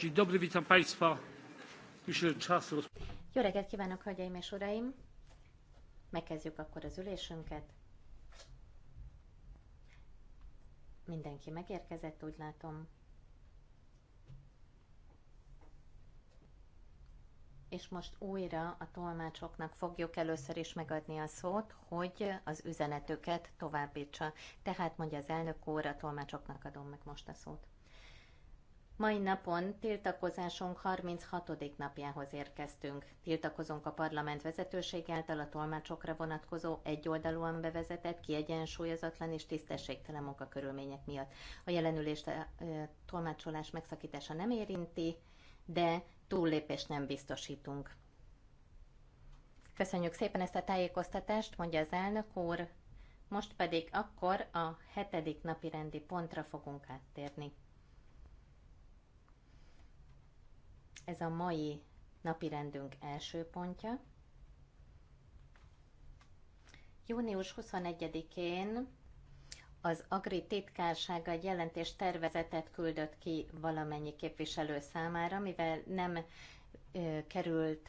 Dzień dobry, witam Państwa. Myślę, czas roz... Jó reggelt kívánok, hölgyeim és uraim! Megkezdjük akkor az ülésünket. Mindenki megérkezett, úgy látom. És most újra a tolmácsoknak fogjuk először is megadni a szót, hogy az üzenetüket továbbítsa. Tehát mondja az elnök úr, a tolmácsoknak adom meg most a szót. Mai napon tiltakozásunk 36. napjához érkeztünk. Tiltakozunk a parlament vezetőség által a tolmácsokra vonatkozó egyoldalúan bevezetett, kiegyensúlyozatlan és tisztességtelen munkakörülmények miatt. A jelenülést a e, e, tolmácsolás megszakítása nem érinti, de túllépést nem biztosítunk. Köszönjük szépen ezt a tájékoztatást, mondja az elnök úr. Most pedig akkor a hetedik napi rendi pontra fogunk áttérni. Ez a mai napirendünk első pontja. Június 21-én az Agri titkársága egy jelentés tervezetet küldött ki valamennyi képviselő számára, mivel nem ö, került,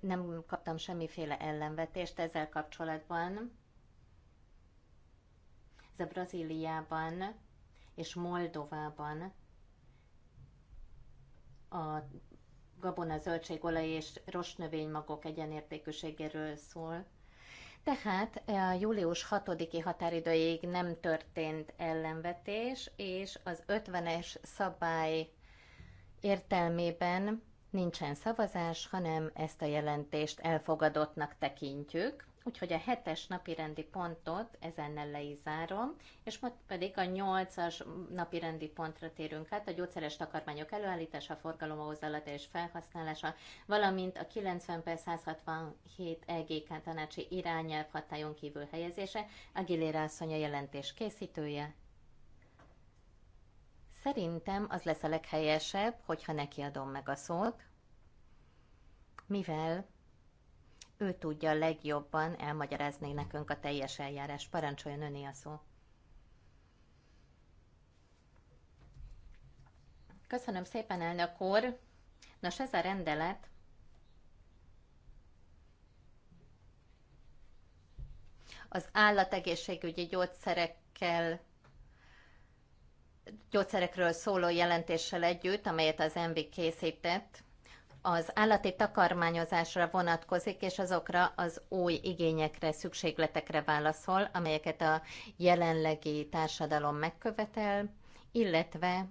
nem kaptam semmiféle ellenvetést ezzel kapcsolatban. Ez a Brazíliában és Moldovában a gabona, zöldségolaj és növénymagok egyenértékűségéről szól. Tehát a július 6-i határidőig nem történt ellenvetés, és az 50-es szabály értelmében nincsen szavazás, hanem ezt a jelentést elfogadottnak tekintjük. Úgyhogy a hetes napi rendi pontot ezennel le is zárom, és most pedig a nyolcas napi rendi pontra térünk át, a gyógyszeres takarmányok előállítása, forgalom, hozzalata és felhasználása, valamint a 90 per 167 EGK tanácsi irányelv hatályon kívül helyezése, a asszony a jelentés készítője. Szerintem az lesz a leghelyesebb, hogyha neki adom meg a szót, mivel ő tudja legjobban elmagyarázni nekünk a teljes eljárás. Parancsoljon öné a szó. Köszönöm szépen, elnök úr. Nos, ez a rendelet az állategészségügyi gyógyszerekkel gyógyszerekről szóló jelentéssel együtt, amelyet az MV készített, az állati takarmányozásra vonatkozik, és azokra az új igényekre, szükségletekre válaszol, amelyeket a jelenlegi társadalom megkövetel, illetve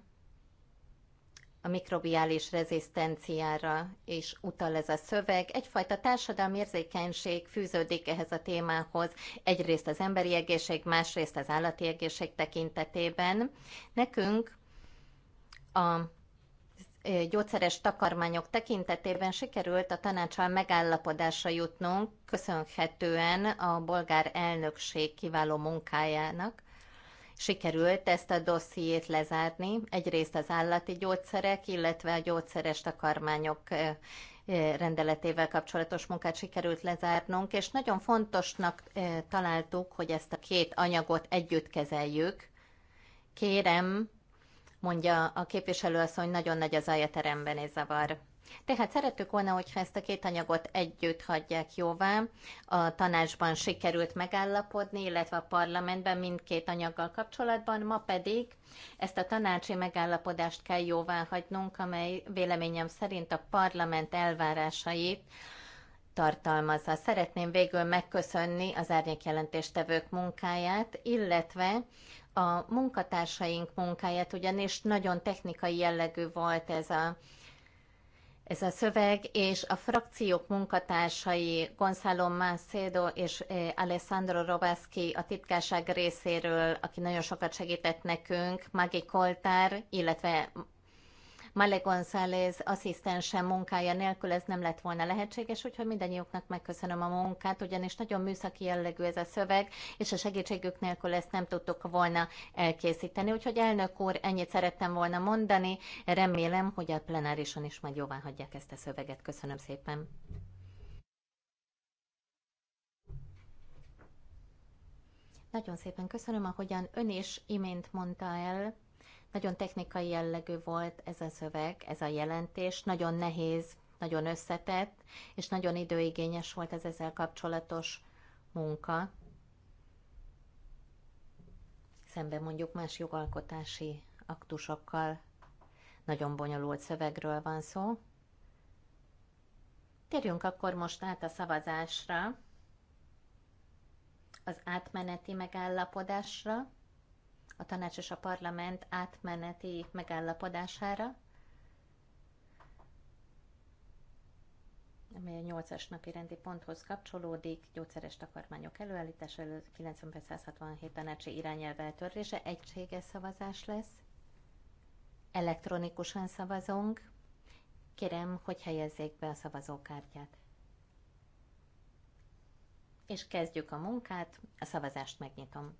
a mikrobiális rezisztenciára is utal ez a szöveg. Egyfajta társadalmi érzékenység fűződik ehhez a témához, egyrészt az emberi egészség, másrészt az állati egészség tekintetében. Nekünk a gyógyszeres takarmányok tekintetében sikerült a tanácsal megállapodásra jutnunk, köszönhetően a bolgár elnökség kiváló munkájának. Sikerült ezt a dossziét lezárni, egyrészt az állati gyógyszerek, illetve a gyógyszeres takarmányok rendeletével kapcsolatos munkát sikerült lezárnunk, és nagyon fontosnak találtuk, hogy ezt a két anyagot együtt kezeljük. Kérem, mondja a képviselőasszony, nagyon nagy az a teremben és zavar. Tehát szerettük volna, hogyha ezt a két anyagot együtt hagyják jóvá. A tanácsban sikerült megállapodni, illetve a parlamentben mindkét anyaggal kapcsolatban, ma pedig ezt a tanácsi megállapodást kell jóvá hagynunk, amely véleményem szerint a parlament elvárásait tartalmazza. Szeretném végül megköszönni az árnyékjelentéstevők munkáját, illetve a munkatársaink munkáját, ugyanis nagyon technikai jellegű volt ez a, ez a szöveg, és a frakciók munkatársai Gonzalo Macedo és eh, Alessandro Robaszki a titkárság részéről, aki nagyon sokat segített nekünk, Magi Koltár, illetve Male González asszisztensem munkája nélkül ez nem lett volna lehetséges, úgyhogy mindannyiuknak megköszönöm a munkát, ugyanis nagyon műszaki jellegű ez a szöveg, és a segítségük nélkül ezt nem tudtuk volna elkészíteni. Úgyhogy elnök úr, ennyit szerettem volna mondani, remélem, hogy a plenárison is majd jóvá hagyják ezt a szöveget. Köszönöm szépen. Nagyon szépen köszönöm, ahogyan ön is imént mondta el, nagyon technikai jellegű volt ez a szöveg, ez a jelentés, nagyon nehéz, nagyon összetett, és nagyon időigényes volt az ezzel kapcsolatos munka. Szemben mondjuk más jogalkotási aktusokkal. Nagyon bonyolult szövegről van szó. Térjünk akkor most át a szavazásra, az átmeneti megállapodásra a tanács és a parlament átmeneti megállapodására, amely a 8-as napi rendi ponthoz kapcsolódik, gyógyszeres takarmányok előállítása, 9567 tanácsi irányelv törlése, egységes szavazás lesz, elektronikusan szavazunk, kérem, hogy helyezzék be a szavazókártyát. És kezdjük a munkát, a szavazást megnyitom.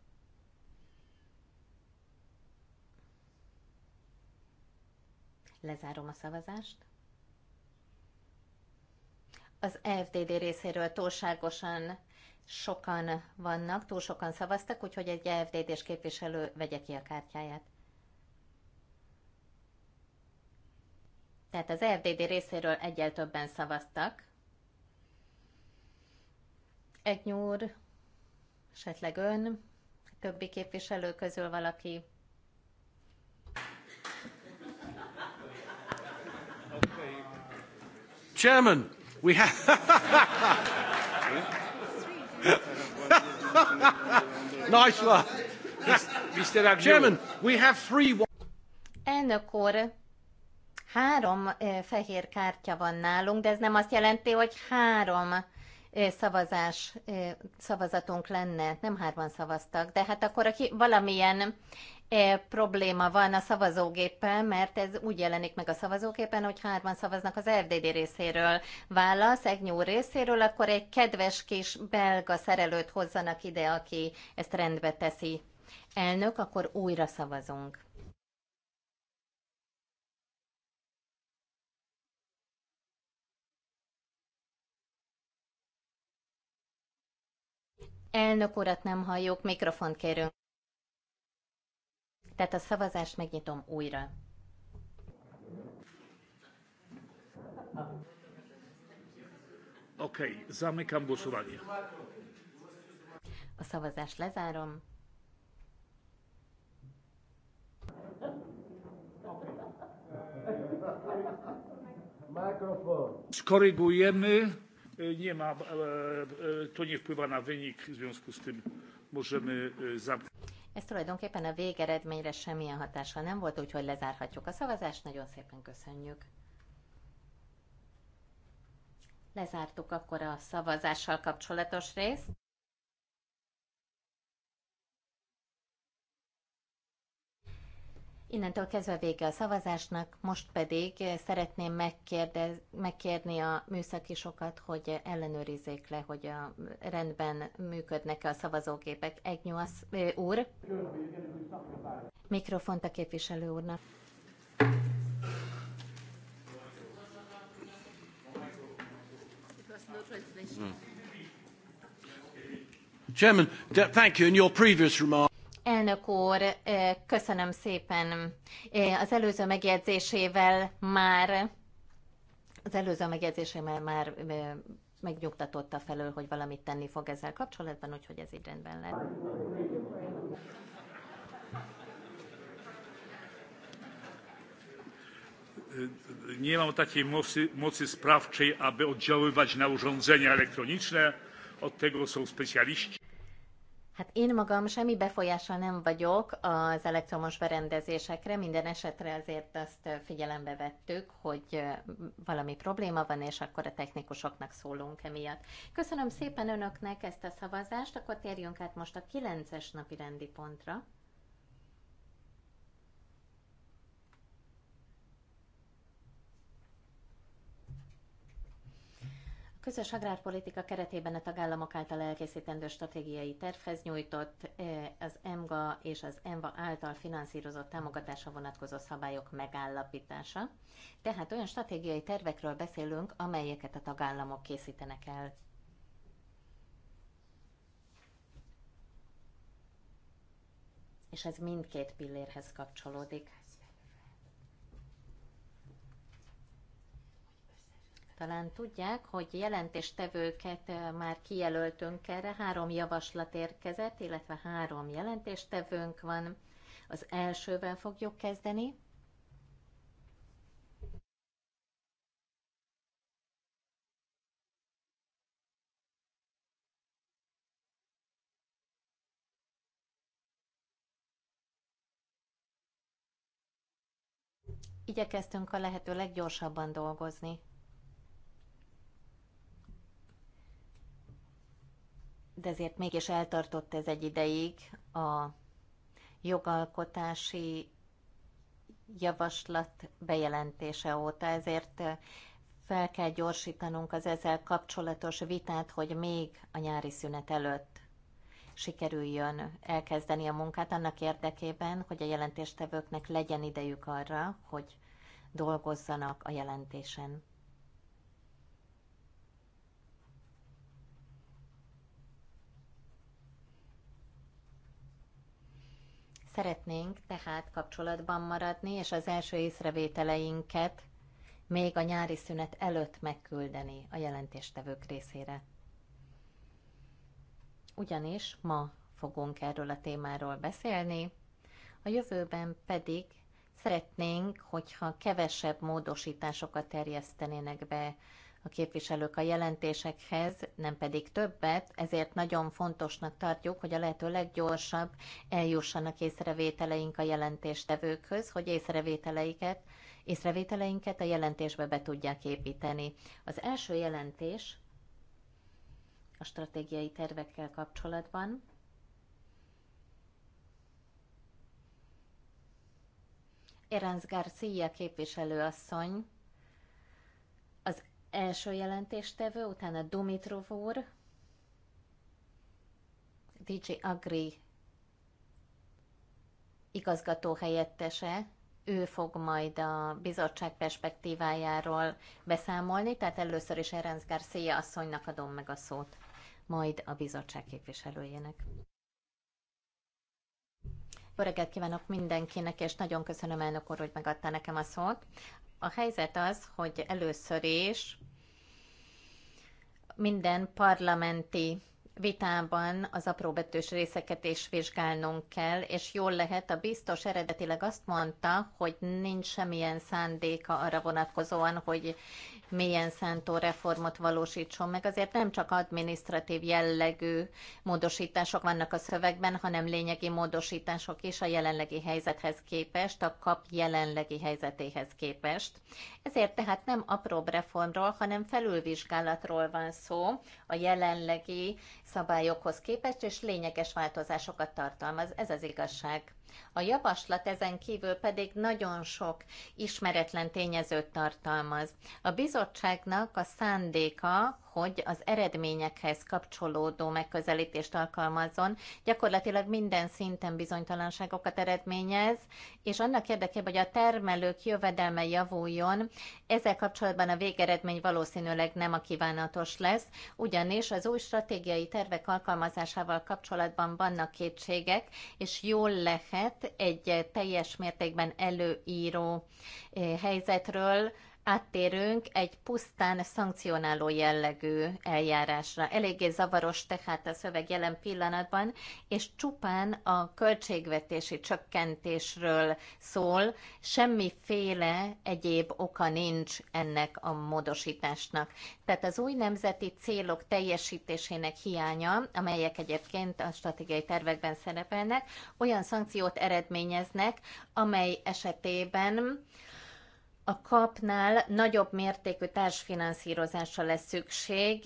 Lezárom a szavazást. Az FDD részéről túlságosan sokan vannak, túl sokan szavaztak, úgyhogy egy FDD-s képviselő vegye ki a kártyáját. Tehát az FDD részéről egyel többen szavaztak. Egy nyúr, esetleg ön, többi képviselő közül valaki Chairman, we have. nice one. Mr. Chairman, we have three... Elnök úr, három fehér kártya van nálunk, de ez nem azt jelenti, hogy három szavazás, szavazatunk lenne. Nem hárman szavaztak, de hát akkor aki valamilyen e probléma van a szavazógéppel, mert ez úgy jelenik meg a szavazógépen, hogy hárman szavaznak az RDD részéről. Válasz egy részéről, akkor egy kedves kis belga szerelőt hozzanak ide, aki ezt rendbe teszi. Elnök, akkor újra szavazunk. Elnök urat nem halljuk, mikrofont kérünk. Tehát a szavazást megnyitom újra. Oké, okay, zamykam głosowanie. A szavazást lezárom. Mikrofon. Skorygujemy. Nie ma, e, e, to nie wpływa na wynik, w związku z tym możemy e, zamknąć. Ez tulajdonképpen a végeredményre semmilyen hatással nem volt, úgyhogy lezárhatjuk a szavazást. Nagyon szépen köszönjük. Lezártuk akkor a szavazással kapcsolatos részt. Innentől kezdve vége a szavazásnak, most pedig szeretném megkérdez, megkérni a műszaki sokat, hogy ellenőrizzék le, hogy a rendben működnek-e a szavazógépek. Egnyuasz úr? Mikrofont a képviselő úrnak. Chairman, thank you. In your previous remark. Elnök úr, köszönöm szépen. Az előző megjegyzésével már az előző megjegyzésével már megnyugtatotta felől, hogy valamit tenni fog ezzel kapcsolatban, úgyhogy ez így rendben lett. Nie mam takiej mocy, mocy sprawczej, aby oddziaływać na urządzenia elektroniczne. Od tego są specjaliści. Hát én magam semmi befolyással nem vagyok az elektromos berendezésekre, minden esetre azért azt figyelembe vettük, hogy valami probléma van, és akkor a technikusoknak szólunk emiatt. Köszönöm szépen önöknek ezt a szavazást, akkor térjünk át most a 9-es napi rendi pontra. közös agrárpolitika keretében a tagállamok által elkészítendő stratégiai tervhez nyújtott az EMGA és az EMVA által finanszírozott támogatása vonatkozó szabályok megállapítása. Tehát olyan stratégiai tervekről beszélünk, amelyeket a tagállamok készítenek el. És ez mindkét pillérhez kapcsolódik. Talán tudják, hogy jelentéstevőket már kijelöltünk erre, három javaslat érkezett, illetve három jelentéstevőnk van. Az elsővel fogjuk kezdeni. Igyekeztünk a lehető leggyorsabban dolgozni. de ezért mégis eltartott ez egy ideig a jogalkotási javaslat bejelentése óta, ezért eh, fel kell gyorsítanunk az ezzel kapcsolatos vitát, hogy még a nyári szünet előtt sikerüljön elkezdeni a munkát annak érdekében, hogy a jelentéstevőknek legyen idejük arra, hogy dolgozzanak a jelentésen. Szeretnénk tehát kapcsolatban maradni, és az első észrevételeinket még a nyári szünet előtt megküldeni a jelentéstevők részére. Ugyanis ma fogunk erről a témáról beszélni, a jövőben pedig szeretnénk, hogyha kevesebb módosításokat terjesztenének be a képviselők a jelentésekhez, nem pedig többet, ezért nagyon fontosnak tartjuk, hogy a lehető leggyorsabb eljussanak észrevételeink a jelentéstevőkhöz, hogy észrevételeiket, észrevételeinket a jelentésbe be tudják építeni. Az első jelentés a stratégiai tervekkel kapcsolatban. Erenz Garcia képviselőasszony első jelentéstevő, utána Dumitrov úr, DJ Agri igazgató helyettese, ő fog majd a bizottság perspektívájáról beszámolni, tehát először is Erenc Garcia asszonynak adom meg a szót, majd a bizottság képviselőjének. Jó reggelt kívánok mindenkinek, és nagyon köszönöm elnök úr, hogy megadta nekem a szót. A helyzet az, hogy először is minden parlamenti vitában az apróbetűs részeket is vizsgálnunk kell, és jól lehet, a biztos eredetileg azt mondta, hogy nincs semmilyen szándéka arra vonatkozóan, hogy milyen szántó reformot valósítson meg. Azért nem csak administratív jellegű módosítások vannak a szövegben, hanem lényegi módosítások is a jelenlegi helyzethez képest, a kap jelenlegi helyzetéhez képest. Ezért tehát nem apróbb reformról, hanem felülvizsgálatról van szó a jelenlegi szabályokhoz képest, és lényeges változásokat tartalmaz. Ez az igazság. A javaslat ezen kívül pedig nagyon sok ismeretlen tényezőt tartalmaz. A bizottságnak a szándéka, hogy az eredményekhez kapcsolódó megközelítést alkalmazzon, gyakorlatilag minden szinten bizonytalanságokat eredményez, és annak érdekében, hogy a termelők jövedelme javuljon, ezzel kapcsolatban a végeredmény valószínűleg nem a kívánatos lesz, ugyanis az új stratégiai tervek alkalmazásával kapcsolatban vannak kétségek, és jól lehet egy teljes mértékben előíró eh, helyzetről, áttérünk egy pusztán szankcionáló jellegű eljárásra. Eléggé zavaros tehát a szöveg jelen pillanatban, és csupán a költségvetési csökkentésről szól, semmiféle egyéb oka nincs ennek a módosításnak. Tehát az új nemzeti célok teljesítésének hiánya, amelyek egyébként a stratégiai tervekben szerepelnek, olyan szankciót eredményeznek, amely esetében a kapnál nagyobb mértékű társfinanszírozásra lesz szükség,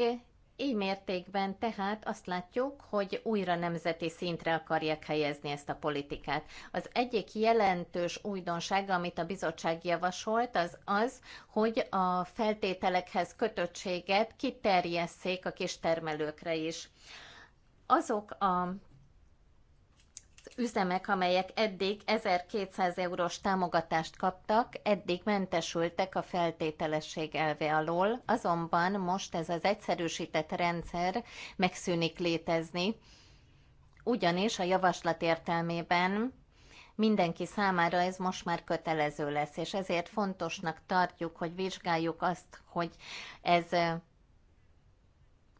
így mértékben tehát azt látjuk, hogy újra nemzeti szintre akarják helyezni ezt a politikát. Az egyik jelentős újdonság, amit a bizottság javasolt, az az, hogy a feltételekhez kötöttséget kiterjesszék a kistermelőkre is. Azok a üzemek, amelyek eddig 1200 eurós támogatást kaptak, eddig mentesültek a feltételesség elve alól, azonban most ez az egyszerűsített rendszer megszűnik létezni, ugyanis a javaslat értelmében mindenki számára ez most már kötelező lesz, és ezért fontosnak tartjuk, hogy vizsgáljuk azt, hogy ez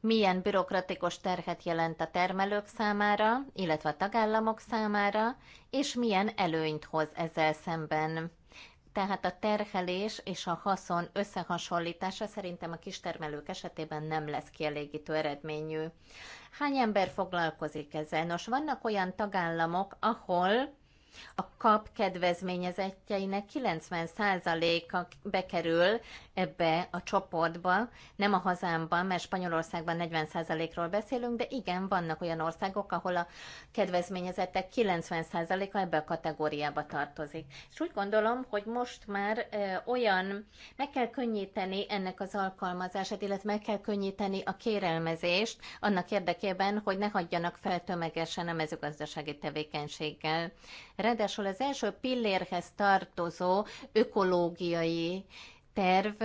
milyen bürokratikus terhet jelent a termelők számára, illetve a tagállamok számára, és milyen előnyt hoz ezzel szemben. Tehát a terhelés és a haszon összehasonlítása szerintem a kistermelők esetében nem lesz kielégítő eredményű. Hány ember foglalkozik ezzel? Nos, vannak olyan tagállamok, ahol a kap kedvezményezettjeinek 90%-a bekerül ebbe a csoportba, nem a hazámban, mert Spanyolországban 40%-ról beszélünk, de igen, vannak olyan országok, ahol a kedvezményezettek 90%-a ebbe a kategóriába tartozik. És úgy gondolom, hogy most már olyan, meg kell könnyíteni ennek az alkalmazását, illetve meg kell könnyíteni a kérelmezést annak érdekében, hogy ne hagyjanak fel tömegesen a mezőgazdasági tevékenységgel. Ráadásul az első pillérhez tartozó ökológiai terv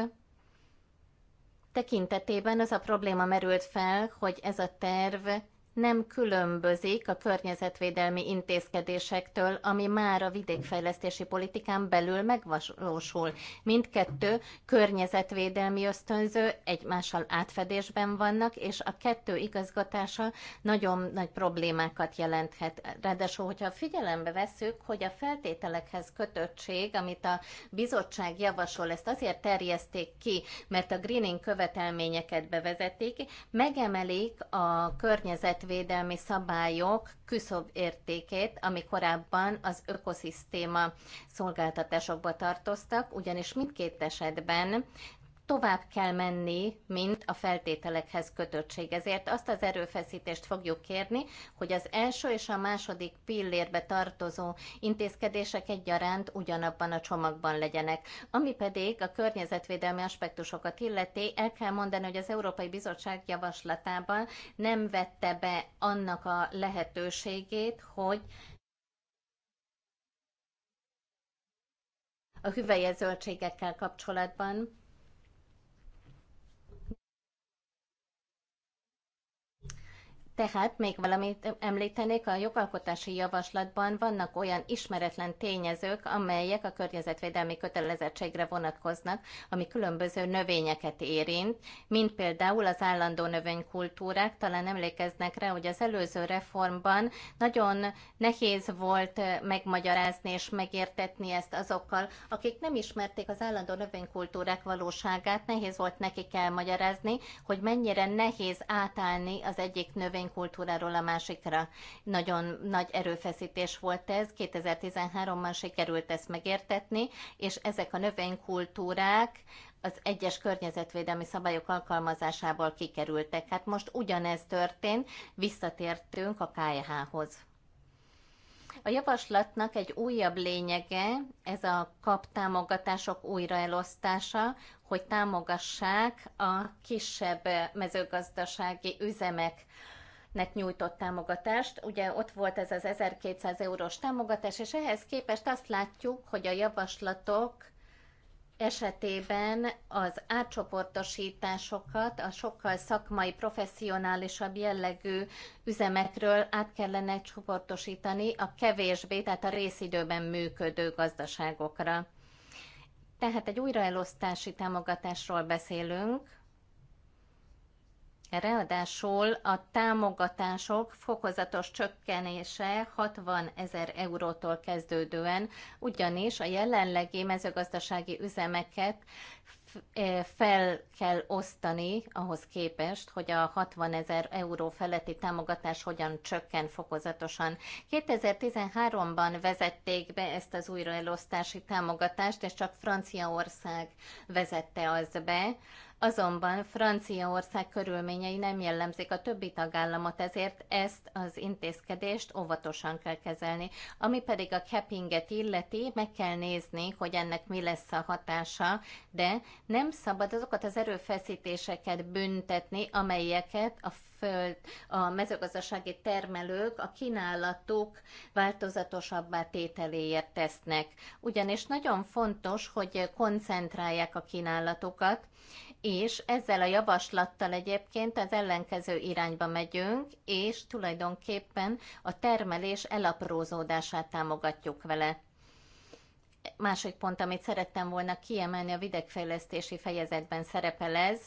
tekintetében az a probléma merült fel, hogy ez a terv nem különbözik a környezetvédelmi intézkedésektől, ami már a vidékfejlesztési politikán belül megvalósul. Mindkettő környezetvédelmi ösztönző egymással átfedésben vannak, és a kettő igazgatása nagyon nagy problémákat jelenthet. Ráadásul, hogyha figyelembe veszük, hogy a feltételekhez kötöttség, amit a bizottság javasol, ezt azért terjeszték ki, mert a greening követelményeket bevezetik, megemelik a környezet környezetvédelmi szabályok küszöbb értékét, ami korábban az ökoszisztéma szolgáltatásokba tartoztak, ugyanis mindkét esetben tovább kell menni, mint a feltételekhez kötöttség. Ezért azt az erőfeszítést fogjuk kérni, hogy az első és a második pillérbe tartozó intézkedések egyaránt ugyanabban a csomagban legyenek. Ami pedig a környezetvédelmi aspektusokat illeti, el kell mondani, hogy az Európai Bizottság javaslatában nem vette be annak a lehetőségét, hogy a hüvelyezöldségekkel kapcsolatban Tehát még valamit említenék, a jogalkotási javaslatban vannak olyan ismeretlen tényezők, amelyek a környezetvédelmi kötelezettségre vonatkoznak, ami különböző növényeket érint, mint például az állandó növénykultúrák. Talán emlékeznek rá, hogy az előző reformban nagyon nehéz volt megmagyarázni és megértetni ezt azokkal, akik nem ismerték az állandó növénykultúrák valóságát, nehéz volt nekik elmagyarázni, hogy mennyire nehéz átállni az egyik növény egyén kultúráról a másikra. Nagyon nagy erőfeszítés volt ez, 2013-ban sikerült ezt megértetni, és ezek a növénykultúrák az egyes környezetvédelmi szabályok alkalmazásából kikerültek. Hát most ugyanez történt, visszatértünk a KH-hoz. A javaslatnak egy újabb lényege, ez a kap támogatások újraelosztása, hogy támogassák a kisebb mezőgazdasági üzemek nek nyújtott támogatást. Ugye ott volt ez az 1200 eurós támogatás, és ehhez képest azt látjuk, hogy a javaslatok esetében az átcsoportosításokat a sokkal szakmai, professzionálisabb jellegű üzemekről át kellene csoportosítani a kevésbé, tehát a részidőben működő gazdaságokra. Tehát egy újraelosztási támogatásról beszélünk, Ráadásul a támogatások fokozatos csökkenése 60 ezer eurótól kezdődően, ugyanis a jelenlegi mezőgazdasági üzemeket eh, fel kell osztani ahhoz képest, hogy a 60 ezer euró feletti támogatás hogyan csökken fokozatosan. 2013-ban vezették be ezt az újraelosztási támogatást, és csak Franciaország vezette az be Azonban Franciaország körülményei nem jellemzik a többi tagállamot, ezért ezt az intézkedést óvatosan kell kezelni. Ami pedig a cappinget illeti, meg kell nézni, hogy ennek mi lesz a hatása, de nem szabad azokat az erőfeszítéseket büntetni, amelyeket a föld, a mezőgazdasági termelők a kínálatuk változatosabbá tételéért tesznek. Ugyanis nagyon fontos, hogy koncentrálják a kínálatukat, és ezzel a javaslattal egyébként az ellenkező irányba megyünk, és tulajdonképpen a termelés elaprózódását támogatjuk vele. Másik pont, amit szerettem volna kiemelni, a vidékfejlesztési fejezetben szerepel ez,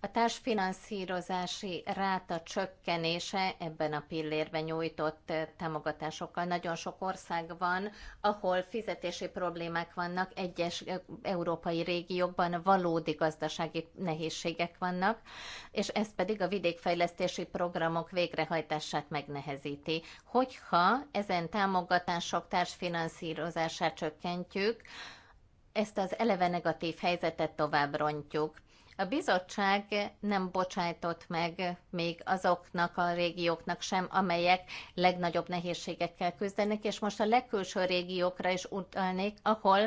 a társfinanszírozási ráta csökkenése ebben a pillérben nyújtott eh, támogatásokkal. Nagyon sok ország van, ahol fizetési problémák vannak, egyes eh, európai régiókban valódi gazdasági nehézségek vannak, és ez pedig a vidékfejlesztési programok végrehajtását megnehezíti. Hogyha ezen támogatások társfinanszírozását csökkentjük, ezt az eleve negatív helyzetet tovább rontjuk. A bizottság nem bocsájtott meg még azoknak a régióknak sem, amelyek legnagyobb nehézségekkel küzdenek, és most a legkülső régiókra is utalnék, ahol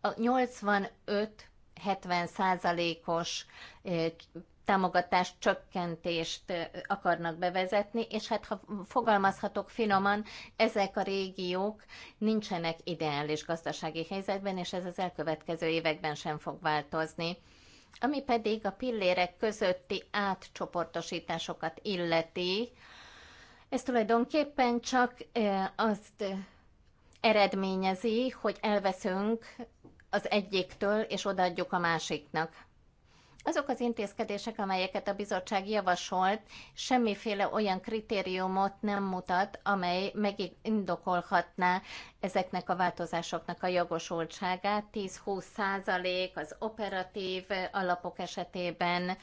a 85-70 százalékos támogatás csökkentést akarnak bevezetni, és hát ha fogalmazhatok finoman, ezek a régiók nincsenek ideális gazdasági helyzetben, és ez az elkövetkező években sem fog változni. Ami pedig a pillérek közötti átcsoportosításokat illeti, ez tulajdonképpen csak azt eredményezi, hogy elveszünk az egyiktől, és odaadjuk a másiknak. Azok az intézkedések, amelyeket a bizottság javasolt, semmiféle olyan kritériumot nem mutat, amely megindokolhatná ezeknek a változásoknak a jogosultságát. 10-20 százalék az operatív alapok esetében,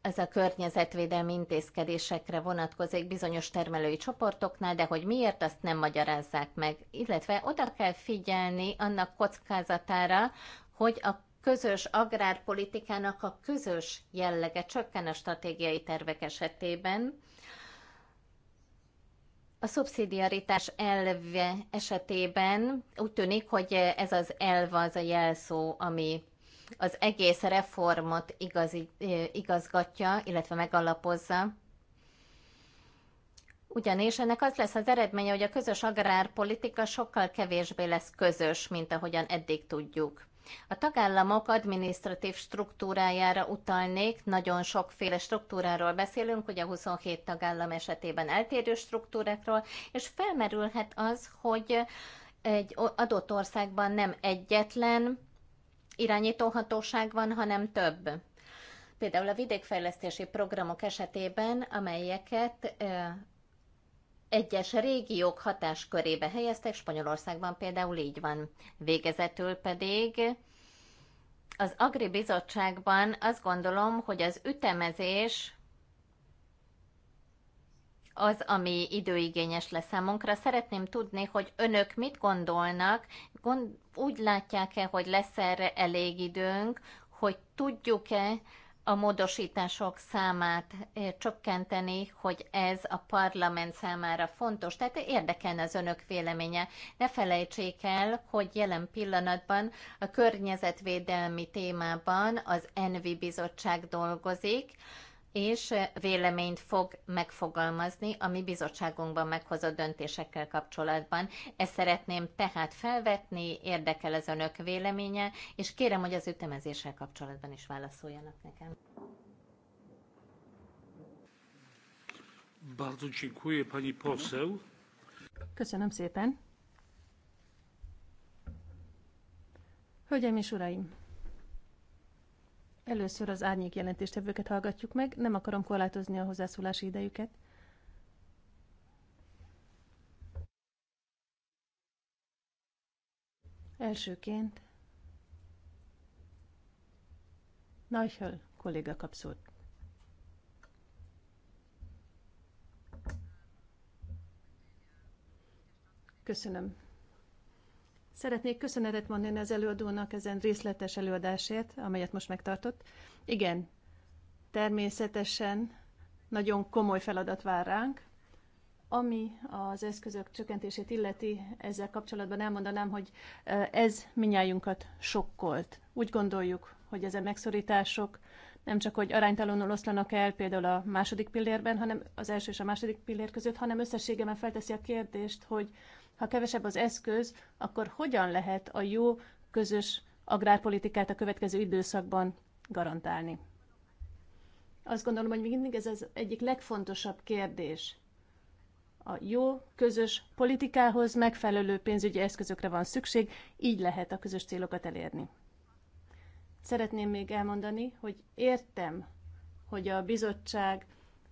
ez a környezetvédelmi intézkedésekre vonatkozik bizonyos termelői csoportoknál, de hogy miért, azt nem magyarázzák meg. Illetve oda kell figyelni annak kockázatára, hogy a közös agrárpolitikának a közös jellege csökken a stratégiai tervek esetében, a szubszidiaritás elve esetében úgy tűnik, hogy ez az elv az a jelszó, ami az egész reformot igazi, igazgatja, illetve megalapozza. Ugyanis ennek az lesz az eredménye, hogy a közös agrárpolitika sokkal kevésbé lesz közös, mint ahogyan eddig tudjuk. A tagállamok adminisztratív struktúrájára utalnék, nagyon sokféle struktúráról beszélünk, ugye 27 tagállam esetében eltérő struktúrákról, és felmerülhet az, hogy egy adott országban nem egyetlen irányítóhatóság van, hanem több. Például a vidékfejlesztési programok esetében, amelyeket egyes régiók hatáskörébe helyeztek, Spanyolországban például így van. Végezetül pedig az Agri Bizottságban azt gondolom, hogy az ütemezés az, ami időigényes lesz számunkra. Szeretném tudni, hogy önök mit gondolnak, gond, úgy látják-e, hogy lesz erre elég időnk, hogy tudjuk-e, a módosítások számát csökkenteni, hogy ez a parlament számára fontos. Tehát érdekelne az önök véleménye. Ne felejtsék el, hogy jelen pillanatban a környezetvédelmi témában az Envi Bizottság dolgozik, és véleményt fog megfogalmazni a mi bizottságunkban meghozott döntésekkel kapcsolatban. Ezt szeretném tehát felvetni, érdekel az önök véleménye, és kérem, hogy az ütemezéssel kapcsolatban is válaszoljanak nekem. Bardzo dziękuję, pani poseł. Köszönöm szépen. Hölgyeim és uraim! Először az árnyék jelentéstevőket hallgatjuk meg, nem akarom korlátozni a hozzászólási idejüket. Elsőként Neuchel kolléga kap szót. Köszönöm, Szeretnék köszönetet mondani az előadónak ezen részletes előadásért, amelyet most megtartott. Igen, természetesen nagyon komoly feladat vár ránk. Ami az eszközök csökkentését illeti, ezzel kapcsolatban elmondanám, hogy ez minnyájunkat sokkolt. Úgy gondoljuk, hogy ezen megszorítások nem csak, hogy aránytalanul oszlanak el például a második pillérben, hanem az első és a második pillér között, hanem összességében felteszi a kérdést, hogy ha kevesebb az eszköz, akkor hogyan lehet a jó közös agrárpolitikát a következő időszakban garantálni? Azt gondolom, hogy mindig ez az egyik legfontosabb kérdés. A jó közös politikához megfelelő pénzügyi eszközökre van szükség, így lehet a közös célokat elérni. Szeretném még elmondani, hogy értem, hogy a bizottság,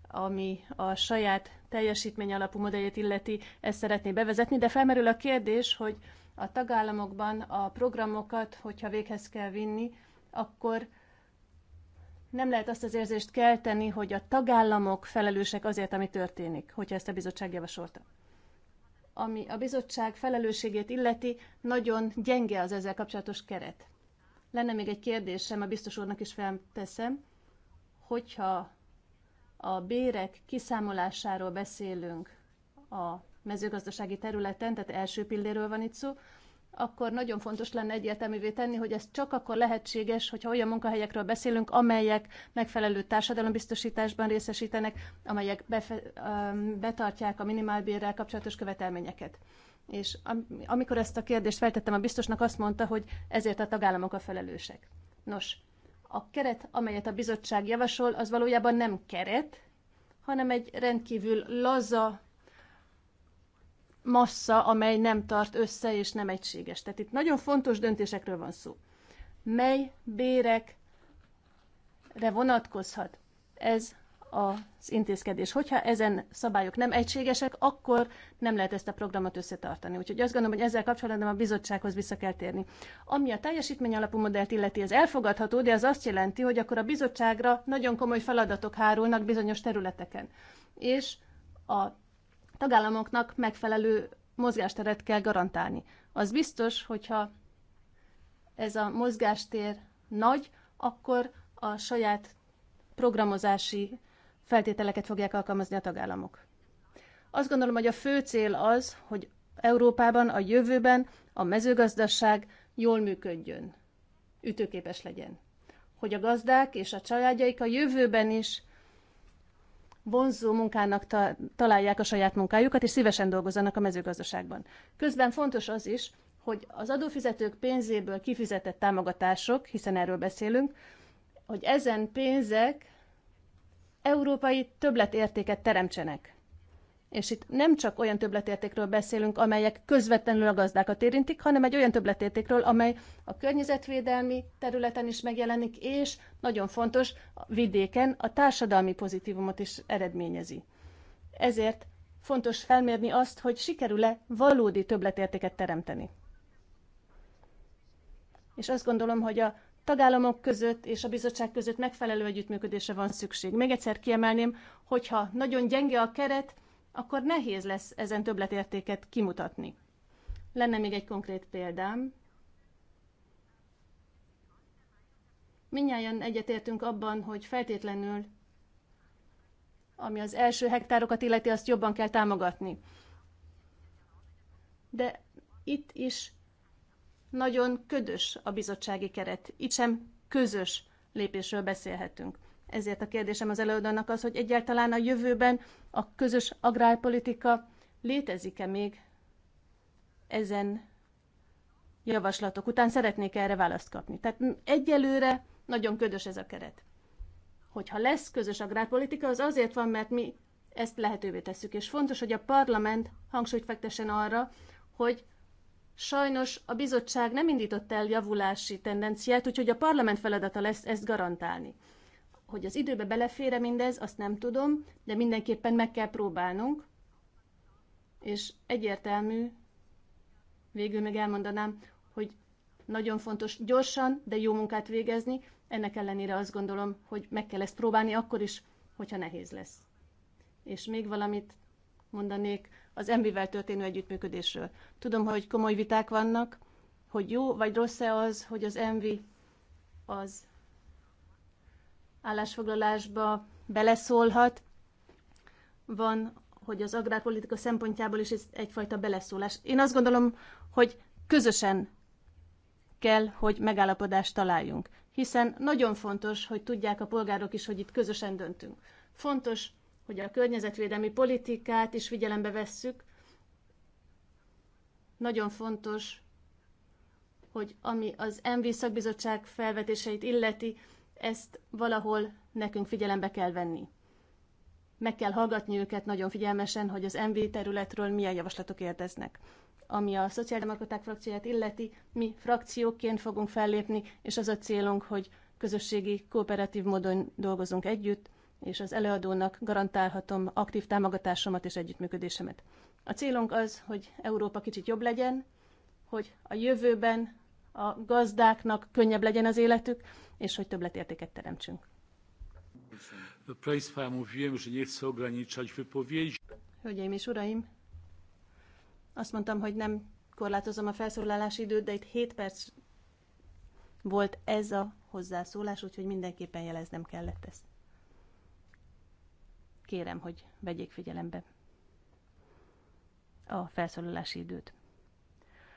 ami a saját teljesítmény alapú modelljét illeti, ezt szeretné bevezetni, de felmerül a kérdés, hogy a tagállamokban a programokat, hogyha véghez kell vinni, akkor nem lehet azt az érzést kelteni, hogy a tagállamok felelősek azért, ami történik, hogyha ezt a bizottság javasolta. Ami a bizottság felelősségét illeti, nagyon gyenge az ezzel kapcsolatos keret. Lenne még egy kérdésem, a biztos úrnak is felteszem, hogyha a bérek kiszámolásáról beszélünk a mezőgazdasági területen, tehát első pilléről van itt szó, akkor nagyon fontos lenne egyértelművé tenni, hogy ez csak akkor lehetséges, hogyha olyan munkahelyekről beszélünk, amelyek megfelelő társadalombiztosításban részesítenek, amelyek befe- betartják a minimálbérrel kapcsolatos követelményeket. És am- amikor ezt a kérdést feltettem a biztosnak, azt mondta, hogy ezért a tagállamok a felelősek. Nos, a keret, amelyet a bizottság javasol, az valójában nem keret, hanem egy rendkívül laza massza, amely nem tart össze és nem egységes. Tehát itt nagyon fontos döntésekről van szó. Mely bérekre vonatkozhat ez az intézkedés. Hogyha ezen szabályok nem egységesek, akkor nem lehet ezt a programot összetartani. Úgyhogy azt gondolom, hogy ezzel kapcsolatban a bizottsághoz vissza kell térni. Ami a teljesítmény alapú modellt illeti, ez elfogadható, de az azt jelenti, hogy akkor a bizottságra nagyon komoly feladatok hárulnak bizonyos területeken. És a tagállamoknak megfelelő mozgásteret kell garantálni. Az biztos, hogyha ez a mozgástér nagy, akkor a saját programozási feltételeket fogják alkalmazni a tagállamok. Azt gondolom, hogy a fő cél az, hogy Európában a jövőben a mezőgazdaság jól működjön, ütőképes legyen. Hogy a gazdák és a családjaik a jövőben is vonzó munkának ta- találják a saját munkájukat, és szívesen dolgozzanak a mezőgazdaságban. Közben fontos az is, hogy az adófizetők pénzéből kifizetett támogatások, hiszen erről beszélünk, hogy ezen pénzek európai többletértéket teremtsenek. És itt nem csak olyan többletértékről beszélünk, amelyek közvetlenül a gazdákat érintik, hanem egy olyan többletértékről, amely a környezetvédelmi területen is megjelenik, és nagyon fontos, a vidéken a társadalmi pozitívumot is eredményezi. Ezért fontos felmérni azt, hogy sikerül-e valódi többletértéket teremteni. És azt gondolom, hogy a tagállamok között és a bizottság között megfelelő együttműködésre van szükség. Még egyszer kiemelném, hogyha nagyon gyenge a keret, akkor nehéz lesz ezen többletértéket kimutatni. Lenne még egy konkrét példám. Minnyáján egyetértünk abban, hogy feltétlenül, ami az első hektárokat illeti, azt jobban kell támogatni. De itt is nagyon ködös a bizottsági keret. Itt sem közös lépésről beszélhetünk. Ezért a kérdésem az előadónak az, hogy egyáltalán a jövőben a közös agrárpolitika létezik-e még ezen javaslatok után? Szeretnék erre választ kapni. Tehát egyelőre nagyon ködös ez a keret. Hogyha lesz közös agrárpolitika, az azért van, mert mi ezt lehetővé tesszük. És fontos, hogy a parlament hangsúlyt fektessen arra, hogy Sajnos a bizottság nem indított el javulási tendenciát, úgyhogy a parlament feladata lesz ezt garantálni. Hogy az időbe belefére mindez, azt nem tudom, de mindenképpen meg kell próbálnunk, és egyértelmű, végül még elmondanám, hogy nagyon fontos gyorsan, de jó munkát végezni, ennek ellenére azt gondolom, hogy meg kell ezt próbálni akkor is, hogyha nehéz lesz. És még valamit mondanék az MB-vel történő együttműködésről. Tudom, hogy komoly viták vannak, hogy jó vagy rossz-e az, hogy az MV az állásfoglalásba beleszólhat. Van, hogy az agrárpolitika szempontjából is ez egyfajta beleszólás. Én azt gondolom, hogy közösen kell, hogy megállapodást találjunk. Hiszen nagyon fontos, hogy tudják a polgárok is, hogy itt közösen döntünk. Fontos hogy a környezetvédelmi politikát is figyelembe vesszük. Nagyon fontos, hogy ami az MV szakbizottság felvetéseit illeti, ezt valahol nekünk figyelembe kell venni. Meg kell hallgatni őket nagyon figyelmesen, hogy az MV területről milyen javaslatok érdeznek. Ami a szociáldemokraták frakcióját illeti, mi frakcióként fogunk fellépni, és az a célunk, hogy közösségi, kooperatív módon dolgozunk együtt, és az előadónak garantálhatom aktív támogatásomat és együttműködésemet. A célunk az, hogy Európa kicsit jobb legyen, hogy a jövőben a gazdáknak könnyebb legyen az életük, és hogy többletértéket teremtsünk. Hölgyeim és uraim, azt mondtam, hogy nem korlátozom a felszólalási időt, de itt 7 perc volt ez a hozzászólás, úgyhogy mindenképpen jeleznem kellett ezt kérem, hogy vegyék figyelembe a felszólalási időt.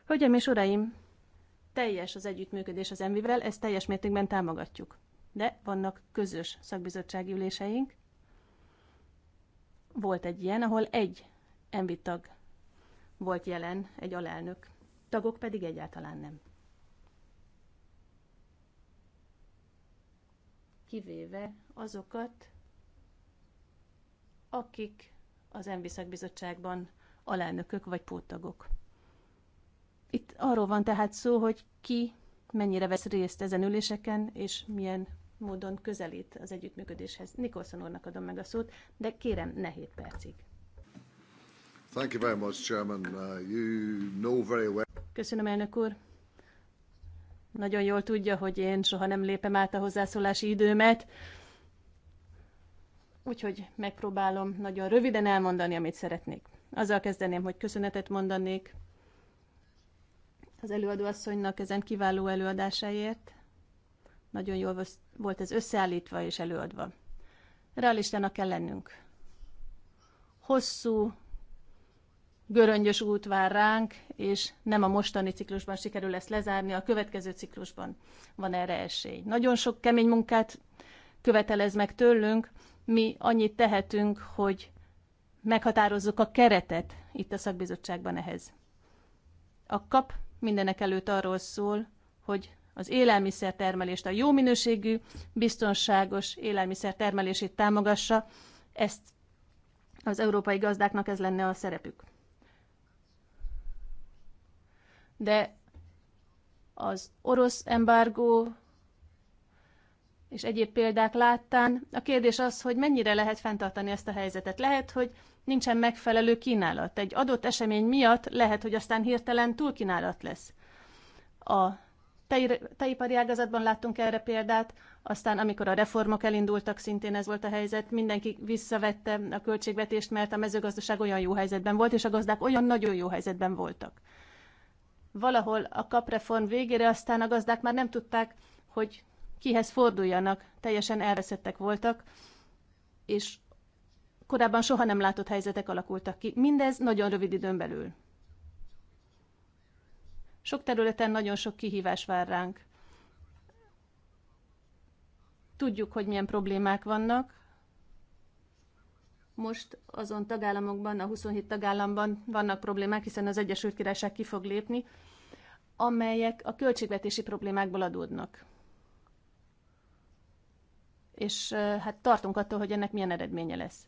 Hölgyeim és uraim, teljes az együttműködés az envivel, ezt teljes mértékben támogatjuk. De vannak közös szakbizottsági üléseink. Volt egy ilyen, ahol egy envi tag volt jelen, egy alelnök, tagok pedig egyáltalán nem. Kivéve azokat, akik az ENVI szakbizottságban alelnökök vagy póttagok. Itt arról van tehát szó, hogy ki mennyire vesz részt ezen üléseken, és milyen módon közelít az együttműködéshez. Nikolson úrnak adom meg a szót, de kérem, ne 7 percig. Thank you very much, Chairman. Uh, you know very well. Köszönöm, elnök úr. Nagyon jól tudja, hogy én soha nem lépem át a hozzászólási időmet. Úgyhogy megpróbálom nagyon röviden elmondani, amit szeretnék. Azzal kezdeném, hogy köszönetet mondanék az előadóasszonynak ezen kiváló előadásáért. Nagyon jól volt ez összeállítva és előadva. Realistának kell lennünk. Hosszú, göröngyös út vár ránk, és nem a mostani ciklusban sikerül ezt lezárni, a következő ciklusban van erre esély. Nagyon sok kemény munkát követelez meg tőlünk, mi annyit tehetünk, hogy meghatározzuk a keretet itt a szakbizottságban ehhez. A kap mindenek előtt arról szól, hogy az élelmiszertermelést, a jó minőségű, biztonságos élelmiszertermelését támogassa. Ezt az európai gazdáknak ez lenne a szerepük. De az orosz embargó és egyéb példák láttán. A kérdés az, hogy mennyire lehet fenntartani ezt a helyzetet. Lehet, hogy nincsen megfelelő kínálat. Egy adott esemény miatt lehet, hogy aztán hirtelen túlkínálat lesz. A tejipari ágazatban láttunk erre példát, aztán amikor a reformok elindultak, szintén ez volt a helyzet, mindenki visszavette a költségvetést, mert a mezőgazdaság olyan jó helyzetben volt, és a gazdák olyan nagyon jó helyzetben voltak. Valahol a kapreform végére aztán a gazdák már nem tudták, hogy kihez forduljanak, teljesen elveszettek voltak, és korábban soha nem látott helyzetek alakultak ki. Mindez nagyon rövid időn belül. Sok területen nagyon sok kihívás vár ránk. Tudjuk, hogy milyen problémák vannak. Most azon tagállamokban, a 27 tagállamban vannak problémák, hiszen az Egyesült Királyság ki fog lépni, amelyek a költségvetési problémákból adódnak és hát tartunk attól, hogy ennek milyen eredménye lesz.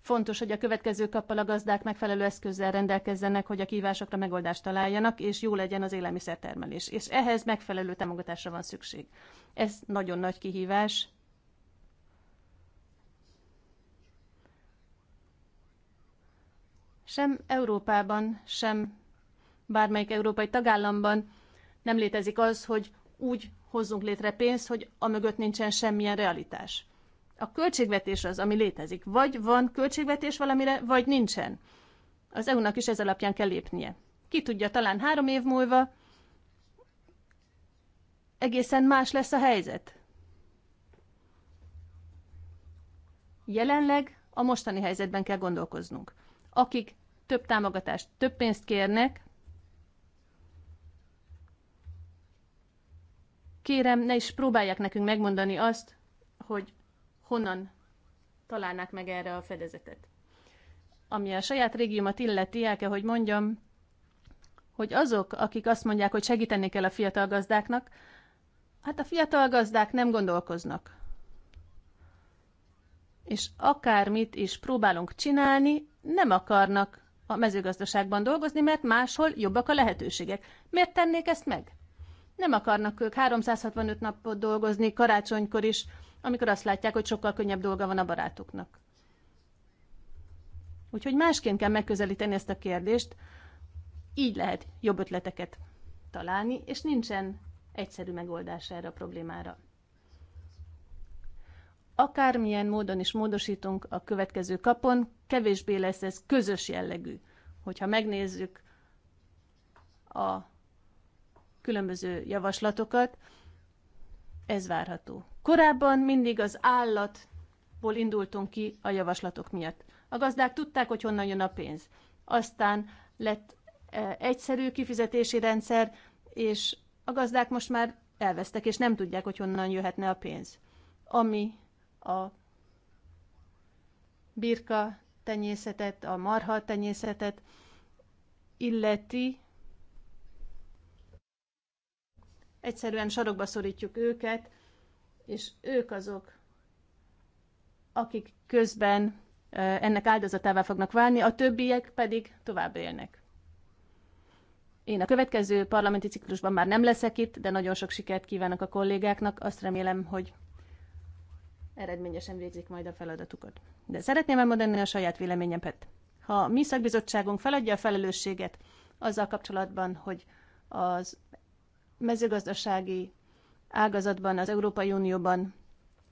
Fontos, hogy a következő kappal a gazdák megfelelő eszközzel rendelkezzenek, hogy a kívásokra megoldást találjanak, és jó legyen az élelmiszertermelés. És ehhez megfelelő támogatásra van szükség. Ez nagyon nagy kihívás. Sem Európában, sem bármelyik európai tagállamban nem létezik az, hogy úgy hozzunk létre pénzt, hogy a mögött nincsen semmilyen realitás. A költségvetés az, ami létezik. Vagy van költségvetés valamire, vagy nincsen. Az EU-nak is ez alapján kell lépnie. Ki tudja, talán három év múlva egészen más lesz a helyzet. Jelenleg a mostani helyzetben kell gondolkoznunk. Akik több támogatást, több pénzt kérnek, Kérem, ne is próbálják nekünk megmondani azt, hogy honnan találnák meg erre a fedezetet. Ami a saját régiómat illeti, el kell, hogy mondjam, hogy azok, akik azt mondják, hogy segíteni kell a fiatal gazdáknak, hát a fiatal gazdák nem gondolkoznak. És akármit is próbálunk csinálni, nem akarnak a mezőgazdaságban dolgozni, mert máshol jobbak a lehetőségek. Miért tennék ezt meg? Nem akarnak ők 365 napot dolgozni karácsonykor is, amikor azt látják, hogy sokkal könnyebb dolga van a barátuknak. Úgyhogy másként kell megközelíteni ezt a kérdést, így lehet jobb ötleteket találni, és nincsen egyszerű megoldás erre a problémára. Akármilyen módon is módosítunk a következő kapon, kevésbé lesz ez közös jellegű. Hogyha megnézzük a különböző javaslatokat, ez várható. Korábban mindig az állatból indultunk ki a javaslatok miatt. A gazdák tudták, hogy honnan jön a pénz. Aztán lett e, egyszerű kifizetési rendszer, és a gazdák most már elvesztek, és nem tudják, hogy honnan jöhetne a pénz. Ami a birka tenyészetet, a marha tenyészetet illeti, egyszerűen sarokba szorítjuk őket, és ők azok, akik közben ennek áldozatává fognak válni, a többiek pedig tovább élnek. Én a következő parlamenti ciklusban már nem leszek itt, de nagyon sok sikert kívánok a kollégáknak. Azt remélem, hogy eredményesen végzik majd a feladatukat. De szeretném elmondani a saját véleményemet. Ha mi szakbizottságunk feladja a felelősséget azzal kapcsolatban, hogy az mezőgazdasági ágazatban, az Európai Unióban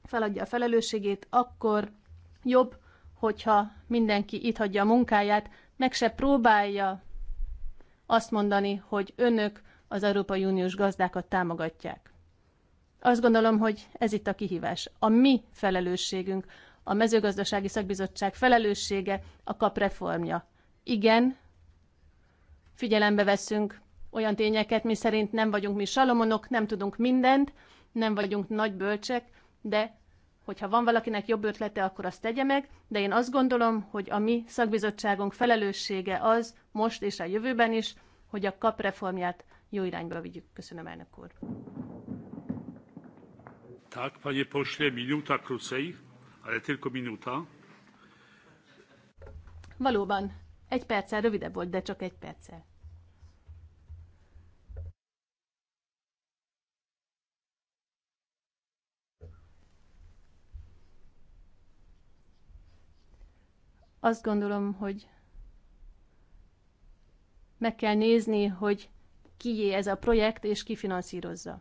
feladja a felelősségét, akkor jobb, hogyha mindenki itt hagyja a munkáját, meg se próbálja azt mondani, hogy önök az Európai Uniós gazdákat támogatják. Azt gondolom, hogy ez itt a kihívás. A mi felelősségünk, a mezőgazdasági szakbizottság felelőssége a kap reformja. Igen, figyelembe veszünk olyan tényeket, mi szerint nem vagyunk mi salomonok, nem tudunk mindent, nem vagyunk nagy bölcsek, de hogyha van valakinek jobb ötlete, akkor azt tegye meg, de én azt gondolom, hogy a mi szakbizottságunk felelőssége az, most és a jövőben is, hogy a kap reformját jó irányba vigyük. Köszönöm, elnök úr. Tak, panie pośle, minuta krócej, ale tylko minuta. Valóban, egy perccel rövidebb volt, de csak egy perccel. Azt gondolom, hogy meg kell nézni, hogy kié ez a projekt, és ki finanszírozza.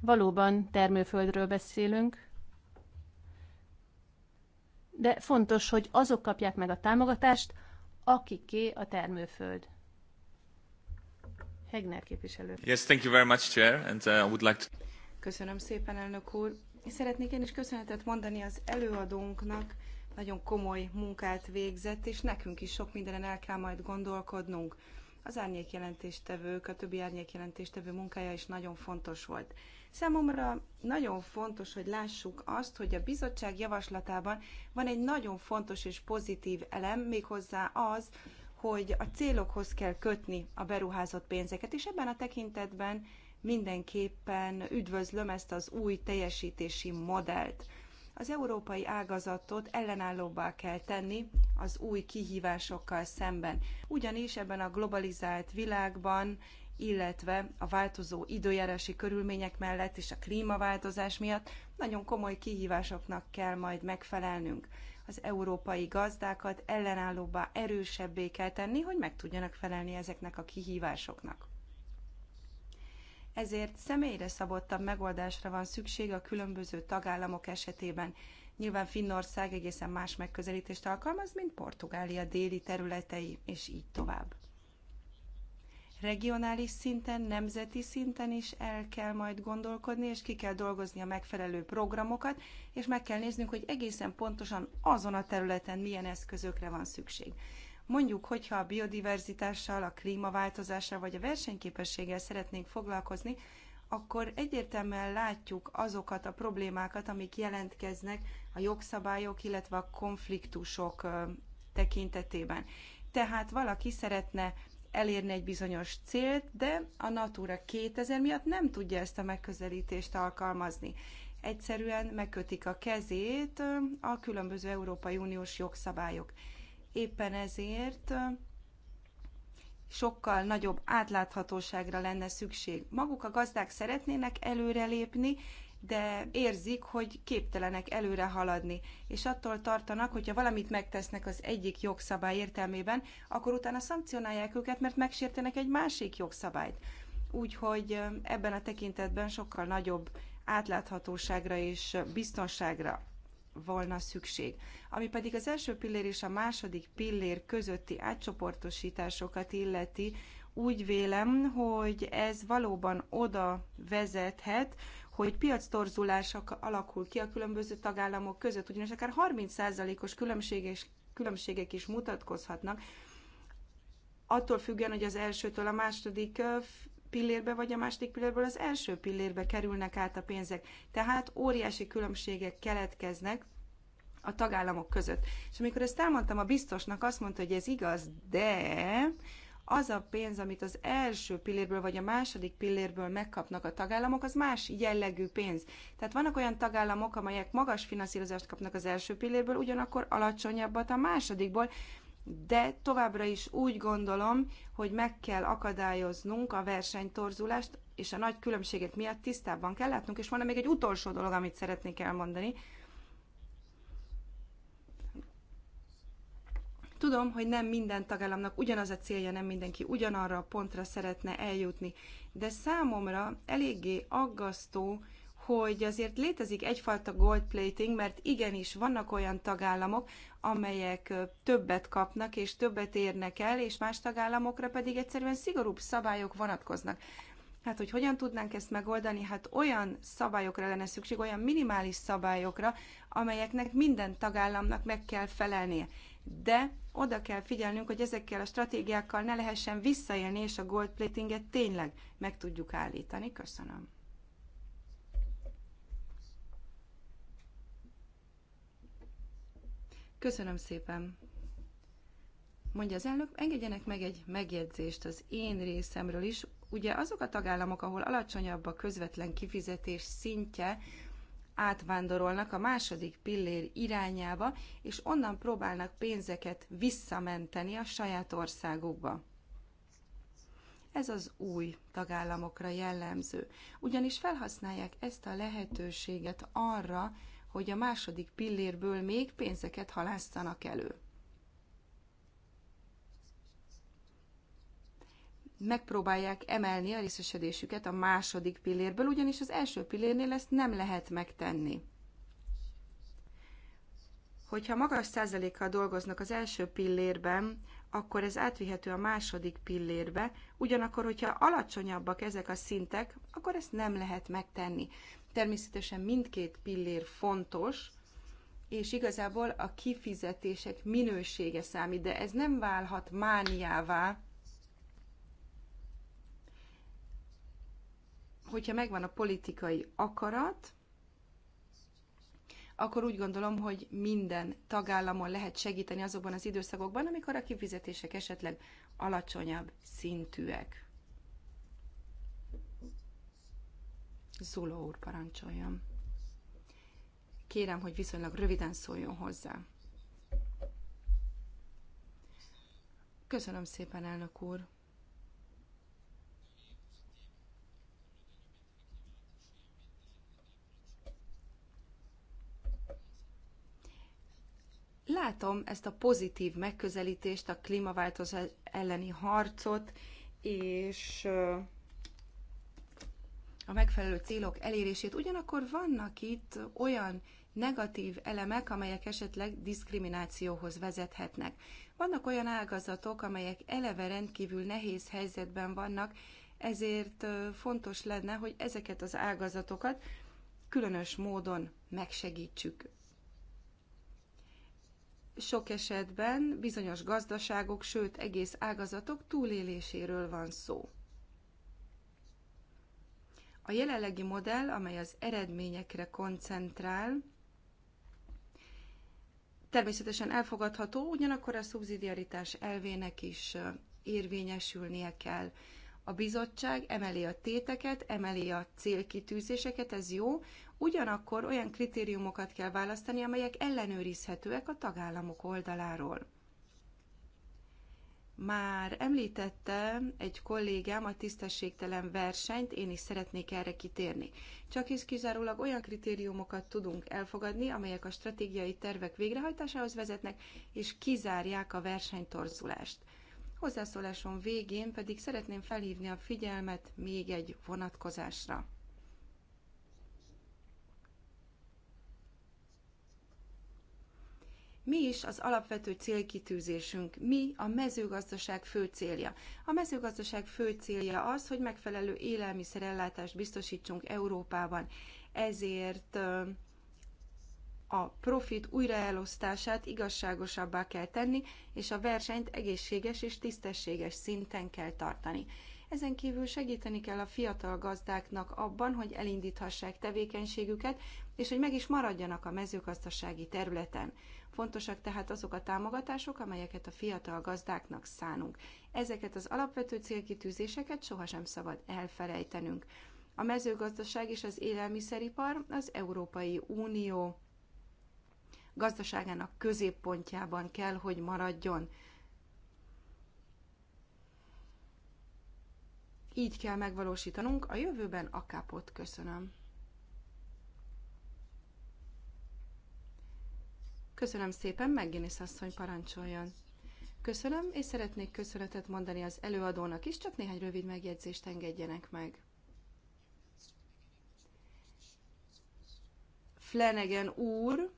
Valóban termőföldről beszélünk, de fontos, hogy azok kapják meg a támogatást, akiké a termőföld. Hegner képviselő. Yes, thank you very much, Chair, and uh, I would like to... Köszönöm szépen, elnök úr. Szeretnék én is köszönetet mondani az előadónknak, nagyon komoly munkát végzett, és nekünk is sok mindenen el kell majd gondolkodnunk. Az árnyékjelentéstevők, a többi árnyékjelentéstevő munkája is nagyon fontos volt. Számomra nagyon fontos, hogy lássuk azt, hogy a bizottság javaslatában van egy nagyon fontos és pozitív elem, méghozzá az, hogy a célokhoz kell kötni a beruházott pénzeket, és ebben a tekintetben mindenképpen üdvözlöm ezt az új teljesítési modellt. Az európai ágazatot ellenállóbbá kell tenni az új kihívásokkal szemben, ugyanis ebben a globalizált világban illetve a változó időjárási körülmények mellett és a klímaváltozás miatt nagyon komoly kihívásoknak kell majd megfelelnünk. Az európai gazdákat ellenállóbbá, erősebbé kell tenni, hogy meg tudjanak felelni ezeknek a kihívásoknak ezért személyre szabottabb megoldásra van szükség a különböző tagállamok esetében. Nyilván Finnország egészen más megközelítést alkalmaz, mint Portugália déli területei, és így tovább. Regionális szinten, nemzeti szinten is el kell majd gondolkodni, és ki kell dolgozni a megfelelő programokat, és meg kell néznünk, hogy egészen pontosan azon a területen milyen eszközökre van szükség. Mondjuk, hogyha a biodiverzitással, a klímaváltozással vagy a versenyképességgel szeretnénk foglalkozni, akkor egyértelműen látjuk azokat a problémákat, amik jelentkeznek a jogszabályok, illetve a konfliktusok tekintetében. Tehát valaki szeretne elérni egy bizonyos célt, de a Natura 2000 miatt nem tudja ezt a megközelítést alkalmazni. Egyszerűen megkötik a kezét a különböző Európai Uniós jogszabályok. Éppen ezért sokkal nagyobb átláthatóságra lenne szükség. Maguk a gazdák szeretnének előrelépni, de érzik, hogy képtelenek előre haladni, és attól tartanak, hogyha valamit megtesznek az egyik jogszabály értelmében, akkor utána szankcionálják őket, mert megsértenek egy másik jogszabályt. Úgyhogy ebben a tekintetben sokkal nagyobb átláthatóságra és biztonságra volna szükség. Ami pedig az első pillér és a második pillér közötti átcsoportosításokat illeti, úgy vélem, hogy ez valóban oda vezethet, hogy piactorzulások alakul ki a különböző tagállamok között, ugyanis akár 30%-os különbségek is mutatkozhatnak, attól függően, hogy az elsőtől a második pillérbe vagy a második pillérből az első pillérbe kerülnek át a pénzek. Tehát óriási különbségek keletkeznek a tagállamok között. És amikor ezt elmondtam a biztosnak, azt mondta, hogy ez igaz, de az a pénz, amit az első pillérből vagy a második pillérből megkapnak a tagállamok, az más jellegű pénz. Tehát vannak olyan tagállamok, amelyek magas finanszírozást kapnak az első pillérből, ugyanakkor alacsonyabbat a másodikból, de továbbra is úgy gondolom, hogy meg kell akadályoznunk a versenytorzulást, és a nagy különbségek miatt tisztában kell látnunk. És van még egy utolsó dolog, amit szeretnék elmondani. Tudom, hogy nem minden tagállamnak ugyanaz a célja, nem mindenki ugyanarra a pontra szeretne eljutni, de számomra eléggé aggasztó, hogy azért létezik egyfajta gold plating, mert igenis vannak olyan tagállamok, amelyek többet kapnak és többet érnek el, és más tagállamokra pedig egyszerűen szigorúbb szabályok vonatkoznak. Hát, hogy hogyan tudnánk ezt megoldani? Hát olyan szabályokra lenne szükség, olyan minimális szabályokra, amelyeknek minden tagállamnak meg kell felelnie. De oda kell figyelnünk, hogy ezekkel a stratégiákkal ne lehessen visszaélni, és a gold platinget tényleg meg tudjuk állítani. Köszönöm. Köszönöm szépen. Mondja az elnök, engedjenek meg egy megjegyzést az én részemről is. Ugye azok a tagállamok, ahol alacsonyabb a közvetlen kifizetés szintje, átvándorolnak a második pillér irányába, és onnan próbálnak pénzeket visszamenteni a saját országukba. Ez az új tagállamokra jellemző, ugyanis felhasználják ezt a lehetőséget arra, hogy a második pillérből még pénzeket halásztanak elő. megpróbálják emelni a részesedésüket a második pillérből, ugyanis az első pillérnél ezt nem lehet megtenni. Hogyha magas százalékkal dolgoznak az első pillérben, akkor ez átvihető a második pillérbe, ugyanakkor, hogyha alacsonyabbak ezek a szintek, akkor ezt nem lehet megtenni. Természetesen mindkét pillér fontos, és igazából a kifizetések minősége számít, de ez nem válhat mániává, hogyha megvan a politikai akarat, akkor úgy gondolom, hogy minden tagállamon lehet segíteni azokban az időszakokban, amikor a kifizetések esetleg alacsonyabb szintűek. Zula úr parancsoljon. Kérem, hogy viszonylag röviden szóljon hozzá. Köszönöm szépen, elnök úr. Látom ezt a pozitív megközelítést, a klímaváltozás elleni harcot, és a megfelelő célok elérését. Ugyanakkor vannak itt olyan negatív elemek, amelyek esetleg diszkriminációhoz vezethetnek. Vannak olyan ágazatok, amelyek eleve rendkívül nehéz helyzetben vannak, ezért fontos lenne, hogy ezeket az ágazatokat különös módon megsegítsük. Sok esetben bizonyos gazdaságok, sőt egész ágazatok túléléséről van szó. A jelenlegi modell, amely az eredményekre koncentrál, természetesen elfogadható, ugyanakkor a szubszidiaritás elvének is érvényesülnie kell. A bizottság emeli a téteket, emeli a célkitűzéseket, ez jó, ugyanakkor olyan kritériumokat kell választani, amelyek ellenőrizhetőek a tagállamok oldaláról. Már említettem egy kollégám a tisztességtelen versenyt, én is szeretnék erre kitérni. Csak is kizárólag olyan kritériumokat tudunk elfogadni, amelyek a stratégiai tervek végrehajtásához vezetnek, és kizárják a versenytorzulást. Hozzászólásom végén pedig szeretném felhívni a figyelmet még egy vonatkozásra. Mi is az alapvető célkitűzésünk? Mi a mezőgazdaság fő célja? A mezőgazdaság fő célja az, hogy megfelelő élelmiszerellátást biztosítsunk Európában. Ezért a profit újraelosztását igazságosabbá kell tenni, és a versenyt egészséges és tisztességes szinten kell tartani. Ezen kívül segíteni kell a fiatal gazdáknak abban, hogy elindíthassák tevékenységüket, és hogy meg is maradjanak a mezőgazdasági területen. Fontosak tehát azok a támogatások, amelyeket a fiatal gazdáknak szánunk. Ezeket az alapvető célkitűzéseket sohasem szabad elfelejtenünk. A mezőgazdaság és az élelmiszeripar az Európai Unió gazdaságának középpontjában kell, hogy maradjon. Így kell megvalósítanunk a jövőben a kapot. Köszönöm. Köszönöm szépen, Megginis asszony parancsoljon. Köszönöm, és szeretnék köszönetet mondani az előadónak is, csak néhány rövid megjegyzést engedjenek meg. Flanagan úr,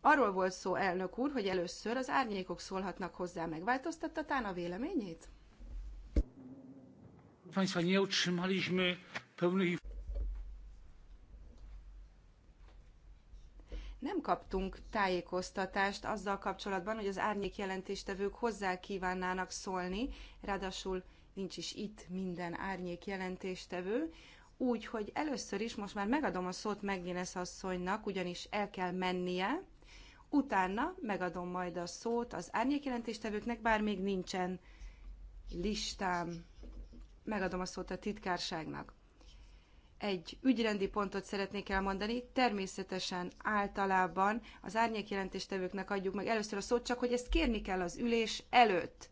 arról volt szó, elnök úr, hogy először az árnyékok szólhatnak hozzá, megváltoztatta tán a véleményét? Państwa, nie otrzymaliśmy pełnych kaptunk tájékoztatást azzal kapcsolatban, hogy az árnyék jelentéstevők hozzá kívánnának szólni, ráadásul nincs is itt minden árnyék jelentéstevő, úgyhogy először is most már megadom a szót Megginesz asszonynak, ugyanis el kell mennie, utána megadom majd a szót az árnyék jelentéstevőknek, bár még nincsen listám. Megadom a szót a titkárságnak. Egy ügyrendi pontot szeretnék elmondani. Természetesen általában az árnyékjelentéstevőknek adjuk meg először a szót, csak hogy ezt kérni kell az ülés előtt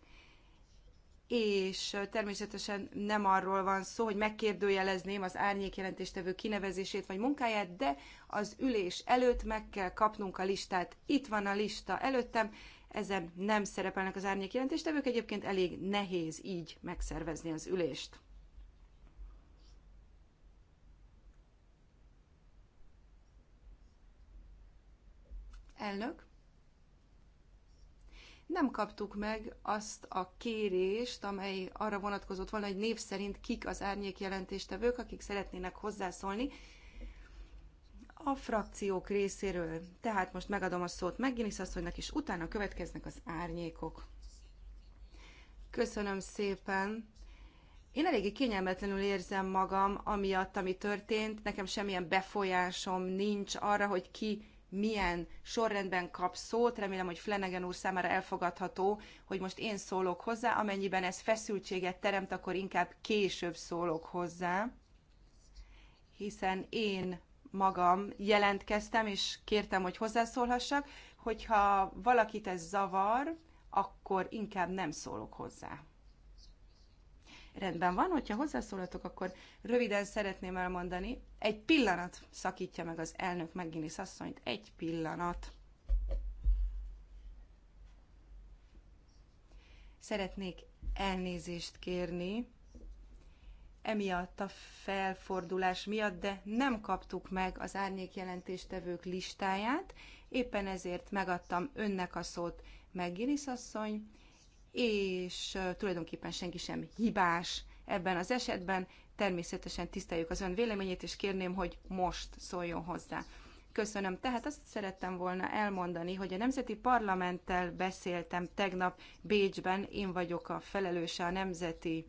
és természetesen nem arról van szó, hogy megkérdőjelezném az árnyék jelentéstevő kinevezését vagy munkáját, de az ülés előtt meg kell kapnunk a listát. Itt van a lista előttem, ezen nem szerepelnek az árnyék jelentéstevők, egyébként elég nehéz így megszervezni az ülést. Elnök, nem kaptuk meg azt a kérést, amely arra vonatkozott volna, hogy név szerint kik az árnyék jelentéstevők, akik szeretnének hozzászólni a frakciók részéről. Tehát most megadom a szót McGinnis asszonynak, és utána következnek az árnyékok. Köszönöm szépen! Én eléggé kényelmetlenül érzem magam, amiatt, ami történt. Nekem semmilyen befolyásom nincs arra, hogy ki milyen sorrendben kap szót. Remélem, hogy Flanagan úr számára elfogadható, hogy most én szólok hozzá, amennyiben ez feszültséget teremt, akkor inkább később szólok hozzá, hiszen én magam jelentkeztem, és kértem, hogy hozzászólhassak, hogyha valakit ez zavar, akkor inkább nem szólok hozzá. Rendben van, hogyha hozzászólatok, akkor röviden szeretném elmondani, egy pillanat, szakítja meg az elnök McGinnis asszonyt, egy pillanat. Szeretnék elnézést kérni emiatt a felfordulás miatt, de nem kaptuk meg az árnyék jelentéstevők listáját, éppen ezért megadtam önnek a szót, McGinnis asszony, és tulajdonképpen senki sem hibás ebben az esetben, Természetesen tiszteljük az ön véleményét, és kérném, hogy most szóljon hozzá. Köszönöm. Tehát azt szerettem volna elmondani, hogy a Nemzeti Parlamenttel beszéltem tegnap Bécsben, én vagyok a felelőse a Nemzeti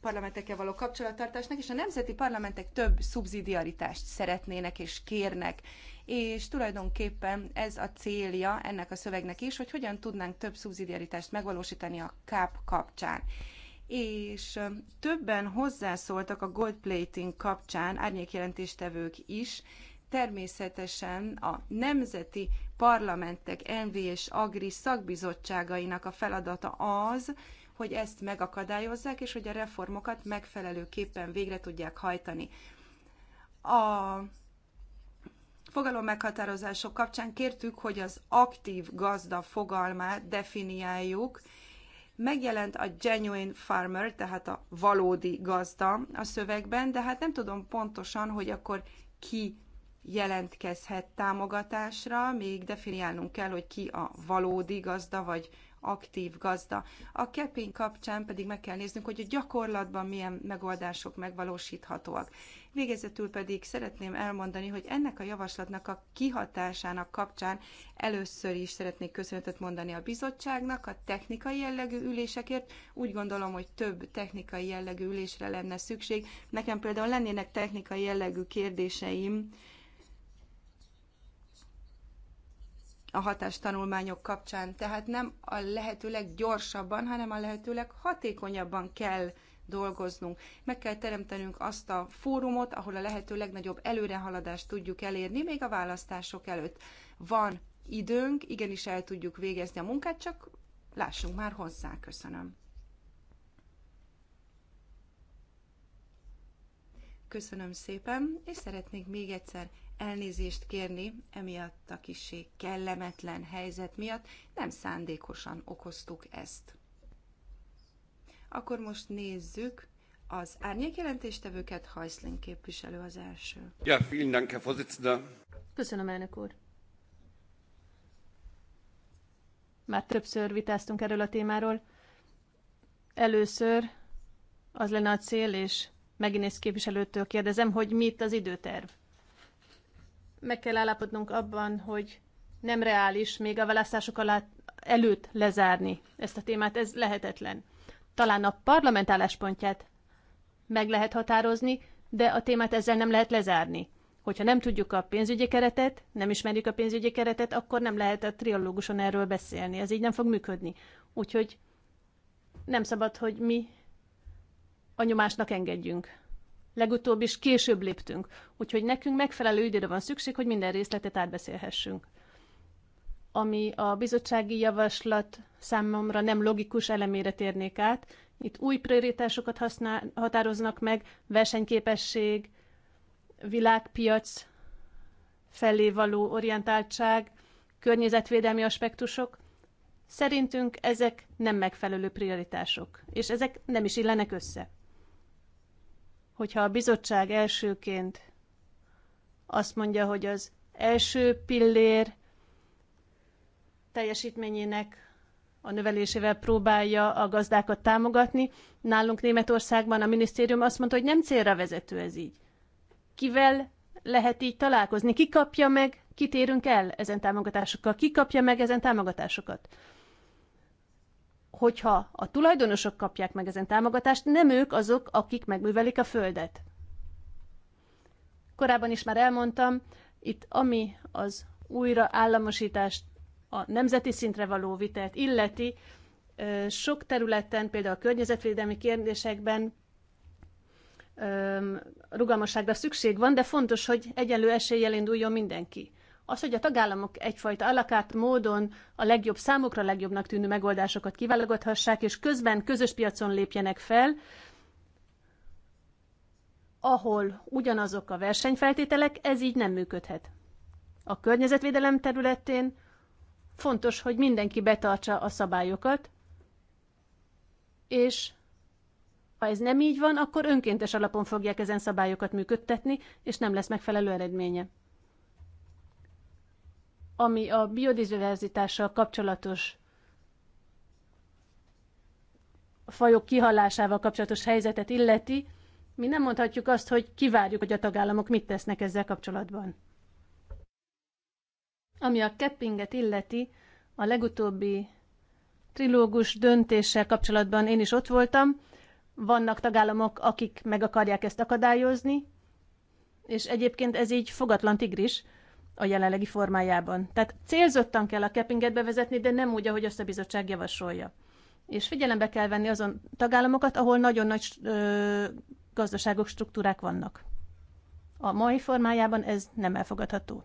parlamentekkel való kapcsolattartásnak, és a nemzeti parlamentek több szubszidiaritást szeretnének és kérnek. És tulajdonképpen ez a célja ennek a szövegnek is, hogy hogyan tudnánk több szubszidiaritást megvalósítani a KAP kapcsán és többen hozzászóltak a gold plating kapcsán, árnyékjelentéstevők is, természetesen a nemzeti parlamentek, NV és Agri szakbizottságainak a feladata az, hogy ezt megakadályozzák, és hogy a reformokat megfelelőképpen végre tudják hajtani. A fogalom meghatározások kapcsán kértük, hogy az aktív gazda fogalmát definiáljuk, Megjelent a genuine farmer, tehát a valódi gazda a szövegben, de hát nem tudom pontosan, hogy akkor ki jelentkezhet támogatásra, még definiálnunk kell, hogy ki a valódi gazda, vagy aktív gazda. A capping kapcsán pedig meg kell néznünk, hogy a gyakorlatban milyen megoldások megvalósíthatóak. Végezetül pedig szeretném elmondani, hogy ennek a javaslatnak a kihatásának kapcsán először is szeretnék köszönetet mondani a bizottságnak a technikai jellegű ülésekért. Úgy gondolom, hogy több technikai jellegű ülésre lenne szükség. Nekem például lennének technikai jellegű kérdéseim, a hatástanulmányok kapcsán. Tehát nem a lehető leggyorsabban, hanem a lehető leghatékonyabban kell dolgoznunk. Meg kell teremtenünk azt a fórumot, ahol a lehető legnagyobb előrehaladást tudjuk elérni, még a választások előtt. Van időnk, igenis el tudjuk végezni a munkát, csak lássunk már hozzá. Köszönöm. Köszönöm szépen, és szeretnék még egyszer elnézést kérni emiatt a kisé kellemetlen helyzet miatt. Nem szándékosan okoztuk ezt. Akkor most nézzük az árnyékjelentéstevőket. Hajszlén képviselő az első. Ja, vielen Dank, Herr Vorsitzender. Köszönöm, elnök úr. Már többször vitáztunk erről a témáról. Először az lenne a cél, és megint képviselőtől kérdezem, hogy mit az időterv. Meg kell állapodnunk abban, hogy nem reális még a választások alatt előtt lezárni ezt a témát, ez lehetetlen talán a parlament álláspontját meg lehet határozni, de a témát ezzel nem lehet lezárni. Hogyha nem tudjuk a pénzügyi keretet, nem ismerjük a pénzügyi keretet, akkor nem lehet a triológuson erről beszélni. Ez így nem fog működni. Úgyhogy nem szabad, hogy mi a nyomásnak engedjünk. Legutóbb is később léptünk, úgyhogy nekünk megfelelő időre van szükség, hogy minden részletet átbeszélhessünk ami a bizottsági javaslat számomra nem logikus elemére térnék át. Itt új prioritásokat használ, határoznak meg, versenyképesség, világpiac felé való orientáltság, környezetvédelmi aspektusok. Szerintünk ezek nem megfelelő prioritások, és ezek nem is illenek össze. Hogyha a bizottság elsőként azt mondja, hogy az első pillér teljesítményének a növelésével próbálja a gazdákat támogatni. Nálunk Németországban a minisztérium azt mondta, hogy nem célra vezető ez így. Kivel lehet így találkozni? Ki kapja meg, Kitérünk el ezen támogatásokkal? Ki kapja meg ezen támogatásokat? Hogyha a tulajdonosok kapják meg ezen támogatást, nem ők azok, akik megművelik a földet. Korábban is már elmondtam, itt ami az újra államosítást a nemzeti szintre való vitelt illeti, sok területen, például a környezetvédelmi kérdésekben rugalmasságra szükség van, de fontos, hogy egyenlő eséllyel induljon mindenki. Az, hogy a tagállamok egyfajta alakát módon a legjobb számokra, a legjobbnak tűnő megoldásokat kiválogathassák, és közben közös piacon lépjenek fel, ahol ugyanazok a versenyfeltételek, ez így nem működhet. A környezetvédelem területén Fontos, hogy mindenki betartsa a szabályokat, és ha ez nem így van, akkor önkéntes alapon fogják ezen szabályokat működtetni, és nem lesz megfelelő eredménye. Ami a biodiverzitással kapcsolatos fajok kihalásával kapcsolatos helyzetet illeti, mi nem mondhatjuk azt, hogy kivárjuk, hogy a tagállamok mit tesznek ezzel kapcsolatban. Ami a keppinget illeti, a legutóbbi trilógus döntéssel kapcsolatban én is ott voltam. Vannak tagállamok, akik meg akarják ezt akadályozni, és egyébként ez így fogatlan tigris a jelenlegi formájában. Tehát célzottan kell a keppinget bevezetni, de nem úgy, ahogy azt a bizottság javasolja. És figyelembe kell venni azon tagállamokat, ahol nagyon nagy ö, gazdaságok, struktúrák vannak. A mai formájában ez nem elfogadható.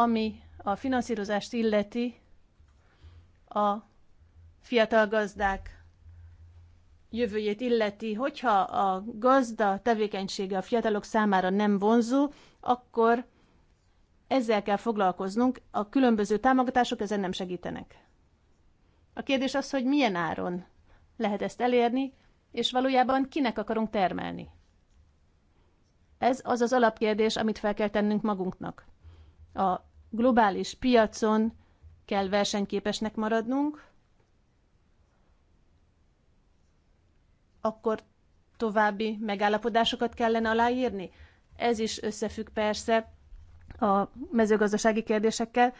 Ami a finanszírozást illeti, a fiatal gazdák jövőjét illeti, hogyha a gazda tevékenysége a fiatalok számára nem vonzó, akkor ezzel kell foglalkoznunk, a különböző támogatások ezen nem segítenek. A kérdés az, hogy milyen áron lehet ezt elérni, és valójában kinek akarunk termelni. Ez az az alapkérdés, amit fel kell tennünk magunknak. A globális piacon kell versenyképesnek maradnunk, akkor további megállapodásokat kellene aláírni. Ez is összefügg persze a mezőgazdasági kérdésekkel.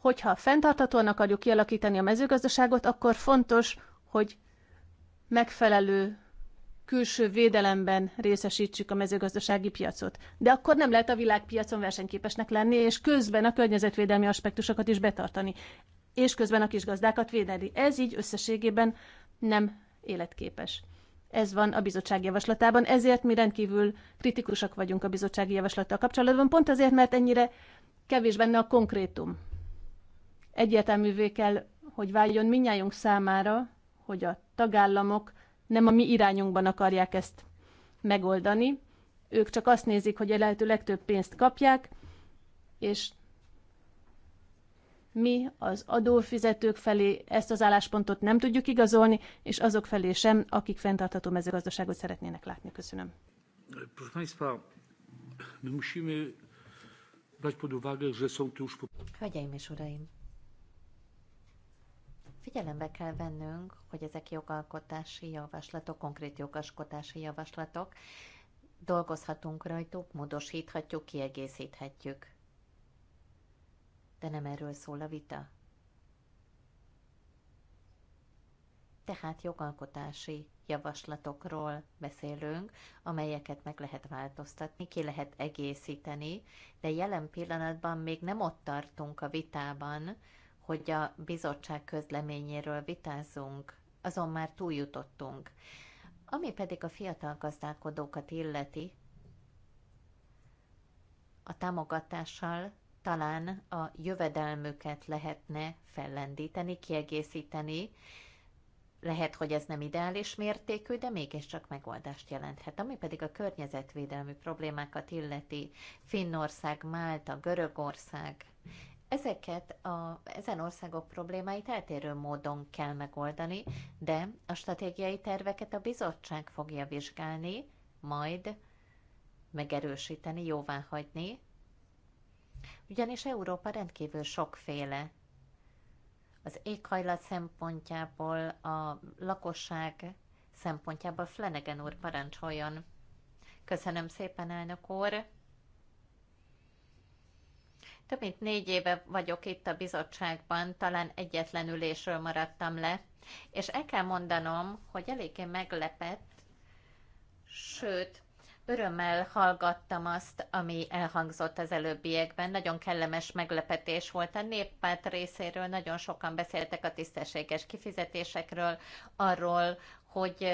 Hogyha fenntartatóan akarjuk kialakítani a mezőgazdaságot, akkor fontos, hogy megfelelő külső védelemben részesítsük a mezőgazdasági piacot. De akkor nem lehet a világpiacon versenyképesnek lenni, és közben a környezetvédelmi aspektusokat is betartani, és közben a kisgazdákat védeni. Ez így összességében nem életképes. Ez van a bizottság javaslatában, ezért mi rendkívül kritikusak vagyunk a bizottsági javaslattal kapcsolatban, pont azért, mert ennyire kevés benne a konkrétum. Egyértelművé kell, hogy váljon minnyájunk számára, hogy a tagállamok nem a mi irányunkban akarják ezt megoldani. Ők csak azt nézik, hogy a lehető legtöbb pénzt kapják, és mi az adófizetők felé ezt az álláspontot nem tudjuk igazolni, és azok felé sem, akik fenntartható mezőgazdaságot szeretnének látni. Köszönöm. Proszę Hölgyeim és uraim! Figyelembe kell vennünk, hogy ezek jogalkotási javaslatok, konkrét jogalkotási javaslatok, dolgozhatunk rajtuk, módosíthatjuk, kiegészíthetjük. De nem erről szól a vita. Tehát jogalkotási javaslatokról beszélünk, amelyeket meg lehet változtatni, ki lehet egészíteni, de jelen pillanatban még nem ott tartunk a vitában, hogy a bizottság közleményéről vitázzunk, azon már túljutottunk. Ami pedig a fiatal gazdálkodókat illeti, a támogatással talán a jövedelmüket lehetne fellendíteni, kiegészíteni. Lehet, hogy ez nem ideális mértékű, de mégiscsak megoldást jelenthet. Ami pedig a környezetvédelmi problémákat illeti, Finnország, Málta, Görögország, Ezeket a, ezen országok problémáit eltérő módon kell megoldani, de a stratégiai terveket a bizottság fogja vizsgálni, majd megerősíteni, jóvá hagyni, ugyanis Európa rendkívül sokféle. Az éghajlat szempontjából, a lakosság szempontjából Flanagan úr parancsoljon. Köszönöm szépen, elnök úr! Több mint négy éve vagyok itt a bizottságban, talán egyetlen ülésről maradtam le, és el kell mondanom, hogy eléggé meglepett, sőt, örömmel hallgattam azt, ami elhangzott az előbbiekben. Nagyon kellemes meglepetés volt a néppárt részéről, nagyon sokan beszéltek a tisztességes kifizetésekről, arról, hogy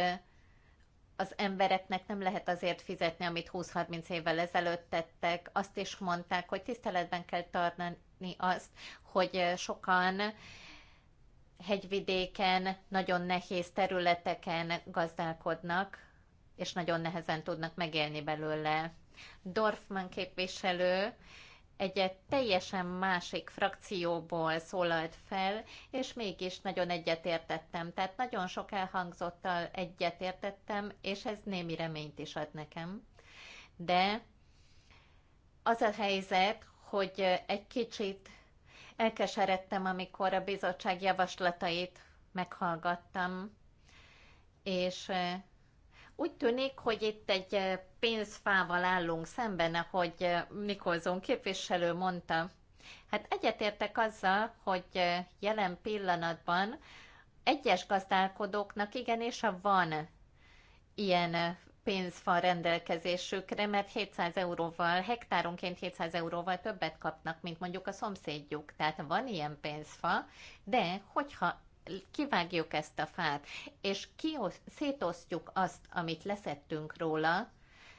az embereknek nem lehet azért fizetni, amit 20-30 évvel ezelőtt tettek. Azt is mondták, hogy tiszteletben kell tartani azt, hogy sokan hegyvidéken, nagyon nehéz területeken gazdálkodnak, és nagyon nehezen tudnak megélni belőle. Dorfman képviselő egy teljesen másik frakcióból szólalt fel, és mégis nagyon egyetértettem. Tehát nagyon sok elhangzottal egyetértettem, és ez némi reményt is ad nekem. De az a helyzet, hogy egy kicsit elkeseredtem, amikor a bizottság javaslatait meghallgattam, és úgy tűnik, hogy itt egy eh, pénzfával állunk szemben, ahogy eh, Nikolzon képviselő mondta. Hát egyetértek azzal, hogy eh, jelen pillanatban egyes gazdálkodóknak igenis a van ilyen pénzfa rendelkezésükre, mert 700 euróval, hektáronként 700 euróval többet kapnak, mint mondjuk a szomszédjuk. Tehát van ilyen pénzfa, de hogyha kivágjuk ezt a fát, és kiosz, szétosztjuk azt, amit leszettünk róla,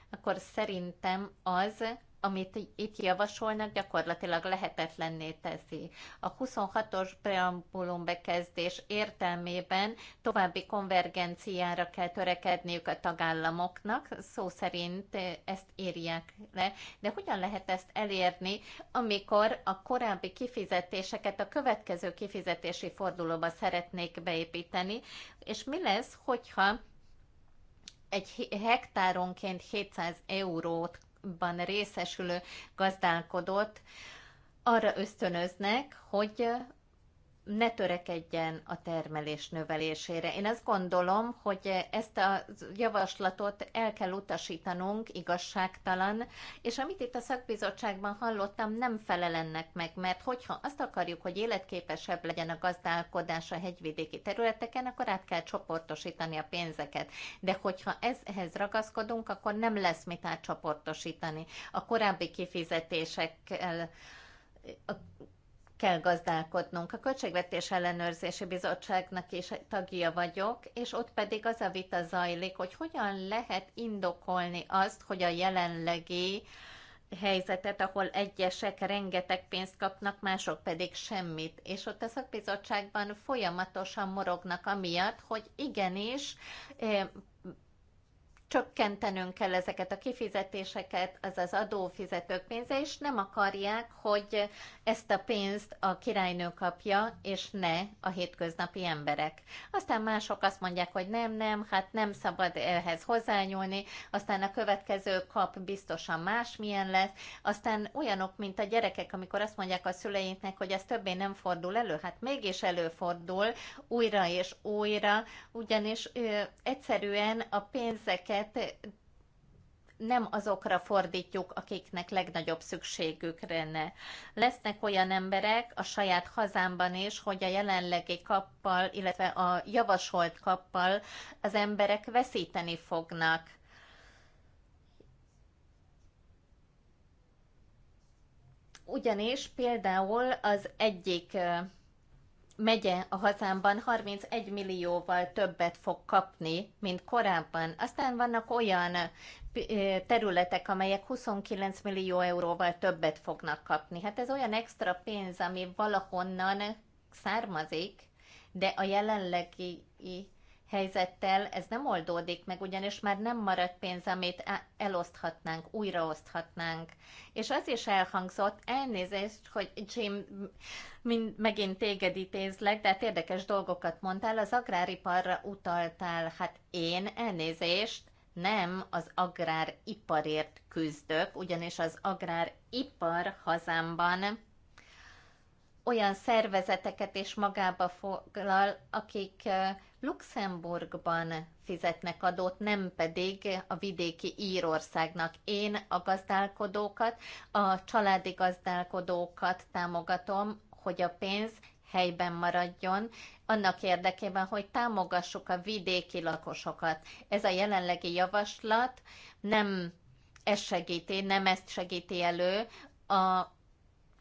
akkor szerintem az amit itt javasolnak, gyakorlatilag lehetetlenné teszi. A 26-os preambulum bekezdés értelmében további konvergenciára kell törekedniük a tagállamoknak, szó szerint eh, ezt írják le, de hogyan lehet ezt elérni, amikor a korábbi kifizetéseket a következő kifizetési fordulóba szeretnék beépíteni, és mi lesz, hogyha egy hektáronként 700 eurót ban részesülő gazdálkodót arra ösztönöznek, hogy ne törekedjen a termelés növelésére. Én azt gondolom, hogy ezt a javaslatot el kell utasítanunk, igazságtalan, és amit itt a szakbizottságban hallottam, nem felel ennek meg, mert hogyha azt akarjuk, hogy életképesebb legyen a gazdálkodás a hegyvidéki területeken, akkor át kell csoportosítani a pénzeket. De hogyha ezhez ragaszkodunk, akkor nem lesz mit átcsoportosítani. A korábbi kifizetésekkel a kell gazdálkodnunk. A Költségvetés Ellenőrzési Bizottságnak is tagja vagyok, és ott pedig az a vita zajlik, hogy hogyan lehet indokolni azt, hogy a jelenlegi helyzetet, ahol egyesek rengeteg pénzt kapnak, mások pedig semmit. És ott a szakbizottságban folyamatosan morognak amiatt, hogy igenis eh, csökkentenünk kell ezeket a kifizetéseket, azaz adófizetők pénze, és nem akarják, hogy ezt a pénzt a királynő kapja, és ne a hétköznapi emberek. Aztán mások azt mondják, hogy nem, nem, hát nem szabad ehhez hozzányúlni, aztán a következő kap biztosan másmilyen lesz, aztán olyanok, mint a gyerekek, amikor azt mondják a szüleinknek, hogy ez többé nem fordul elő, hát mégis előfordul újra és újra, ugyanis ö, egyszerűen a pénzeket pénzeket nem azokra fordítjuk, akiknek legnagyobb szükségük lenne. Lesznek olyan emberek a saját hazámban is, hogy a jelenlegi kappal, illetve a javasolt kappal az emberek veszíteni fognak. Ugyanis például az egyik megye a hazámban 31 millióval többet fog kapni, mint korábban. Aztán vannak olyan területek, amelyek 29 millió euróval többet fognak kapni. Hát ez olyan extra pénz, ami valahonnan származik, de a jelenlegi helyzettel ez nem oldódik meg, ugyanis már nem marad pénz, amit eloszthatnánk, újraoszthatnánk. És az is elhangzott, elnézést, hogy Jim, mind, megint téged ítézlek, de hát érdekes dolgokat mondtál, az agráriparra utaltál, hát én elnézést, nem az agráriparért küzdök, ugyanis az agráripar hazámban olyan szervezeteket és magába foglal, akik Luxemburgban fizetnek adót, nem pedig a vidéki Írországnak. Én a gazdálkodókat, a családi gazdálkodókat támogatom, hogy a pénz helyben maradjon, annak érdekében, hogy támogassuk a vidéki lakosokat. Ez a jelenlegi javaslat nem ez segíti, nem ezt segíti elő, a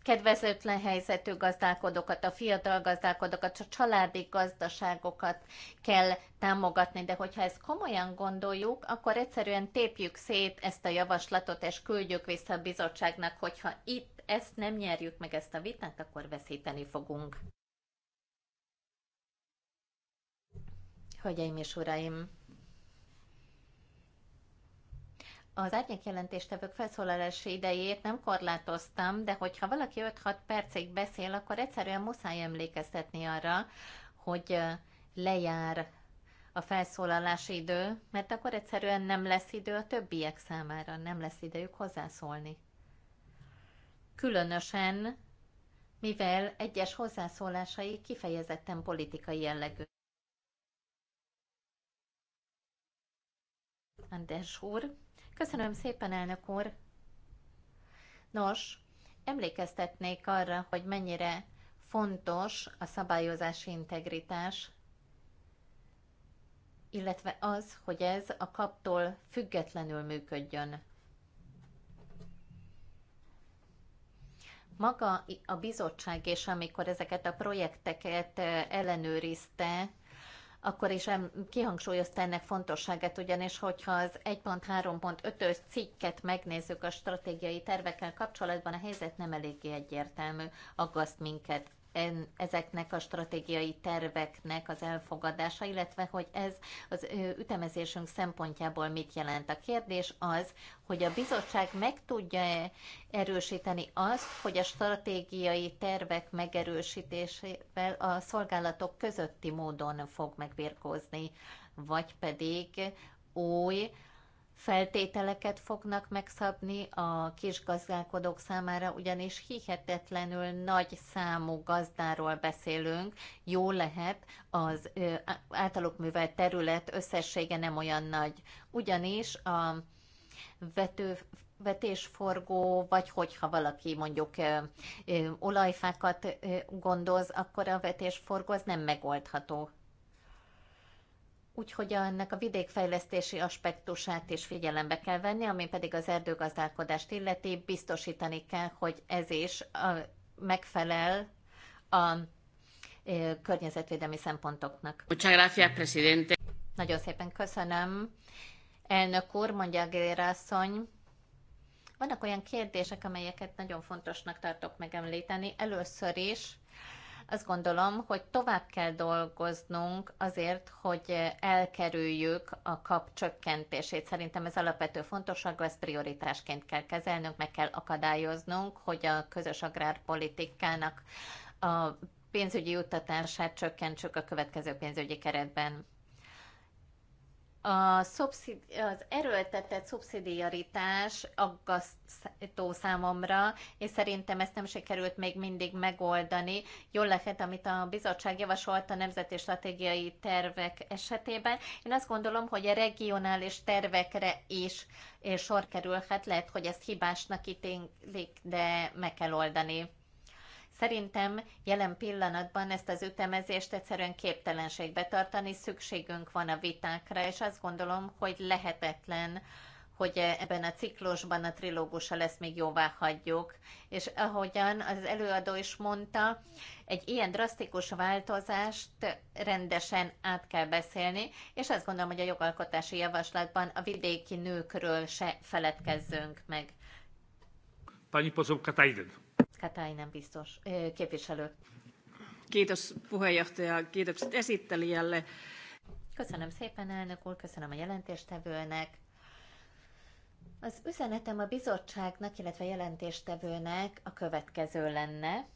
kedvezőtlen helyzetű gazdálkodókat, a fiatal gazdálkodókat, a családi gazdaságokat kell támogatni, de hogyha ezt komolyan gondoljuk, akkor egyszerűen tépjük szét ezt a javaslatot, és küldjük vissza a bizottságnak, hogyha itt ezt nem nyerjük meg ezt a vitát, akkor veszíteni fogunk. Hölgyeim és uraim! az árnyék jelentéstevők felszólalási idejét nem korlátoztam, de hogyha valaki 5-6 percig beszél, akkor egyszerűen muszáj emlékeztetni arra, hogy lejár a felszólalási idő, mert akkor egyszerűen nem lesz idő a többiek számára, nem lesz idejük hozzászólni. Különösen, mivel egyes hozzászólásai kifejezetten politikai jellegű. András úr, Köszönöm szépen, elnök úr! Nos, emlékeztetnék arra, hogy mennyire fontos a szabályozási integritás, illetve az, hogy ez a kaptól függetlenül működjön. Maga a bizottság és amikor ezeket a projekteket ellenőrizte, akkor is kihangsúlyozta ennek fontosságát, ugyanis hogyha az 1.3.5-ös cikket megnézzük a stratégiai tervekkel kapcsolatban, a helyzet nem eléggé egyértelmű, aggaszt minket en, ezeknek a stratégiai terveknek az elfogadása, illetve hogy ez az ütemezésünk szempontjából mit jelent. A kérdés az, hogy a bizottság meg tudja -e erősíteni azt, hogy a stratégiai tervek megerősítésével a szolgálatok közötti módon fog megbirkózni, vagy pedig új feltételeket fognak megszabni a kis gazdálkodók számára, ugyanis hihetetlenül nagy számú gazdáról beszélünk. Jó lehet, az általuk művelt terület összessége nem olyan nagy. Ugyanis a vető, vetésforgó, vagy hogyha valaki mondjuk ö, ö, olajfákat ö, gondoz, akkor a vetésforgó az nem megoldható Úgyhogy ennek a vidékfejlesztési aspektusát is figyelembe kell venni, ami pedig az erdőgazdálkodást illeti, biztosítani kell, hogy ez is megfelel a környezetvédelmi szempontoknak. Muchas gracias, presidente. Nagyon szépen köszönöm. Elnök úr, mondja Gérászony, vannak olyan kérdések, amelyeket nagyon fontosnak tartok megemlíteni. Először is azt gondolom, hogy tovább kell dolgoznunk azért, hogy elkerüljük a kap csökkentését. Szerintem ez alapvető fontosságú, ezt prioritásként kell kezelnünk, meg kell akadályoznunk, hogy a közös agrárpolitikának a pénzügyi juttatását csökkentsük a következő pénzügyi keretben a szubszid, az erőltetett szubszidiaritás aggasztó számomra, és szerintem ezt nem sikerült még mindig megoldani. Jól lehet, amit a bizottság javasolt a nemzeti stratégiai tervek esetében. Én azt gondolom, hogy a regionális tervekre is eh, sor kerülhet, lehet, hogy ezt hibásnak ítélik, de meg kell oldani. Szerintem jelen pillanatban ezt az ütemezést egyszerűen képtelenség betartani, szükségünk van a vitákra, és azt gondolom, hogy lehetetlen, hogy ebben a ciklusban a trilógusa lesz még jóvá hagyjuk. És ahogyan az előadó is mondta, egy ilyen drasztikus változást rendesen át kell beszélni, és azt gondolom, hogy a jogalkotási javaslatban a vidéki nőkről se feledkezzünk meg. Pani Pozovka, Katainen. Katainen biztos képviselő. Kiitos puheenjohtaja, kiitos esittelijälle. Köszönöm szépen, elnök úr, köszönöm a jelentéstevőnek. Az üzenetem a bizottságnak, illetve a jelentéstevőnek a következő lenne,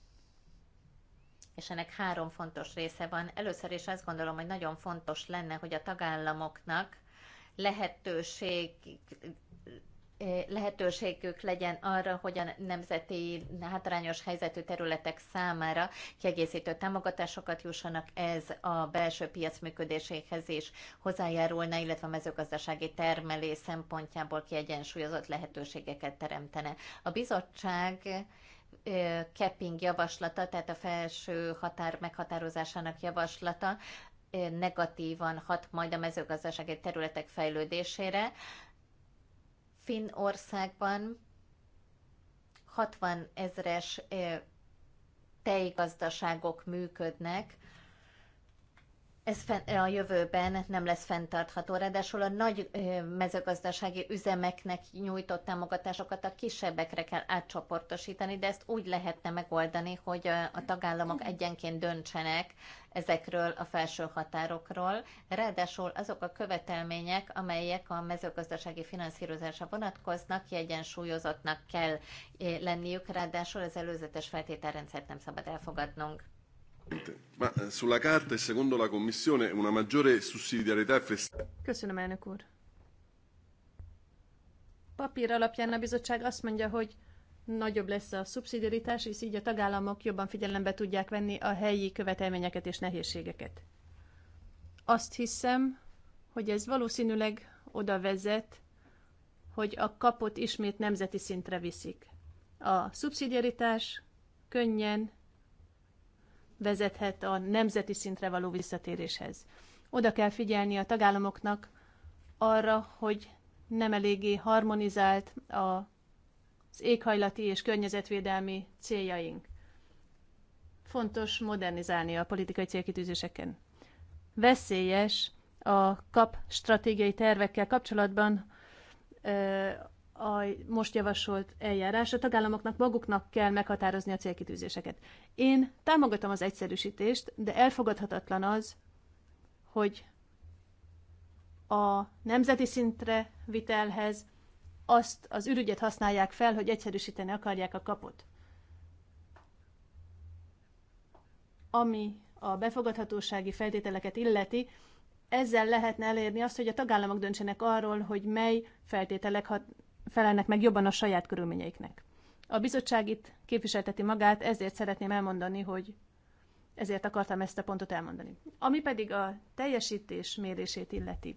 és ennek három fontos része van. Először is azt gondolom, hogy nagyon fontos lenne, hogy a tagállamoknak lehetőség Eh, lehetőségük legyen arra, hogy a nemzeti hátrányos helyzetű területek számára kiegészítő támogatásokat jussanak, ez a belső piac működéséhez is hozzájárulna, illetve a mezőgazdasági termelés szempontjából kiegyensúlyozott lehetőségeket teremtene. A bizottság eh, capping javaslata, tehát a felső határ meghatározásának javaslata eh, negatívan hat majd a mezőgazdasági területek fejlődésére. Finnországban 60 ezres tejgazdaságok működnek, ez a jövőben nem lesz fenntartható. Ráadásul a nagy mezőgazdasági üzemeknek nyújtott támogatásokat a kisebbekre kell átcsoportosítani, de ezt úgy lehetne megoldani, hogy a tagállamok egyenként döntsenek ezekről a felső határokról. Ráadásul azok a követelmények, amelyek a mezőgazdasági finanszírozásra vonatkoznak, kiegyensúlyozottnak kell lenniük, ráadásul az előzetes feltételrendszert nem szabad elfogadnunk. Ma eh, sulla carta e secondo la Commissione una maggiore sussidiarietà e Köszönöm, elnök úr. Papír alapján a bizottság azt mondja, hogy nagyobb lesz a szubszidiaritás, és így a tagállamok jobban figyelembe tudják venni a helyi követelményeket és nehézségeket. Azt hiszem, hogy ez valószínűleg oda vezet, hogy a kapot ismét nemzeti szintre viszik. A szubszidiaritás könnyen vezethet a nemzeti szintre való visszatéréshez. Oda kell figyelni a tagállamoknak arra, hogy nem eléggé harmonizált az éghajlati és környezetvédelmi céljaink. Fontos modernizálni a politikai célkitűzéseken. Veszélyes a kap stratégiai tervekkel kapcsolatban a most javasolt eljárás, a tagállamoknak maguknak kell meghatározni a célkitűzéseket. Én támogatom az egyszerűsítést, de elfogadhatatlan az, hogy a nemzeti szintre vitelhez azt az ürügyet használják fel, hogy egyszerűsíteni akarják a kapot. Ami a befogadhatósági feltételeket illeti, ezzel lehetne elérni azt, hogy a tagállamok döntsenek arról, hogy mely feltételek hat- felelnek meg jobban a saját körülményeiknek. A bizottság itt képviselteti magát, ezért szeretném elmondani, hogy ezért akartam ezt a pontot elmondani. Ami pedig a teljesítés mérését illeti.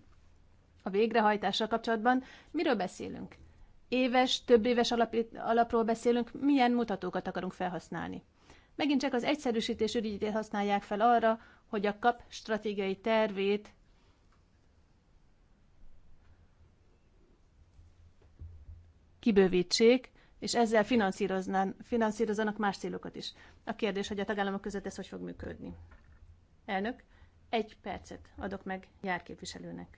A végrehajtással kapcsolatban miről beszélünk? Éves, több éves alap, alapról beszélünk, milyen mutatókat akarunk felhasználni. Megint csak az egyszerűsítés ürügyét használják fel arra, hogy a kap stratégiai tervét kibővítsék, és ezzel finanszírozzanak más célokat is. A kérdés, hogy a tagállamok között ez hogy fog működni. Elnök, egy percet adok meg járképviselőnek.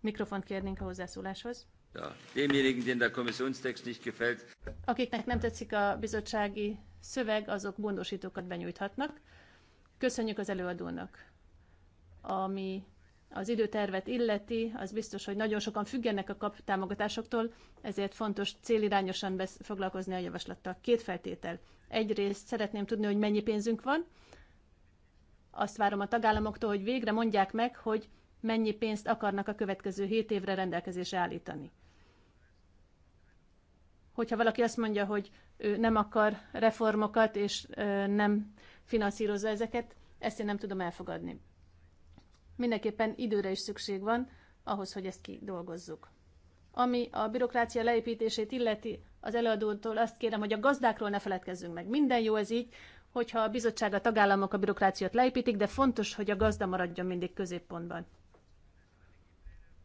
Mikrofont kérnénk a hozzászóláshoz. Akiknek nem tetszik a bizottsági szöveg, azok bondosítókat benyújthatnak. Köszönjük az előadónak, ami az időtervet illeti, az biztos, hogy nagyon sokan függenek a kap támogatásoktól, ezért fontos célirányosan besz- foglalkozni a javaslattal. Két feltétel. Egyrészt szeretném tudni, hogy mennyi pénzünk van. Azt várom a tagállamoktól, hogy végre mondják meg, hogy mennyi pénzt akarnak a következő 7 évre rendelkezésre állítani. Hogyha valaki azt mondja, hogy ő nem akar reformokat, és nem finanszírozza ezeket, ezt én nem tudom elfogadni. Mindenképpen időre is szükség van ahhoz, hogy ezt kidolgozzuk. Ami a bürokrácia leépítését illeti, az előadótól azt kérem, hogy a gazdákról ne feledkezzünk meg. Minden jó ez így, hogyha a bizottság, a tagállamok a bürokráciát leépítik, de fontos, hogy a gazda maradjon mindig középpontban.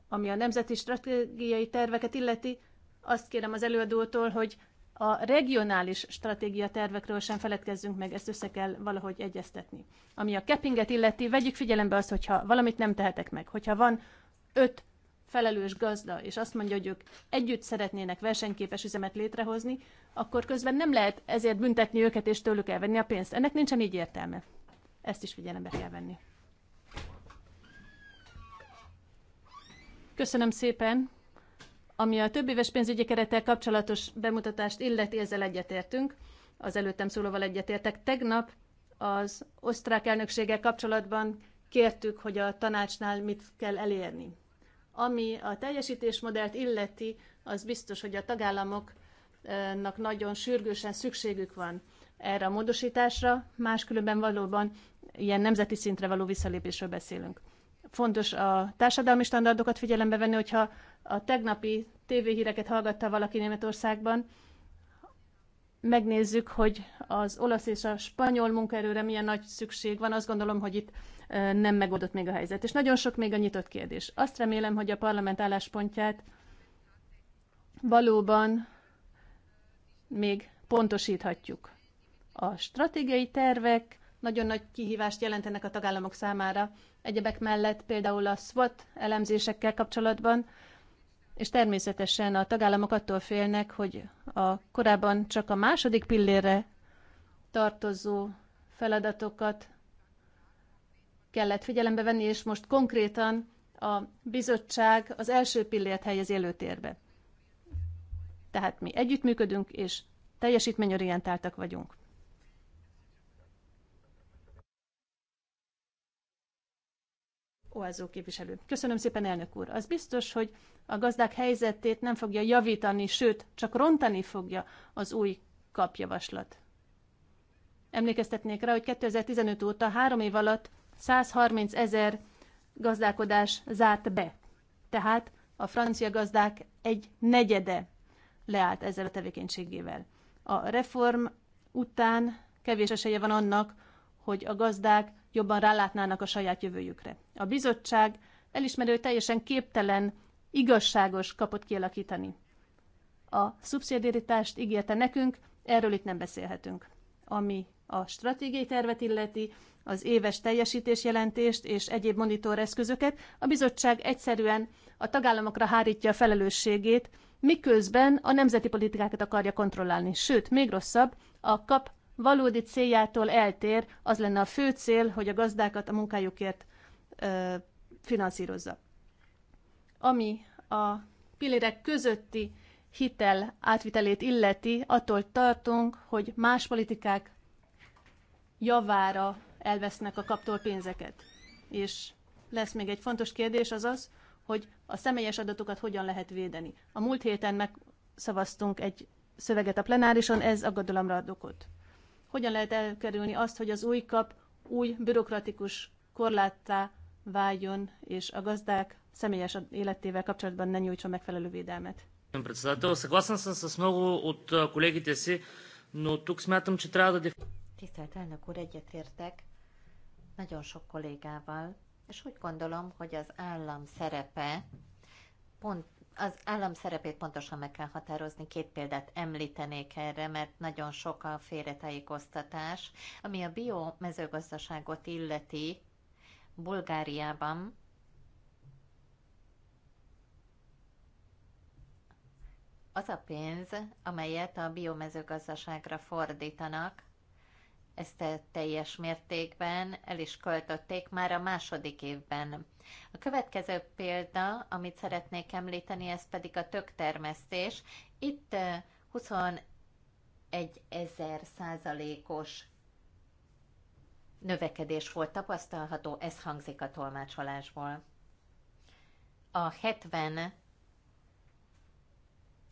Ami a nemzeti stratégiai terveket illeti, azt kérem az előadótól, hogy a regionális stratégia tervekről sem feledkezzünk meg, ezt össze kell valahogy egyeztetni. Ami a keppinget illeti, vegyük figyelembe azt, hogyha valamit nem tehetek meg, hogyha van öt felelős gazda, és azt mondja, hogy ők együtt szeretnének versenyképes üzemet létrehozni, akkor közben nem lehet ezért büntetni őket és tőlük elvenni a pénzt. Ennek nincsen így értelme. Ezt is figyelembe kell venni. Köszönöm szépen! Ami a több éves pénzügyi kerettel kapcsolatos bemutatást illeti, ezzel egyetértünk, az előttem szólóval egyetértek. Tegnap az osztrák elnökséggel kapcsolatban kértük, hogy a tanácsnál mit kell elérni. Ami a teljesítésmodellt illeti, az biztos, hogy a tagállamoknak nagyon sürgősen szükségük van erre a módosításra, máskülönben valóban ilyen nemzeti szintre való visszalépésről beszélünk. Fontos a társadalmi standardokat figyelembe venni, hogyha a tegnapi tévéhíreket hallgatta valaki Németországban. Megnézzük, hogy az olasz és a spanyol munkaerőre milyen nagy szükség van. Azt gondolom, hogy itt nem megoldott még a helyzet. És nagyon sok még a nyitott kérdés. Azt remélem, hogy a parlament álláspontját valóban még pontosíthatjuk. A stratégiai tervek nagyon nagy kihívást jelentenek a tagállamok számára. Egyebek mellett például a SWOT elemzésekkel kapcsolatban és természetesen a tagállamok attól félnek, hogy a korábban csak a második pillére tartozó feladatokat kellett figyelembe venni, és most konkrétan a bizottság az első pillért helyez előtérbe. Tehát mi együttműködünk, és teljesítményorientáltak vagyunk. Oázó képviselő. Köszönöm szépen, elnök úr. Az biztos, hogy a gazdák helyzetét nem fogja javítani, sőt, csak rontani fogja az új kapjavaslat. Emlékeztetnék rá, hogy 2015 óta három év alatt 130 ezer gazdálkodás zárt be. Tehát a francia gazdák egy negyede leállt ezzel a tevékenységével. A reform után kevés esélye van annak, hogy a gazdák jobban rálátnának a saját jövőjükre. A bizottság elismerő, teljesen képtelen, igazságos kapot kialakítani. A szubszidiaritást ígérte nekünk, erről itt nem beszélhetünk. Ami a stratégiai tervet illeti, az éves teljesítés jelentést és egyéb monitoreszközöket, a bizottság egyszerűen a tagállamokra hárítja a felelősségét, miközben a nemzeti politikákat akarja kontrollálni. Sőt, még rosszabb, a kap valódi céljától eltér, az lenne a fő cél, hogy a gazdákat a munkájukért ö, finanszírozza. Ami a pillérek közötti hitel átvitelét illeti, attól tartunk, hogy más politikák javára elvesznek a kaptól pénzeket. És lesz még egy fontos kérdés az az, hogy a személyes adatokat hogyan lehet védeni. A múlt héten megszavaztunk egy szöveget a plenárison, ez aggodalomra ad okot hogyan lehet elkerülni azt, hogy az új kap új bürokratikus korláttá váljon, és a gazdák személyes életével kapcsolatban ne nyújtson megfelelő védelmet. Tisztelt elnök úr, egyetértek nagyon sok kollégával, és úgy gondolom, hogy az állam szerepe pont az állam szerepét pontosan meg kell határozni. Két példát említenék erre, mert nagyon sok a félretájékoztatás. Ami a biomezőgazdaságot illeti, Bulgáriában az a pénz, amelyet a biomezőgazdaságra fordítanak, ezt teljes mértékben el is költötték már a második évben. A következő példa, amit szeretnék említeni, ez pedig a töktermesztés. Itt 21 ezer százalékos növekedés volt tapasztalható, ez hangzik a tolmácsolásból. A 70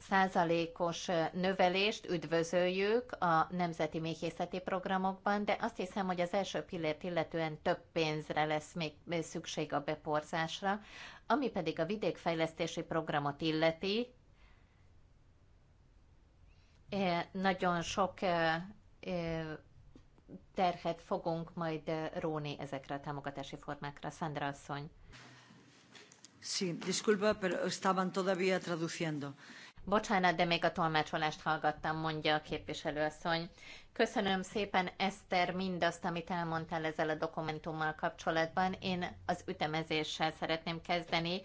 százalékos növelést üdvözöljük a nemzeti méhészeti programokban, de azt hiszem, hogy az első pillért illetően több pénzre lesz még szükség a beporzásra, ami pedig a vidékfejlesztési programot illeti. Nagyon sok terhet fogunk majd róni ezekre a támogatási formákra. Szandra asszony. Sí, disculpa, pero estaban todavía traduciendo. Bocsánat, de még a tolmácsolást hallgattam, mondja a képviselőasszony. Köszönöm szépen, Eszter, mindazt, amit elmondtál ezzel a dokumentummal kapcsolatban. Én az ütemezéssel szeretném kezdeni.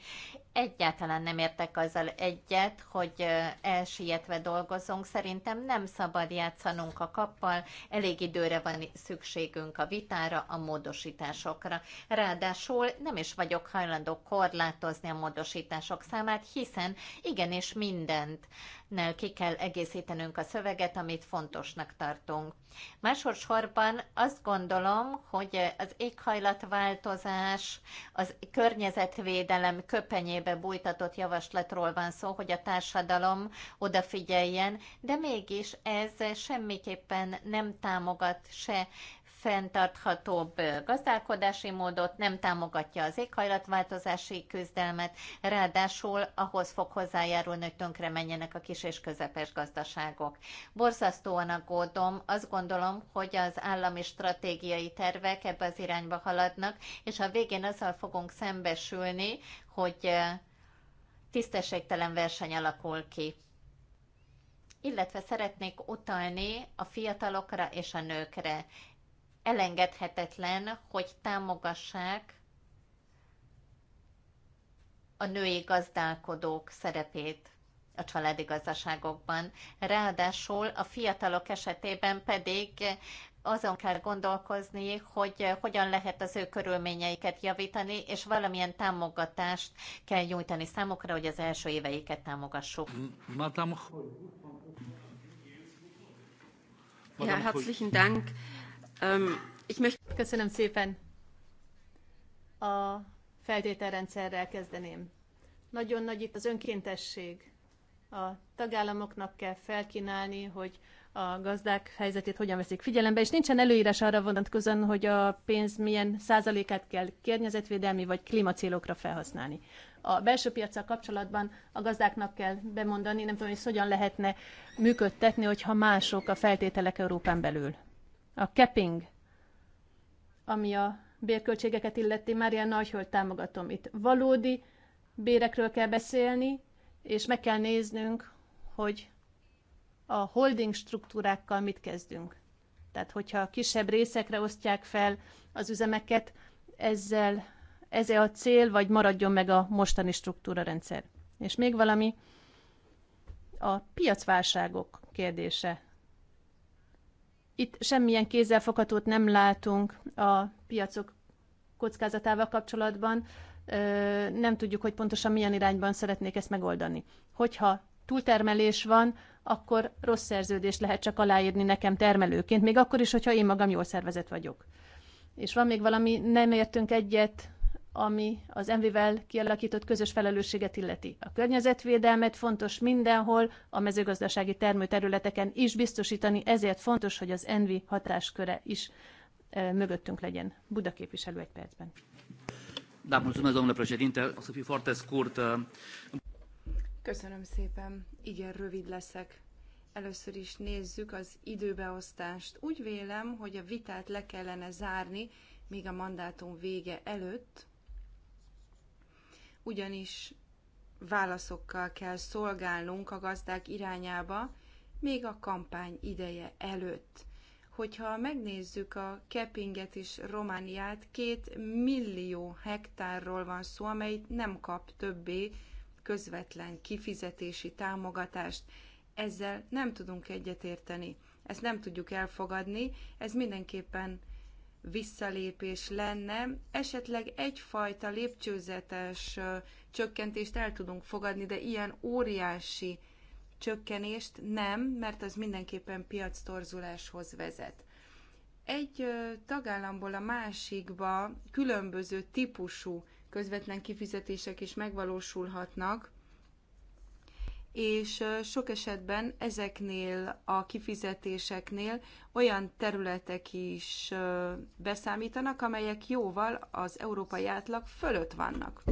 Egyáltalán nem értek azzal egyet, hogy elsietve dolgozunk. Szerintem nem szabad játszanunk a kappal, elég időre van szükségünk a vitára, a módosításokra. Ráadásul nem is vagyok hajlandó korlátozni a módosítások számát, hiszen igenis mindent nel ki kell egészítenünk a szöveget, amit fontosnak tartunk. Másodszorban azt gondolom, hogy az éghajlatváltozás, az környezetvédelem köpenyébe bújtatott javaslatról van szó, hogy a társadalom odafigyeljen, de mégis ez semmiképpen nem támogat se fenntarthatóbb gazdálkodási módot, nem támogatja az éghajlatváltozási küzdelmet, ráadásul ahhoz fog hozzájárulni, hogy tönkre menjenek a kis és közepes gazdaságok. Borzasztóan aggódom, azt gondolom, hogy az állami stratégiai tervek ebbe az irányba haladnak, és a végén azzal fogunk szembesülni, hogy tisztességtelen verseny alakul ki illetve szeretnék utalni a fiatalokra és a nőkre elengedhetetlen, hogy támogassák a női gazdálkodók szerepét a családi gazdaságokban. Ráadásul a fiatalok esetében pedig azon kell gondolkozni, hogy hogyan lehet az ő körülményeiket javítani, és valamilyen támogatást kell nyújtani számukra, hogy az első éveiket támogassuk. Madame... ja, herzlichen Dank. Köszönöm szépen. A feltételrendszerrel kezdeném. Nagyon nagy itt az önkéntesség. A tagállamoknak kell felkínálni, hogy a gazdák helyzetét hogyan veszik figyelembe, és nincsen előírás arra vonatkozóan, hogy a pénz milyen százalékát kell környezetvédelmi vagy klímacélokra felhasználni. A belső piacsal kapcsolatban a gazdáknak kell bemondani, nem tudom, hogy hogyan lehetne működtetni, hogyha mások a feltételek Európán belül a capping, ami a bérköltségeket illeti, már ilyen hogy támogatom. Itt valódi bérekről kell beszélni, és meg kell néznünk, hogy a holding struktúrákkal mit kezdünk. Tehát, hogyha kisebb részekre osztják fel az üzemeket, ezzel ez -e a cél, vagy maradjon meg a mostani struktúra rendszer. És még valami, a piacválságok kérdése itt semmilyen kézzelfoghatót nem látunk a piacok kockázatával kapcsolatban. Nem tudjuk, hogy pontosan milyen irányban szeretnék ezt megoldani. Hogyha túltermelés van, akkor rossz szerződést lehet csak aláírni nekem termelőként, még akkor is, hogyha én magam jól szervezet vagyok. És van még valami, nem értünk egyet ami az MV-vel kialakított közös felelősséget illeti. A környezetvédelmet fontos mindenhol, a mezőgazdasági termőterületeken is biztosítani, ezért fontos, hogy az NV hatásköre is e, mögöttünk legyen. Buda képviselő egy percben. Da, mulțumesc, domnule președinte. O să fiu foarte scurt. Köszönöm szépen. Igen, rövid leszek. Először is nézzük az időbeosztást. Úgy vélem, hogy a vitát le kellene zárni, még a mandátum vége előtt, ugyanis válaszokkal kell szolgálnunk a gazdák irányába, még a kampány ideje előtt. Hogyha megnézzük a Kepinget és Romániát, két millió hektárról van szó, amely nem kap többé közvetlen kifizetési támogatást. Ezzel nem tudunk egyetérteni, ezt nem tudjuk elfogadni, ez mindenképpen visszalépés lenne, esetleg egyfajta lépcsőzetes csökkentést el tudunk fogadni, de ilyen óriási csökkenést nem, mert az mindenképpen piac torzuláshoz vezet. Egy tagállamból a másikba különböző típusú közvetlen kifizetések is megvalósulhatnak, és sok esetben ezeknél a kifizetéseknél olyan területek is beszámítanak, amelyek jóval az európai átlag fölött vannak.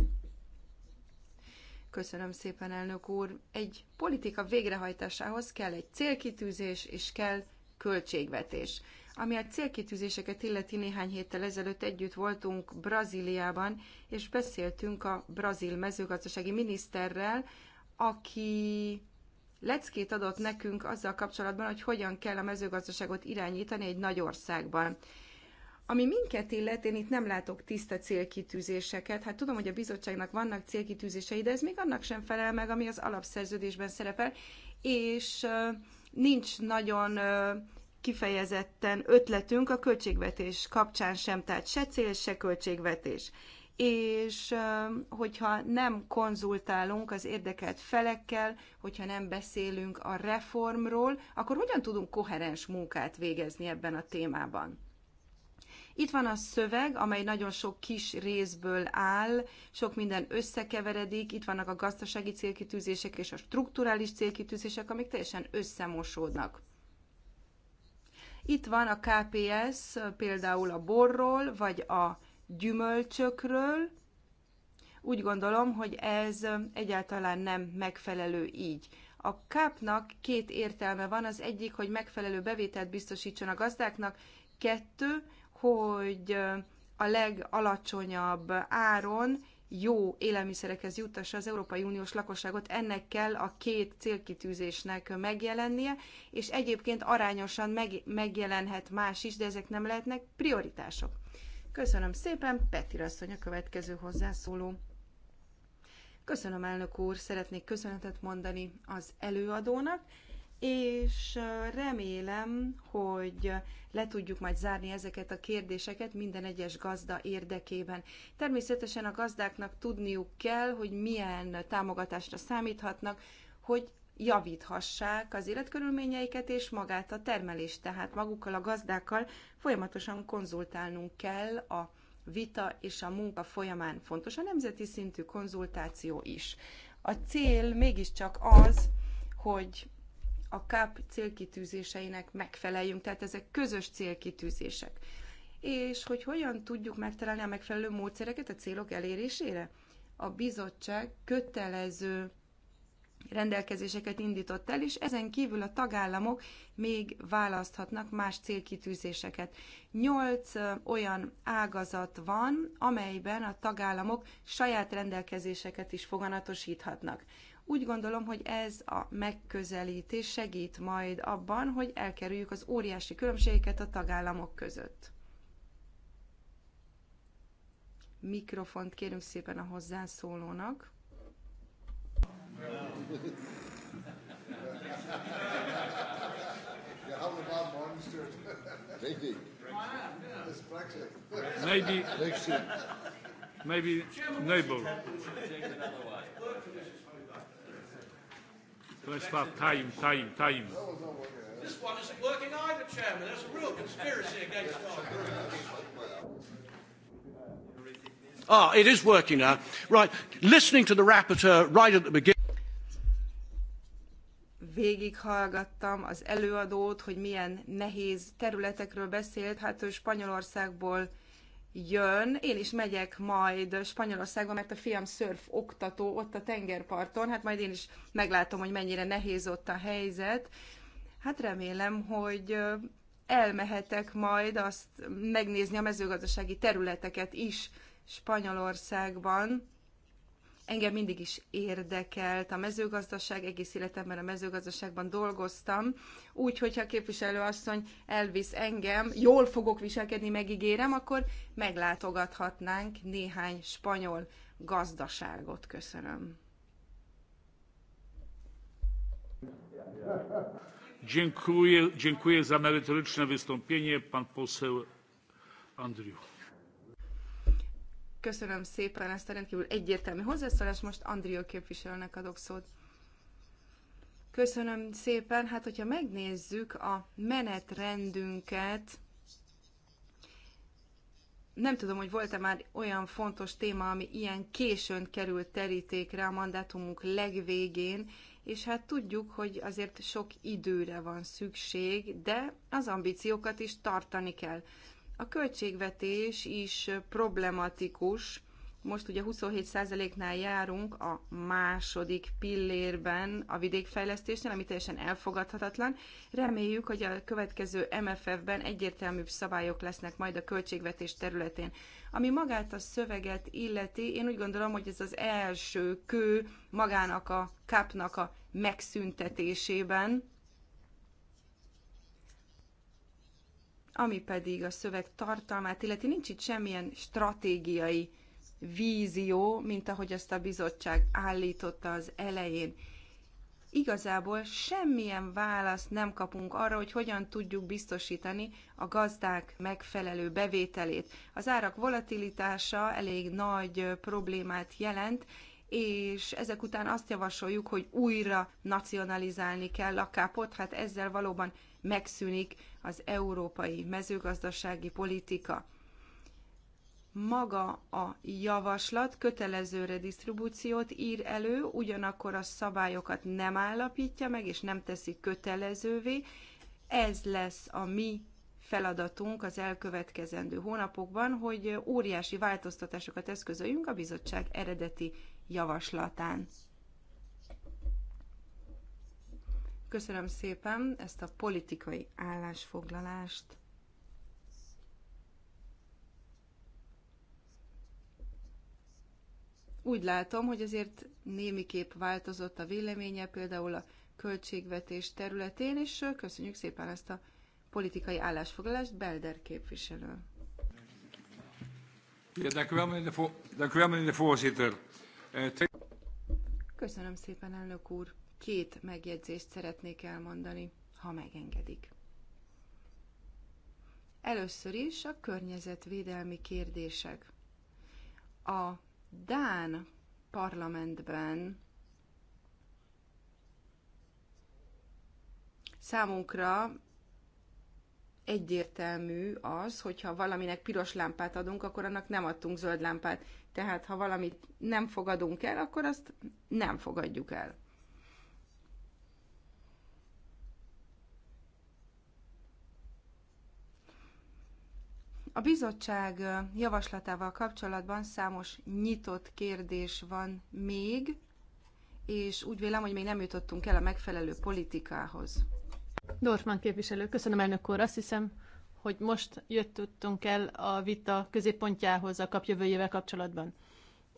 Köszönöm szépen, elnök úr. Egy politika végrehajtásához kell egy célkitűzés és kell költségvetés. Ami a célkitűzéseket illeti néhány héttel ezelőtt együtt voltunk Brazíliában, és beszéltünk a brazil mezőgazdasági miniszterrel, aki leckét adott nekünk azzal kapcsolatban, hogy hogyan kell a mezőgazdaságot irányítani egy nagy országban. Ami minket illet, én itt nem látok tiszta célkitűzéseket. Hát tudom, hogy a bizottságnak vannak célkitűzései, de ez még annak sem felel meg, ami az alapszerződésben szerepel, és nincs nagyon kifejezetten ötletünk a költségvetés kapcsán sem, tehát se cél, se költségvetés és hogyha nem konzultálunk az érdekelt felekkel, hogyha nem beszélünk a reformról, akkor hogyan tudunk koherens munkát végezni ebben a témában? Itt van a szöveg, amely nagyon sok kis részből áll, sok minden összekeveredik, itt vannak a gazdasági célkitűzések és a strukturális célkitűzések, amik teljesen összemosódnak. Itt van a KPS például a borról, vagy a gyümölcsökről. Úgy gondolom, hogy ez egyáltalán nem megfelelő így. A kápnak két értelme van, az egyik, hogy megfelelő bevételt biztosítson a gazdáknak, kettő, hogy a legalacsonyabb áron jó élelmiszerekhez juttassa az Európai Uniós lakosságot, ennek kell a két célkitűzésnek megjelennie, és egyébként arányosan meg, megjelenhet más is, de ezek nem lehetnek prioritások. Köszönöm szépen, Peti asszony a következő hozzászóló. Köszönöm, elnök úr, szeretnék köszönetet mondani az előadónak, és remélem, hogy le tudjuk majd zárni ezeket a kérdéseket minden egyes gazda érdekében. Természetesen a gazdáknak tudniuk kell, hogy milyen támogatásra számíthatnak, hogy javíthassák az életkörülményeiket és magát a termelést, tehát magukkal a gazdákkal folyamatosan konzultálnunk kell a vita és a munka folyamán. Fontos a nemzeti szintű konzultáció is. A cél mégiscsak az, hogy a KAP célkitűzéseinek megfeleljünk, tehát ezek közös célkitűzések. És hogy hogyan tudjuk megtalálni a megfelelő módszereket a célok elérésére? A bizottság kötelező rendelkezéseket indított el, és ezen kívül a tagállamok még választhatnak más célkitűzéseket. Nyolc olyan ágazat van, amelyben a tagállamok saját rendelkezéseket is foganatosíthatnak. Úgy gondolom, hogy ez a megközelítés segít majd abban, hogy elkerüljük az óriási különbségeket a tagállamok között. Mikrofont kérünk szépen a hozzászólónak. Maybe. It's Brexit. Maybe. Brexit. Maybe neighbor. Let's have time, time, time. This one isn't working either, Chairman. That's a real conspiracy against Ah, it is working now. Right. Listening to the rapporteur right at the beginning végighallgattam az előadót, hogy milyen nehéz területekről beszélt, hát ő Spanyolországból jön, én is megyek majd Spanyolországba, mert a fiam szörf oktató ott a tengerparton, hát majd én is meglátom, hogy mennyire nehéz ott a helyzet. Hát remélem, hogy elmehetek majd azt megnézni a mezőgazdasági területeket is Spanyolországban Engem mindig is érdekelt a mezőgazdaság, egész életemben a mezőgazdaságban dolgoztam, úgy, hogyha a képviselőasszony elvisz engem, jól fogok viselkedni, megígérem, akkor meglátogathatnánk néhány spanyol gazdaságot. Köszönöm. Dziękuję, dziękuję za merytoryczne wystąpienie. Pan poseł Andriu. Köszönöm szépen ezt a rendkívül egyértelmű hozzászólást. Most Andrió képviselőnek adok szót. Köszönöm szépen. Hát, hogyha megnézzük a menetrendünket, nem tudom, hogy volt-e már olyan fontos téma, ami ilyen későn került terítékre a mandátumunk legvégén, és hát tudjuk, hogy azért sok időre van szükség, de az ambíciókat is tartani kell. A költségvetés is problematikus. Most ugye 27%-nál járunk a második pillérben a vidékfejlesztésnél, ami teljesen elfogadhatatlan. Reméljük, hogy a következő MFF-ben egyértelműbb szabályok lesznek majd a költségvetés területén. Ami magát a szöveget illeti, én úgy gondolom, hogy ez az első kő magának a kapnak a megszüntetésében, Ami pedig a szöveg tartalmát illeti, nincs itt semmilyen stratégiai vízió, mint ahogy ezt a bizottság állította az elején. Igazából semmilyen választ nem kapunk arra, hogy hogyan tudjuk biztosítani a gazdák megfelelő bevételét. Az árak volatilitása elég nagy problémát jelent, és ezek után azt javasoljuk, hogy újra nacionalizálni kell a kápot, hát ezzel valóban megszűnik az európai mezőgazdasági politika. Maga a javaslat kötelező redistribúciót ír elő, ugyanakkor a szabályokat nem állapítja meg, és nem teszi kötelezővé. Ez lesz a mi feladatunk az elkövetkezendő hónapokban, hogy óriási változtatásokat eszközöljünk a bizottság eredeti javaslatán. Köszönöm szépen ezt a politikai állásfoglalást. Úgy látom, hogy azért némiképp változott a véleménye, például a költségvetés területén, és köszönjük szépen ezt a politikai állásfoglalást, Belder képviselő. Ja, dank Köszönöm szépen, elnök úr. Két megjegyzést szeretnék elmondani, ha megengedik. Először is a környezetvédelmi kérdések. A Dán parlamentben számunkra egyértelmű az, hogyha valaminek piros lámpát adunk, akkor annak nem adtunk zöld lámpát. Tehát, ha valamit nem fogadunk el, akkor azt nem fogadjuk el. A bizottság javaslatával kapcsolatban számos nyitott kérdés van még, és úgy vélem, hogy még nem jutottunk el a megfelelő politikához. Dorfman képviselő, köszönöm elnök úr. Azt hiszem, hogy most jöttünk el a vita középpontjához a kapjövőjével kapcsolatban.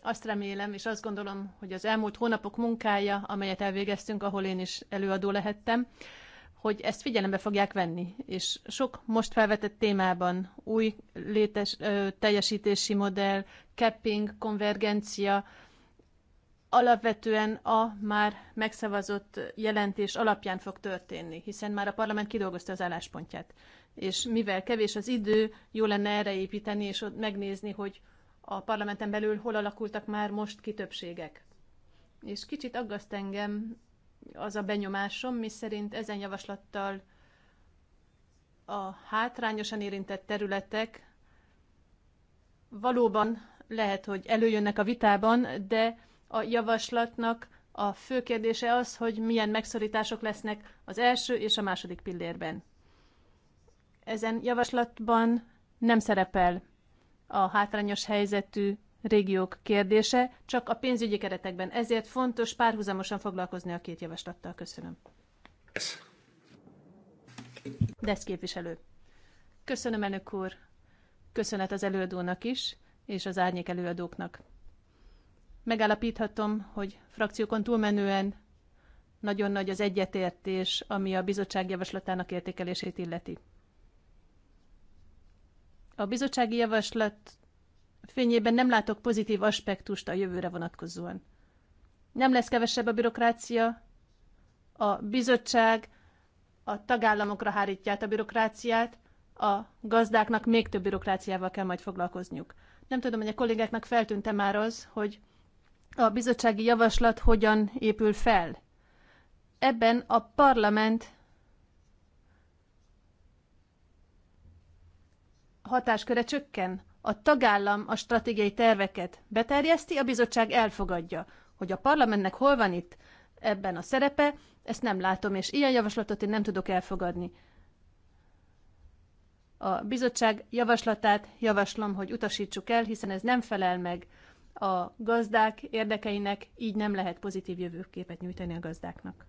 Azt remélem, és azt gondolom, hogy az elmúlt hónapok munkája, amelyet elvégeztünk, ahol én is előadó lehettem, hogy ezt figyelembe fogják venni, és sok most felvetett témában új létes, ö, teljesítési modell, capping, konvergencia, alapvetően a már megszavazott jelentés alapján fog történni, hiszen már a parlament kidolgozta az álláspontját. És mivel kevés az idő, jó lenne erre építeni, és ott megnézni, hogy a parlamenten belül hol alakultak már most ki többségek. És kicsit aggaszt engem az a benyomásom, mi szerint ezen javaslattal a hátrányosan érintett területek valóban lehet, hogy előjönnek a vitában, de a javaslatnak a fő kérdése az, hogy milyen megszorítások lesznek az első és a második pillérben. Ezen javaslatban nem szerepel a hátrányos helyzetű régiók kérdése, csak a pénzügyi keretekben. Ezért fontos párhuzamosan foglalkozni a két javaslattal. Köszönöm. Desz képviselő. Köszönöm, elnök úr. Köszönet az előadónak is, és az árnyék előadóknak megállapíthatom, hogy frakciókon túlmenően nagyon nagy az egyetértés, ami a bizottság javaslatának értékelését illeti. A bizottsági javaslat fényében nem látok pozitív aspektust a jövőre vonatkozóan. Nem lesz kevesebb a bürokrácia, a bizottság a tagállamokra hárítja a bürokráciát, a gazdáknak még több bürokráciával kell majd foglalkozniuk. Nem tudom, hogy a kollégáknak feltűnt-e már az, hogy a bizottsági javaslat hogyan épül fel. Ebben a parlament hatásköre csökken. A tagállam a stratégiai terveket beterjeszti, a bizottság elfogadja. Hogy a parlamentnek hol van itt ebben a szerepe, ezt nem látom, és ilyen javaslatot én nem tudok elfogadni. A bizottság javaslatát javaslom, hogy utasítsuk el, hiszen ez nem felel meg a gazdák érdekeinek, így nem lehet pozitív jövőképet nyújtani a gazdáknak.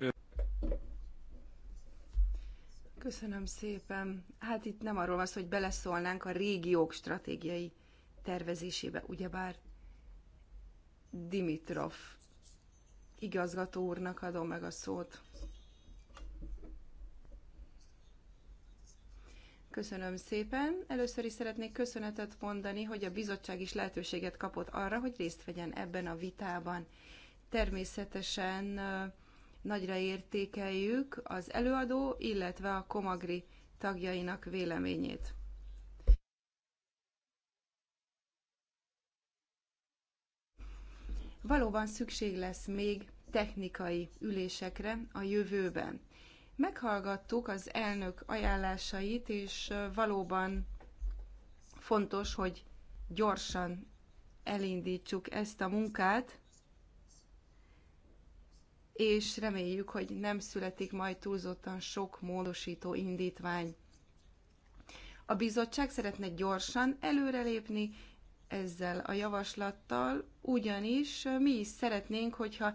E, Köszönöm szépen. Hát itt nem arról van szó, hogy beleszólnánk a régiók stratégiai tervezésébe, ugyebár Dimitrov igazgató úrnak adom meg a szót. Köszönöm szépen. Először is szeretnék köszönetet mondani, hogy a bizottság is lehetőséget kapott arra, hogy részt vegyen ebben a vitában. Természetesen nagyra értékeljük az előadó, illetve a Komagri tagjainak véleményét. Valóban szükség lesz még technikai ülésekre a jövőben. Meghallgattuk az elnök ajánlásait, és valóban fontos, hogy gyorsan elindítsuk ezt a munkát, és reméljük, hogy nem születik majd túlzottan sok módosító indítvány. A bizottság szeretne gyorsan előrelépni ezzel a javaslattal, ugyanis mi is szeretnénk, hogyha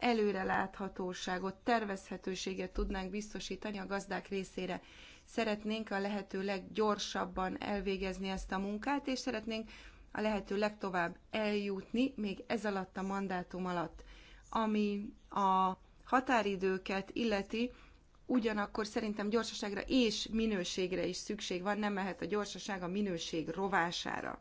előreláthatóságot, tervezhetőséget tudnánk biztosítani a gazdák részére. Szeretnénk a lehető leggyorsabban elvégezni ezt a munkát, és szeretnénk a lehető legtovább eljutni még ez alatt a mandátum alatt. Ami a határidőket illeti, ugyanakkor szerintem gyorsaságra és minőségre is szükség van, nem mehet a gyorsaság a minőség rovására.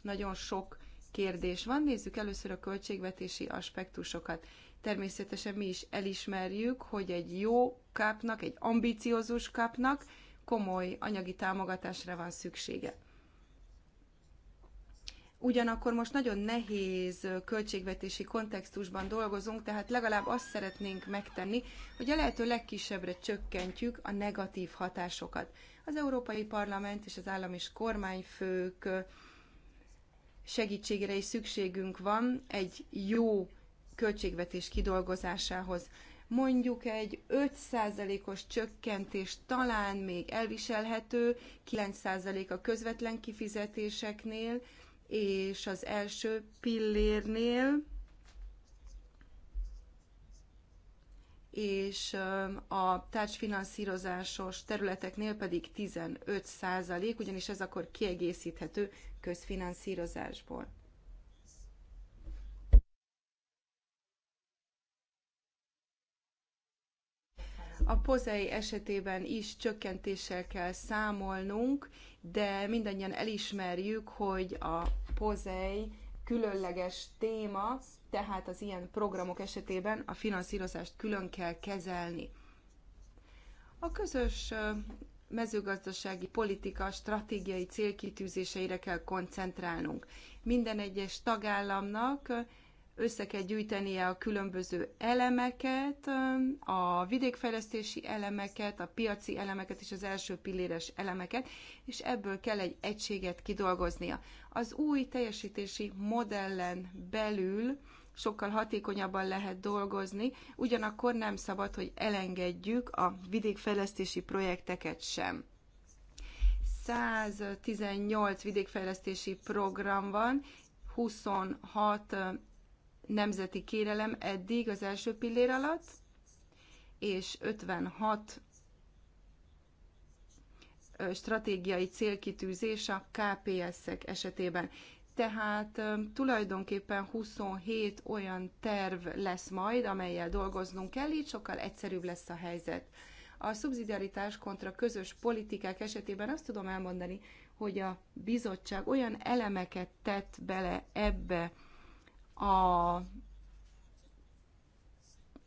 Nagyon sok kérdés van, nézzük először a költségvetési aspektusokat. Természetesen mi is elismerjük, hogy egy jó kapnak, egy ambíciózus kapnak komoly anyagi támogatásra van szüksége. Ugyanakkor most nagyon nehéz költségvetési kontextusban dolgozunk, tehát legalább azt szeretnénk megtenni, hogy a lehető legkisebbre csökkentjük a negatív hatásokat. Az Európai Parlament és az állam és kormányfők segítségére is szükségünk van egy jó költségvetés kidolgozásához. Mondjuk egy 5%-os csökkentés talán még elviselhető, 9% a közvetlen kifizetéseknél, és az első pillérnél, és a társfinanszírozásos területeknél pedig 15 ugyanis ez akkor kiegészíthető közfinanszírozásból. A pozei esetében is csökkentéssel kell számolnunk, de mindannyian elismerjük, hogy a pozei különleges téma, tehát az ilyen programok esetében a finanszírozást külön kell kezelni. A közös mezőgazdasági politika stratégiai célkitűzéseire kell koncentrálnunk. Minden egyes tagállamnak össze kell gyűjtenie a különböző elemeket, a vidékfejlesztési elemeket, a piaci elemeket és az első pilléres elemeket, és ebből kell egy egységet kidolgoznia. Az új teljesítési modellen belül sokkal hatékonyabban lehet dolgozni, ugyanakkor nem szabad, hogy elengedjük a vidékfejlesztési projekteket sem. 118 vidékfejlesztési program van, 26 nemzeti kérelem eddig az első pillér alatt, és 56 stratégiai célkitűzés a KPS-ek esetében. Tehát tulajdonképpen 27 olyan terv lesz majd, amelyel dolgoznunk kell, így sokkal egyszerűbb lesz a helyzet. A szubszidiaritás kontra közös politikák esetében azt tudom elmondani, hogy a bizottság olyan elemeket tett bele ebbe, a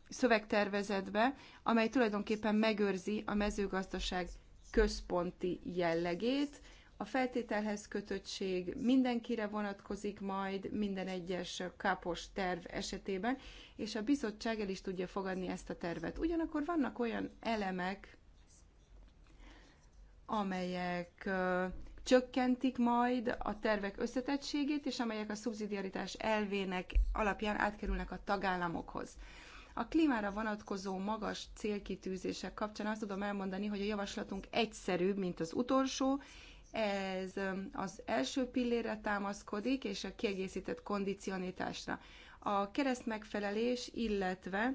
szövegtervezetbe, amely tulajdonképpen megőrzi a mezőgazdaság központi jellegét. A feltételhez kötöttség mindenkire vonatkozik majd minden egyes kapos terv esetében, és a bizottság el is tudja fogadni ezt a tervet. Ugyanakkor vannak olyan elemek, amelyek csökkentik majd a tervek összetettségét, és amelyek a szubszidiaritás elvének alapján átkerülnek a tagállamokhoz. A klímára vonatkozó magas célkitűzések kapcsán azt tudom elmondani, hogy a javaslatunk egyszerűbb, mint az utolsó, ez az első pillérre támaszkodik, és a kiegészített kondicionitásra. A keresztmegfelelés, megfelelés, illetve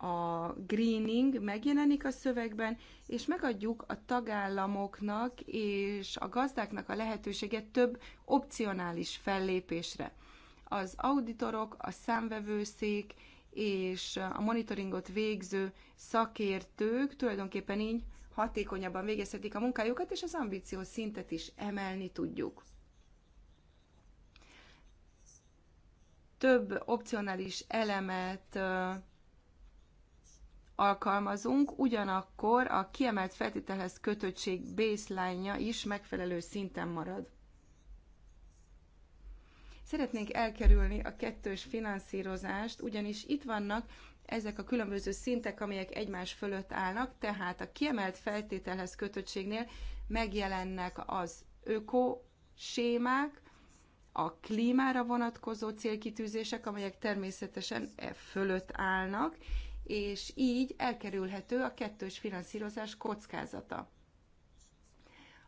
a greening megjelenik a szövegben, és megadjuk a tagállamoknak és a gazdáknak a lehetőséget több opcionális fellépésre. Az auditorok, a számvevőszék és a monitoringot végző szakértők tulajdonképpen így hatékonyabban végezhetik a munkájukat, és az ambíció szintet is emelni tudjuk. Több opcionális elemet alkalmazunk, ugyanakkor a kiemelt feltételhez kötöttség baseline-ja is megfelelő szinten marad. Szeretnénk elkerülni a kettős finanszírozást, ugyanis itt vannak ezek a különböző szintek, amelyek egymás fölött állnak, tehát a kiemelt feltételhez kötöttségnél megjelennek az öko sémák, a klímára vonatkozó célkitűzések, amelyek természetesen e fölött állnak, és így elkerülhető a kettős finanszírozás kockázata.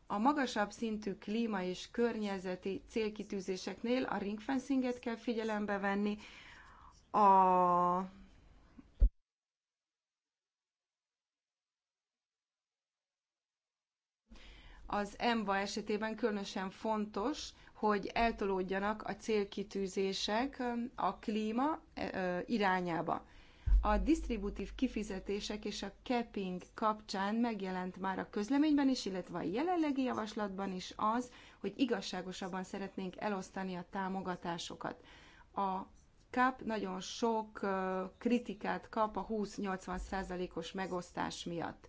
A magasabb szintű klíma és környezeti célkitűzéseknél a ringfencinget kell figyelembe venni, a az EMBA esetében különösen fontos, hogy eltolódjanak a célkitűzések a klíma irányába a disztributív kifizetések és a capping kapcsán megjelent már a közleményben is, illetve a jelenlegi javaslatban is az, hogy igazságosabban szeretnénk elosztani a támogatásokat. A kap nagyon sok kritikát kap a 20-80 os megosztás miatt.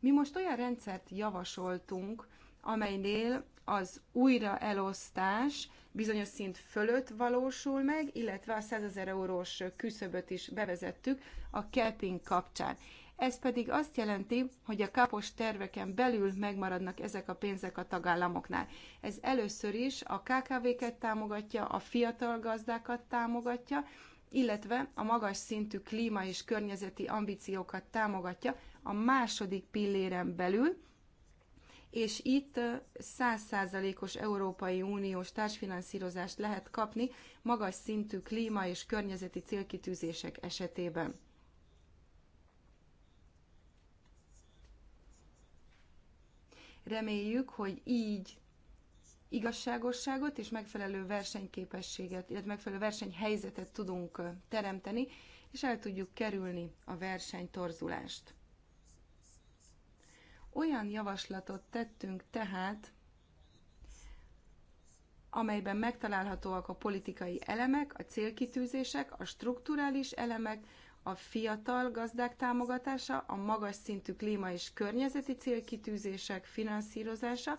Mi most olyan rendszert javasoltunk, amelynél az újraelosztás bizonyos szint fölött valósul meg, illetve a 100 ezer eurós küszöböt is bevezettük a capping kapcsán. Ez pedig azt jelenti, hogy a kapos terveken belül megmaradnak ezek a pénzek a tagállamoknál. Ez először is a KKV-ket támogatja, a fiatal gazdákat támogatja, illetve a magas szintű klíma és környezeti ambíciókat támogatja a második pilléren belül, és itt 100%-os Európai Uniós társfinanszírozást lehet kapni magas szintű klíma és környezeti célkitűzések esetében. Reméljük, hogy így igazságosságot és megfelelő versenyképességet, illetve megfelelő versenyhelyzetet tudunk teremteni, és el tudjuk kerülni a versenytorzulást. Olyan javaslatot tettünk tehát, amelyben megtalálhatóak a politikai elemek, a célkitűzések, a strukturális elemek, a fiatal gazdák támogatása, a magas szintű klíma és környezeti célkitűzések finanszírozása,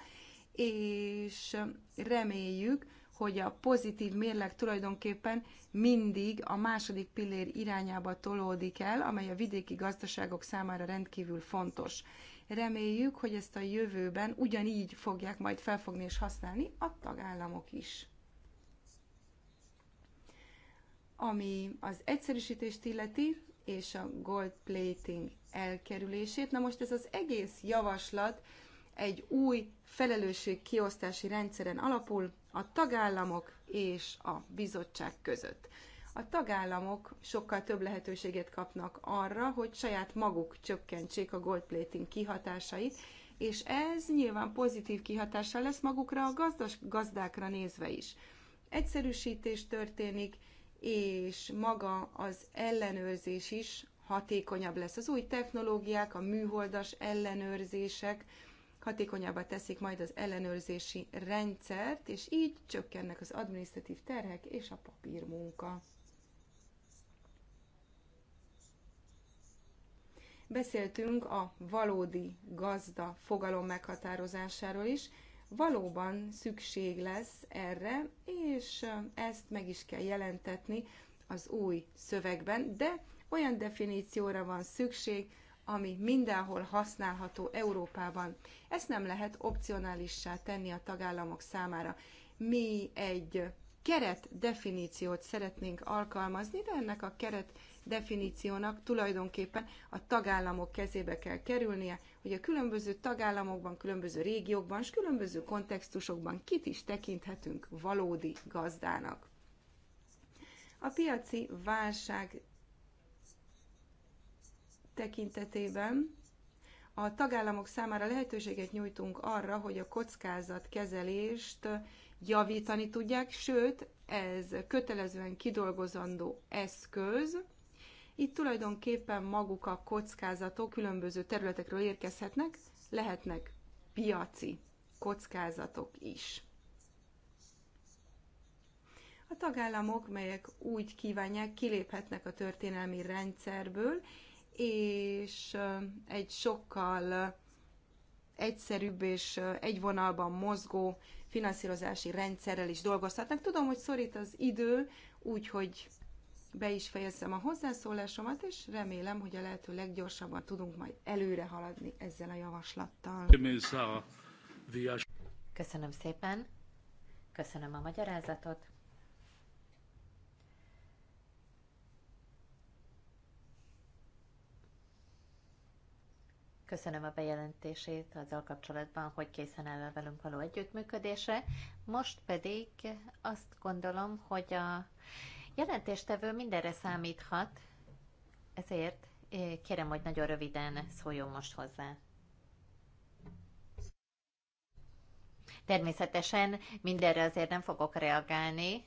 és reméljük, hogy a pozitív mérleg tulajdonképpen mindig a második pillér irányába tolódik el, amely a vidéki gazdaságok számára rendkívül fontos. Reméljük, hogy ezt a jövőben ugyanígy fogják majd felfogni és használni a tagállamok is. Ami az egyszerűsítést illeti, és a gold plating elkerülését. Na most ez az egész javaslat egy új felelősségkiosztási rendszeren alapul a tagállamok és a bizottság között. A tagállamok sokkal több lehetőséget kapnak arra, hogy saját maguk csökkentsék a gold plating kihatásait, és ez nyilván pozitív kihatással lesz magukra a gazdas, gazdákra nézve is. Egyszerűsítés történik, és maga az ellenőrzés is hatékonyabb lesz. Az új technológiák, a műholdas ellenőrzések hatékonyabbá teszik majd az ellenőrzési rendszert, és így csökkennek az administratív terhek és a papírmunka. Beszéltünk a valódi gazda fogalom meghatározásáról is. Valóban szükség lesz erre, és ezt meg is kell jelentetni az új szövegben, de olyan definícióra van szükség, ami mindenhol használható Európában. Ezt nem lehet opcionálissá tenni a tagállamok számára. Mi egy keret definíciót szeretnénk alkalmazni, de ennek a keret definíciónak tulajdonképpen a tagállamok kezébe kell kerülnie, hogy a különböző tagállamokban, különböző régiókban és különböző kontextusokban kit is tekinthetünk valódi gazdának. A piaci válság tekintetében a tagállamok számára lehetőséget nyújtunk arra, hogy a kockázatkezelést kezelést javítani tudják, sőt, ez kötelezően kidolgozandó eszköz, itt tulajdonképpen maguk a kockázatok különböző területekről érkezhetnek, lehetnek piaci kockázatok is. A tagállamok, melyek úgy kívánják, kiléphetnek a történelmi rendszerből, és egy sokkal egyszerűbb és egy vonalban mozgó finanszírozási rendszerrel is dolgozhatnak. Tudom, hogy szorít az idő, úgyhogy be is fejezzem a hozzászólásomat, és remélem, hogy a lehető leggyorsabban tudunk majd előre haladni ezzel a javaslattal. Köszönöm szépen, köszönöm a magyarázatot. Köszönöm a bejelentését azzal kapcsolatban, hogy készen áll velünk való együttműködése Most pedig azt gondolom, hogy a jelentéstevő mindenre számíthat, ezért eh, kérem, hogy nagyon röviden szóljon most hozzá. Természetesen mindenre azért nem fogok reagálni,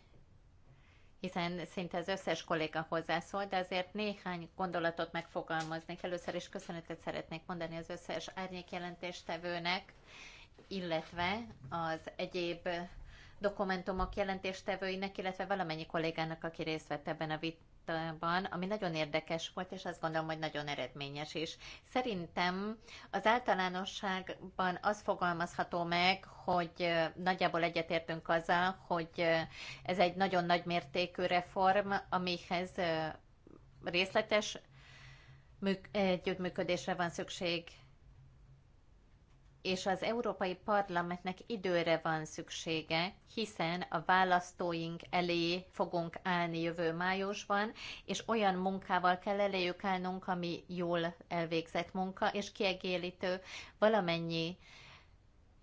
hiszen szinte az összes kolléga hozzászól, de azért néhány gondolatot megfogalmaznék. Először is köszönetet szeretnék mondani az összes árnyékjelentéstevőnek, illetve az egyéb dokumentumok jelentéstevőinek, illetve valamennyi kollégának, aki részt vett ebben a kapcsolatban, ami nagyon érdekes volt, és azt gondolom, hogy nagyon eredményes is. Szerintem az általánosságban az fogalmazható meg, hogy nagyjából egyetértünk azzal, hogy ez egy nagyon nagy mértékű reform, amihez részletes együttműködésre van szükség és az Európai Parlamentnek időre van szüksége, hiszen a választóink elé fogunk állni jövő májusban, és olyan munkával kell eléjük állnunk, ami jól elvégzett munka, és kiegélítő valamennyi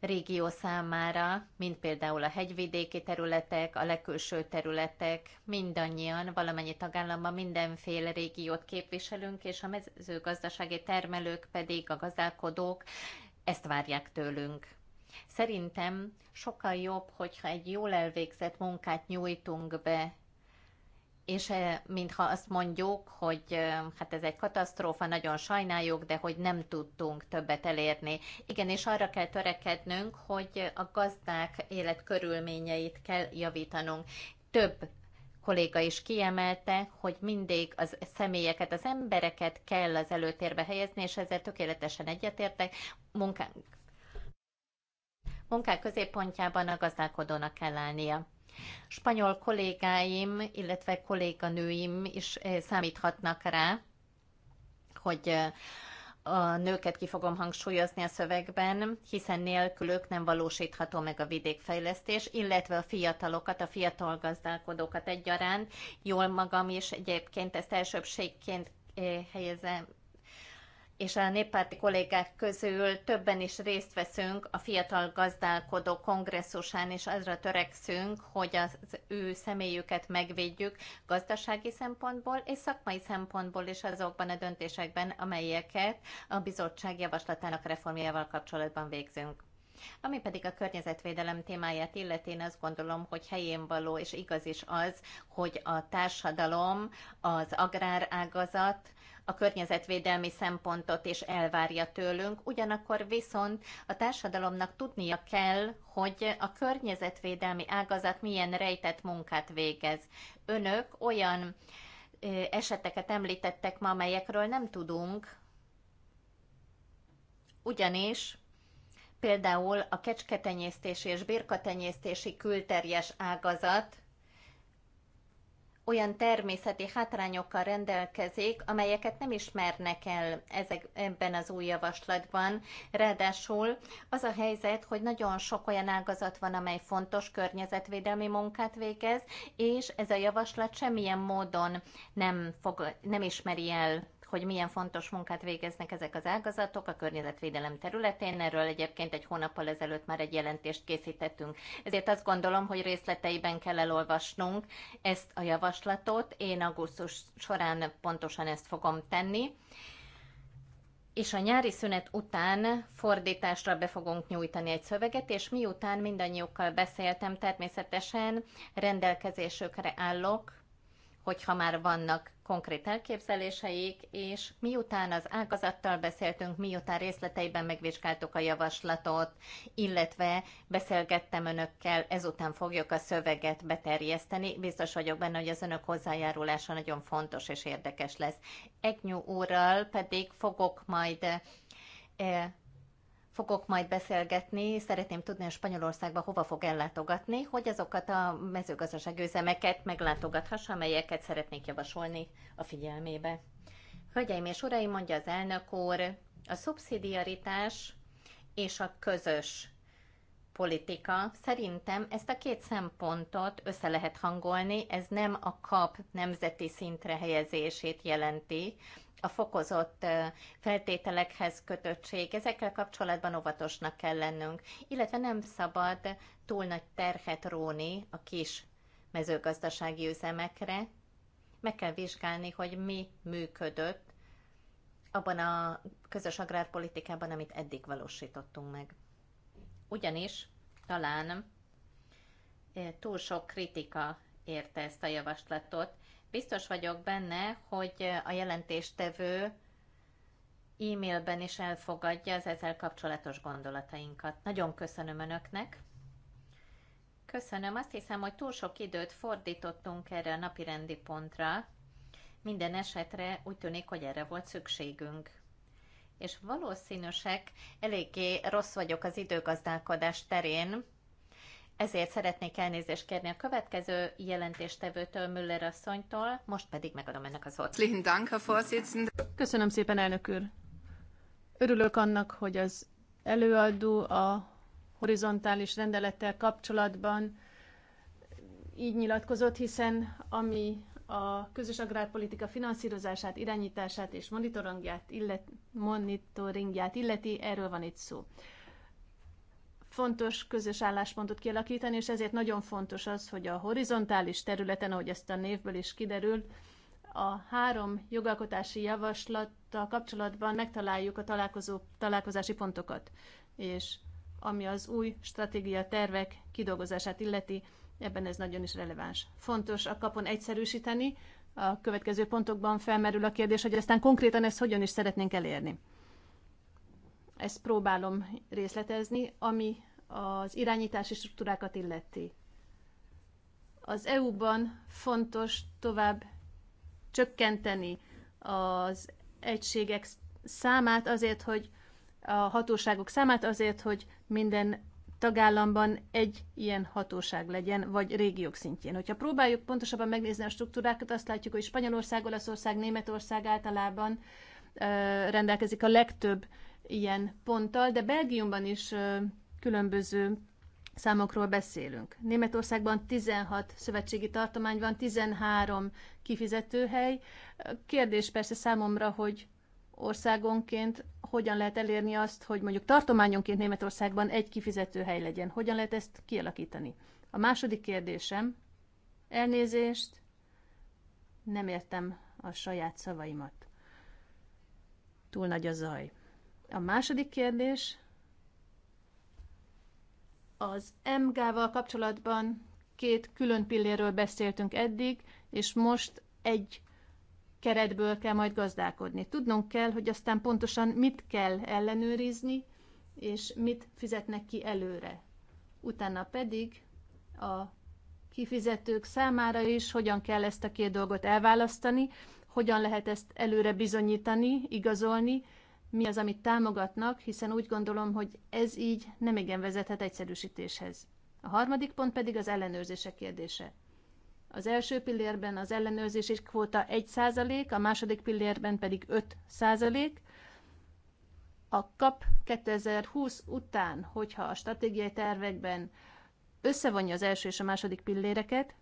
régió számára, mint például a hegyvidéki területek, a legkülső területek, mindannyian, valamennyi tagállamban mindenféle régiót képviselünk, és a mezőgazdasági termelők pedig, a gazdálkodók ezt várják tőlünk. Szerintem sokkal jobb, hogyha egy jól elvégzett munkát nyújtunk be, és eh, mintha azt mondjuk, hogy eh, hát ez egy katasztrófa, nagyon sajnáljuk, de hogy nem tudtunk többet elérni. Igen, és arra kell törekednünk, hogy a gazdák életkörülményeit kell javítanunk. Több kolléga is kiemelte, hogy mindig az személyeket, az embereket kell az előtérbe helyezni, és ezzel tökéletesen egyetértek. Munkánk, munkánk középpontjában a gazdálkodónak kell állnia. Spanyol kollégáim, illetve kolléganőim is eh, számíthatnak rá, hogy eh, a nőket ki fogom hangsúlyozni a szövegben, hiszen nélkülük nem valósítható meg a vidékfejlesztés, illetve a fiatalokat, a fiatal gazdálkodókat egyaránt. Jól magam is egyébként ezt elsőbségként eh, helyezem és a néppárti kollégák közül többen is részt veszünk a fiatal gazdálkodó kongresszusán, és azra törekszünk, hogy az ő személyüket megvédjük gazdasági szempontból és szakmai szempontból is azokban a döntésekben, amelyeket a bizottság javaslatának reformjával kapcsolatban végzünk. Ami pedig a környezetvédelem témáját illeti, én azt gondolom, hogy helyén való és igaz is az, hogy a társadalom, az agrárágazat a környezetvédelmi szempontot és elvárja tőlünk, ugyanakkor viszont a társadalomnak tudnia kell, hogy a környezetvédelmi ágazat milyen rejtett munkát végez. Önök olyan eseteket említettek ma, amelyekről nem tudunk, ugyanis például a kecsketenyésztési és birkatenyésztési külterjes ágazat olyan természeti hátrányokkal rendelkezik, amelyeket nem ismernek el ezek, ebben az új javaslatban. Ráadásul az a helyzet, hogy nagyon sok olyan ágazat van, amely fontos környezetvédelmi munkát végez, és ez a javaslat semmilyen módon nem, fog, nem ismeri el hogy milyen fontos munkát végeznek ezek az ágazatok a környezetvédelem területén. Erről egyébként egy hónappal ezelőtt már egy jelentést készítettünk. Ezért azt gondolom, hogy részleteiben kell elolvasnunk ezt a javaslatot. Én augusztus során pontosan ezt fogom tenni és a nyári szünet után fordításra be fogunk nyújtani egy szöveget, és miután mindannyiukkal beszéltem, természetesen rendelkezésükre állok hogyha már vannak konkrét elképzeléseik, és miután az ágazattal beszéltünk, miután részleteiben megvizsgáltuk a javaslatot, illetve beszélgettem önökkel, ezután fogjuk a szöveget beterjeszteni. Biztos vagyok benne, hogy az önök hozzájárulása nagyon fontos és érdekes lesz. Egnyú úrral pedig fogok majd eh, fogok majd beszélgetni, szeretném tudni, a Spanyolországba hova fog ellátogatni, hogy azokat a mezőgazdasági üzemeket meglátogathassa, amelyeket szeretnék javasolni a figyelmébe. Hölgyeim és uraim, mondja az elnök úr, a szubszidiaritás és a közös politika. Szerintem ezt a két szempontot össze lehet hangolni, ez nem a kap nemzeti szintre helyezését jelenti, a fokozott feltételekhez kötöttség, ezekkel kapcsolatban óvatosnak kell lennünk, illetve nem szabad túl nagy terhet róni a kis mezőgazdasági üzemekre. Meg kell vizsgálni, hogy mi működött abban a közös agrárpolitikában, amit eddig valósítottunk meg. Ugyanis talán túl sok kritika érte ezt a javaslatot, Biztos vagyok benne, hogy a jelentéstevő e-mailben is elfogadja az ezzel kapcsolatos gondolatainkat. Nagyon köszönöm Önöknek. Köszönöm. Azt hiszem, hogy túl sok időt fordítottunk erre a napirendi pontra. Minden esetre úgy tűnik, hogy erre volt szükségünk. És valószínűsek, eléggé rossz vagyok az időgazdálkodás terén, ezért szeretnék elnézést kérni a következő jelentéstevőtől, Müller asszonytól, most pedig megadom ennek a szót. Köszönöm szépen, elnök úr. Örülök annak, hogy az előadó a horizontális rendelettel kapcsolatban így nyilatkozott, hiszen ami a közös agrárpolitika finanszírozását, irányítását és monitoringját, monitoringját illeti, erről van itt szó fontos közös álláspontot kialakítani, és ezért nagyon fontos az, hogy a horizontális területen, ahogy ezt a névből is kiderül, a három jogalkotási javaslattal kapcsolatban megtaláljuk a találkozó, találkozási pontokat, és ami az új stratégia tervek kidolgozását illeti, ebben ez nagyon is releváns. Fontos a kapon egyszerűsíteni, a következő pontokban felmerül a kérdés, hogy aztán konkrétan ezt hogyan is szeretnénk elérni. Ezt próbálom részletezni, ami az irányítási struktúrákat illeti. Az EU-ban fontos tovább csökkenteni az egységek számát azért, hogy a hatóságok számát azért, hogy minden tagállamban egy ilyen hatóság legyen, vagy régiók szintjén. Hogyha próbáljuk pontosabban megnézni a struktúrákat, azt látjuk, hogy Spanyolország, Olaszország, Németország általában rendelkezik a legtöbb ilyen ponttal, de Belgiumban is különböző számokról beszélünk. Németországban 16 szövetségi tartomány van, 13 kifizetőhely. Kérdés persze számomra, hogy országonként hogyan lehet elérni azt, hogy mondjuk tartományonként Németországban egy kifizetőhely legyen. Hogyan lehet ezt kialakítani? A második kérdésem, elnézést, nem értem a saját szavaimat. Túl nagy a zaj. A második kérdés, az MG-val kapcsolatban két külön pillérről beszéltünk eddig, és most egy keretből kell majd gazdálkodni. Tudnunk kell, hogy aztán pontosan mit kell ellenőrizni, és mit fizetnek ki előre. Utána pedig a kifizetők számára is hogyan kell ezt a két dolgot elválasztani, hogyan lehet ezt előre bizonyítani, igazolni, mi az, amit támogatnak, hiszen úgy gondolom, hogy ez így nem igen vezethet egyszerűsítéshez. A harmadik pont pedig az ellenőrzések kérdése. Az első pillérben az ellenőrzési kvóta 1%, a második pillérben pedig 5%. A KAP 2020 után, hogyha a stratégiai tervekben összevonja az első és a második pilléreket,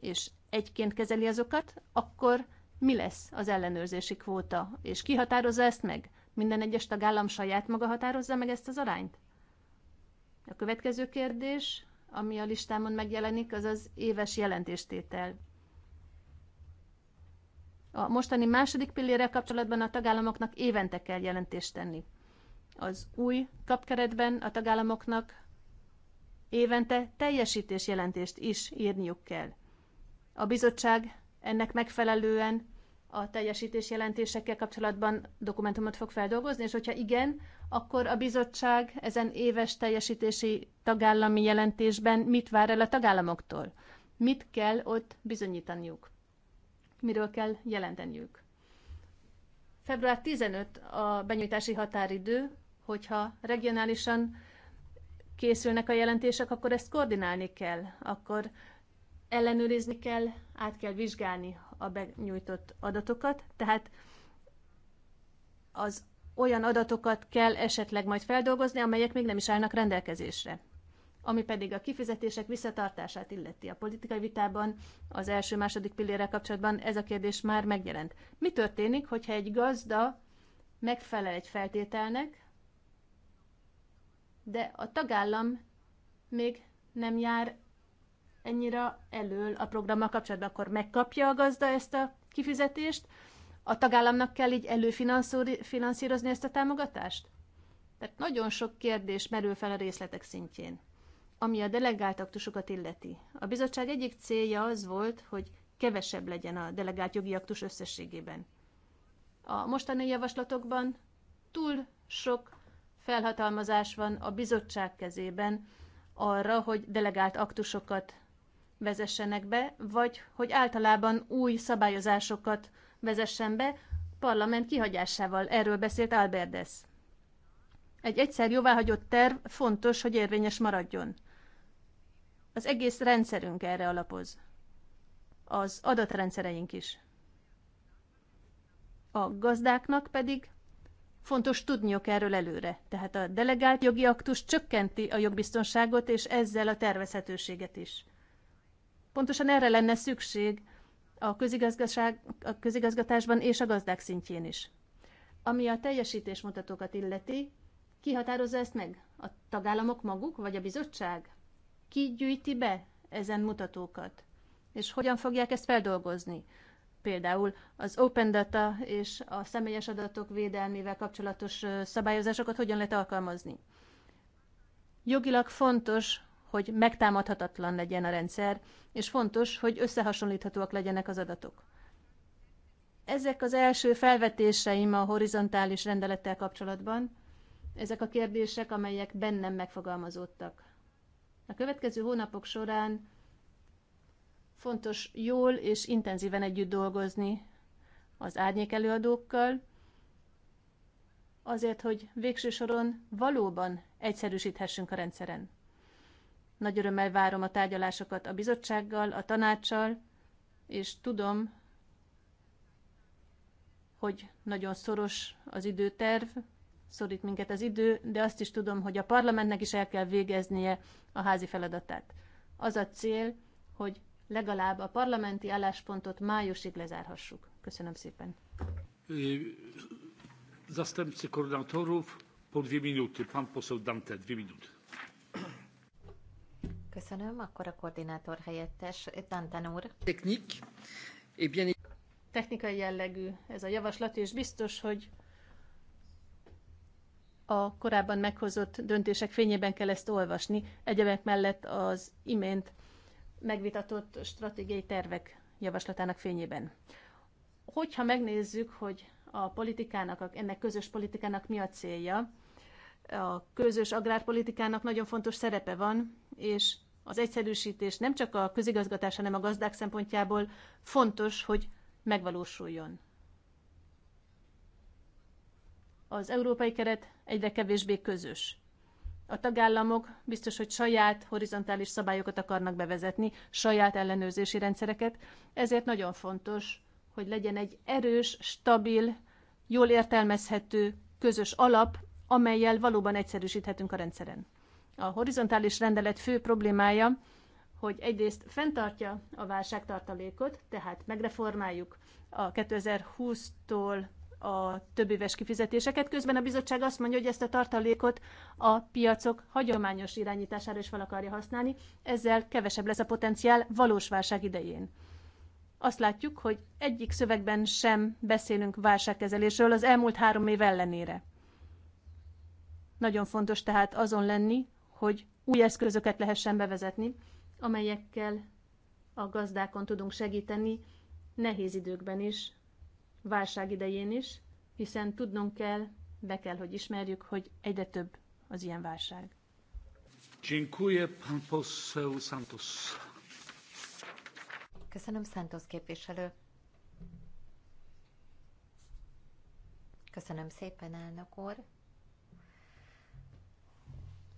és egyként kezeli azokat, akkor mi lesz az ellenőrzési kvóta, és ki határozza ezt meg? Minden egyes tagállam saját maga határozza meg ezt az arányt? A következő kérdés, ami a listámon megjelenik, az az éves jelentéstétel. A mostani második pillérrel kapcsolatban a tagállamoknak évente kell jelentést tenni. Az új kapkeretben a tagállamoknak évente teljesítésjelentést is írniuk kell. A bizottság ennek megfelelően a teljesítés jelentésekkel kapcsolatban dokumentumot fog feldolgozni, és hogyha igen, akkor a bizottság ezen éves teljesítési tagállami jelentésben mit vár el a tagállamoktól? Mit kell ott bizonyítaniuk? Miről kell jelenteniük? Február 15 a benyújtási határidő, hogyha regionálisan készülnek a jelentések, akkor ezt koordinálni kell, akkor ellenőrizni kell, át kell vizsgálni, a benyújtott adatokat, tehát az olyan adatokat kell esetleg majd feldolgozni, amelyek még nem is állnak rendelkezésre. Ami pedig a kifizetések visszatartását illeti a politikai vitában, az első-második pillére kapcsolatban ez a kérdés már megjelent. Mi történik, hogyha egy gazda megfelel egy feltételnek, de a tagállam még nem jár ennyire elől a programmal kapcsolatban, akkor megkapja a gazda ezt a kifizetést, a tagállamnak kell így előfinanszírozni ezt a támogatást? Tehát nagyon sok kérdés merül fel a részletek szintjén, ami a delegált aktusokat illeti. A bizottság egyik célja az volt, hogy kevesebb legyen a delegált jogi aktus összességében. A mostani javaslatokban túl sok felhatalmazás van a bizottság kezében arra, hogy delegált aktusokat vezessenek be, vagy hogy általában új szabályozásokat vezessen be, parlament kihagyásával. Erről beszélt Alberdes. Egy egyszer jóváhagyott terv fontos, hogy érvényes maradjon. Az egész rendszerünk erre alapoz. Az adatrendszereink is. A gazdáknak pedig fontos tudniok erről előre. Tehát a delegált jogi aktus csökkenti a jogbiztonságot, és ezzel a tervezhetőséget is. Pontosan erre lenne szükség a, közigazgaság, a közigazgatásban és a gazdák szintjén is. Ami a teljesítésmutatókat illeti, ki határozza ezt meg? A tagállamok maguk, vagy a bizottság? Ki gyűjti be ezen mutatókat? És hogyan fogják ezt feldolgozni? Például az open data és a személyes adatok védelmével kapcsolatos szabályozásokat hogyan lehet alkalmazni? Jogilag fontos, hogy megtámadhatatlan legyen a rendszer, és fontos, hogy összehasonlíthatóak legyenek az adatok. Ezek az első felvetéseim a horizontális rendelettel kapcsolatban. Ezek a kérdések, amelyek bennem megfogalmazódtak. A következő hónapok során fontos jól és intenzíven együtt dolgozni az árnyék előadókkal, azért, hogy végső soron valóban egyszerűsíthessünk a rendszeren. Nagy örömmel várom a tárgyalásokat a bizottsággal, a tanácssal, és tudom, hogy nagyon szoros az időterv, szorít minket az idő, de azt is tudom, hogy a parlamentnek is el kell végeznie a házi feladatát. Az a cél, hogy legalább a parlamenti álláspontot májusig lezárhassuk. Köszönöm szépen. Zastępcy koordynatorów po dwie minuty. Pan poseł Dante, dwie minuty. Köszönöm. Akkor a koordinátor helyettes, Tantan úr. Technik. Eh bien... Technikai jellegű ez a javaslat, és biztos, hogy a korábban meghozott döntések fényében kell ezt olvasni. Egyebek mellett az imént megvitatott stratégiai tervek javaslatának fényében. Hogyha megnézzük, hogy a politikának, ennek közös politikának mi a célja, a közös agrárpolitikának nagyon fontos szerepe van, és az egyszerűsítés nem csak a közigazgatás, hanem a gazdák szempontjából fontos, hogy megvalósuljon. Az európai keret egyre kevésbé közös. A tagállamok biztos, hogy saját horizontális szabályokat akarnak bevezetni, saját ellenőrzési rendszereket, ezért nagyon fontos, hogy legyen egy erős, stabil, jól értelmezhető közös alap, amelyel valóban egyszerűsíthetünk a rendszeren. A horizontális rendelet fő problémája, hogy egyrészt fenntartja a válságtartalékot, tehát megreformáljuk a 2020-tól a éves kifizetéseket, közben a bizottság azt mondja, hogy ezt a tartalékot a piacok hagyományos irányítására is fel akarja használni, ezzel kevesebb lesz a potenciál valós válság idején azt látjuk, hogy egyik szövegben sem beszélünk válságkezelésről az elmúlt három év ellenére. Nagyon fontos tehát azon lenni, hogy új eszközöket lehessen bevezetni, amelyekkel a gazdákon tudunk segíteni nehéz időkben is, válság idején is, hiszen tudnunk kell, be kell, hogy ismerjük, hogy egyre több az ilyen válság. Dziękuję, pan poseł Santos. Köszönöm, Santos képviselő. Köszönöm szépen, elnök úr.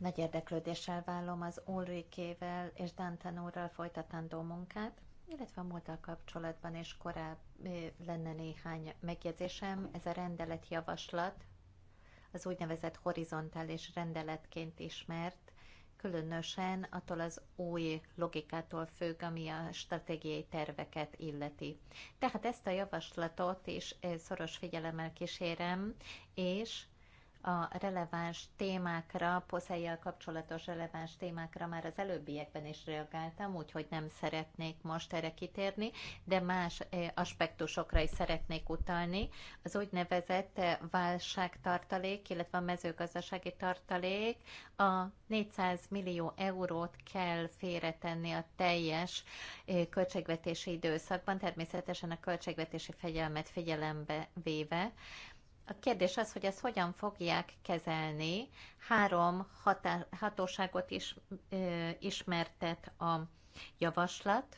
Nagy érdeklődéssel vállom az Ulrikével és Dantan úrral folytatandó munkát, illetve a múltal kapcsolatban és korábbi lenne néhány megjegyzésem. Ez a rendelet javaslat az úgynevezett horizontális rendeletként ismert, különösen attól az új logikától függ, ami a stratégiai terveket illeti. Tehát ezt a javaslatot is szoros figyelemmel kísérem, és a releváns témákra, poszelyel kapcsolatos releváns témákra már az előbbiekben is reagáltam, úgyhogy nem szeretnék most erre kitérni, de más eh, aspektusokra is szeretnék utalni. Az úgynevezett eh, válságtartalék, illetve a mezőgazdasági tartalék, a 400 millió eurót kell félretenni a teljes eh, költségvetési időszakban, természetesen a költségvetési fegyelmet figyelembe véve. A kérdés az, hogy ezt hogyan fogják kezelni. Három hatá- hatóságot is ö, ismertet a javaslat.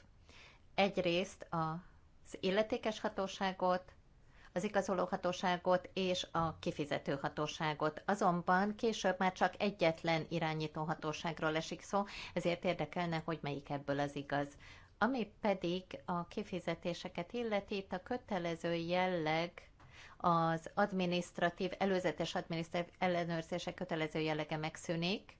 Egyrészt az illetékes hatóságot, az igazoló hatóságot és a kifizető hatóságot. Azonban később már csak egyetlen irányító hatóságról esik szó, ezért érdekelne, hogy melyik ebből az igaz. Ami pedig a kifizetéseket illeti, itt a kötelező jelleg az adminisztratív, előzetes adminisztratív ellenőrzések kötelező jellege megszűnik,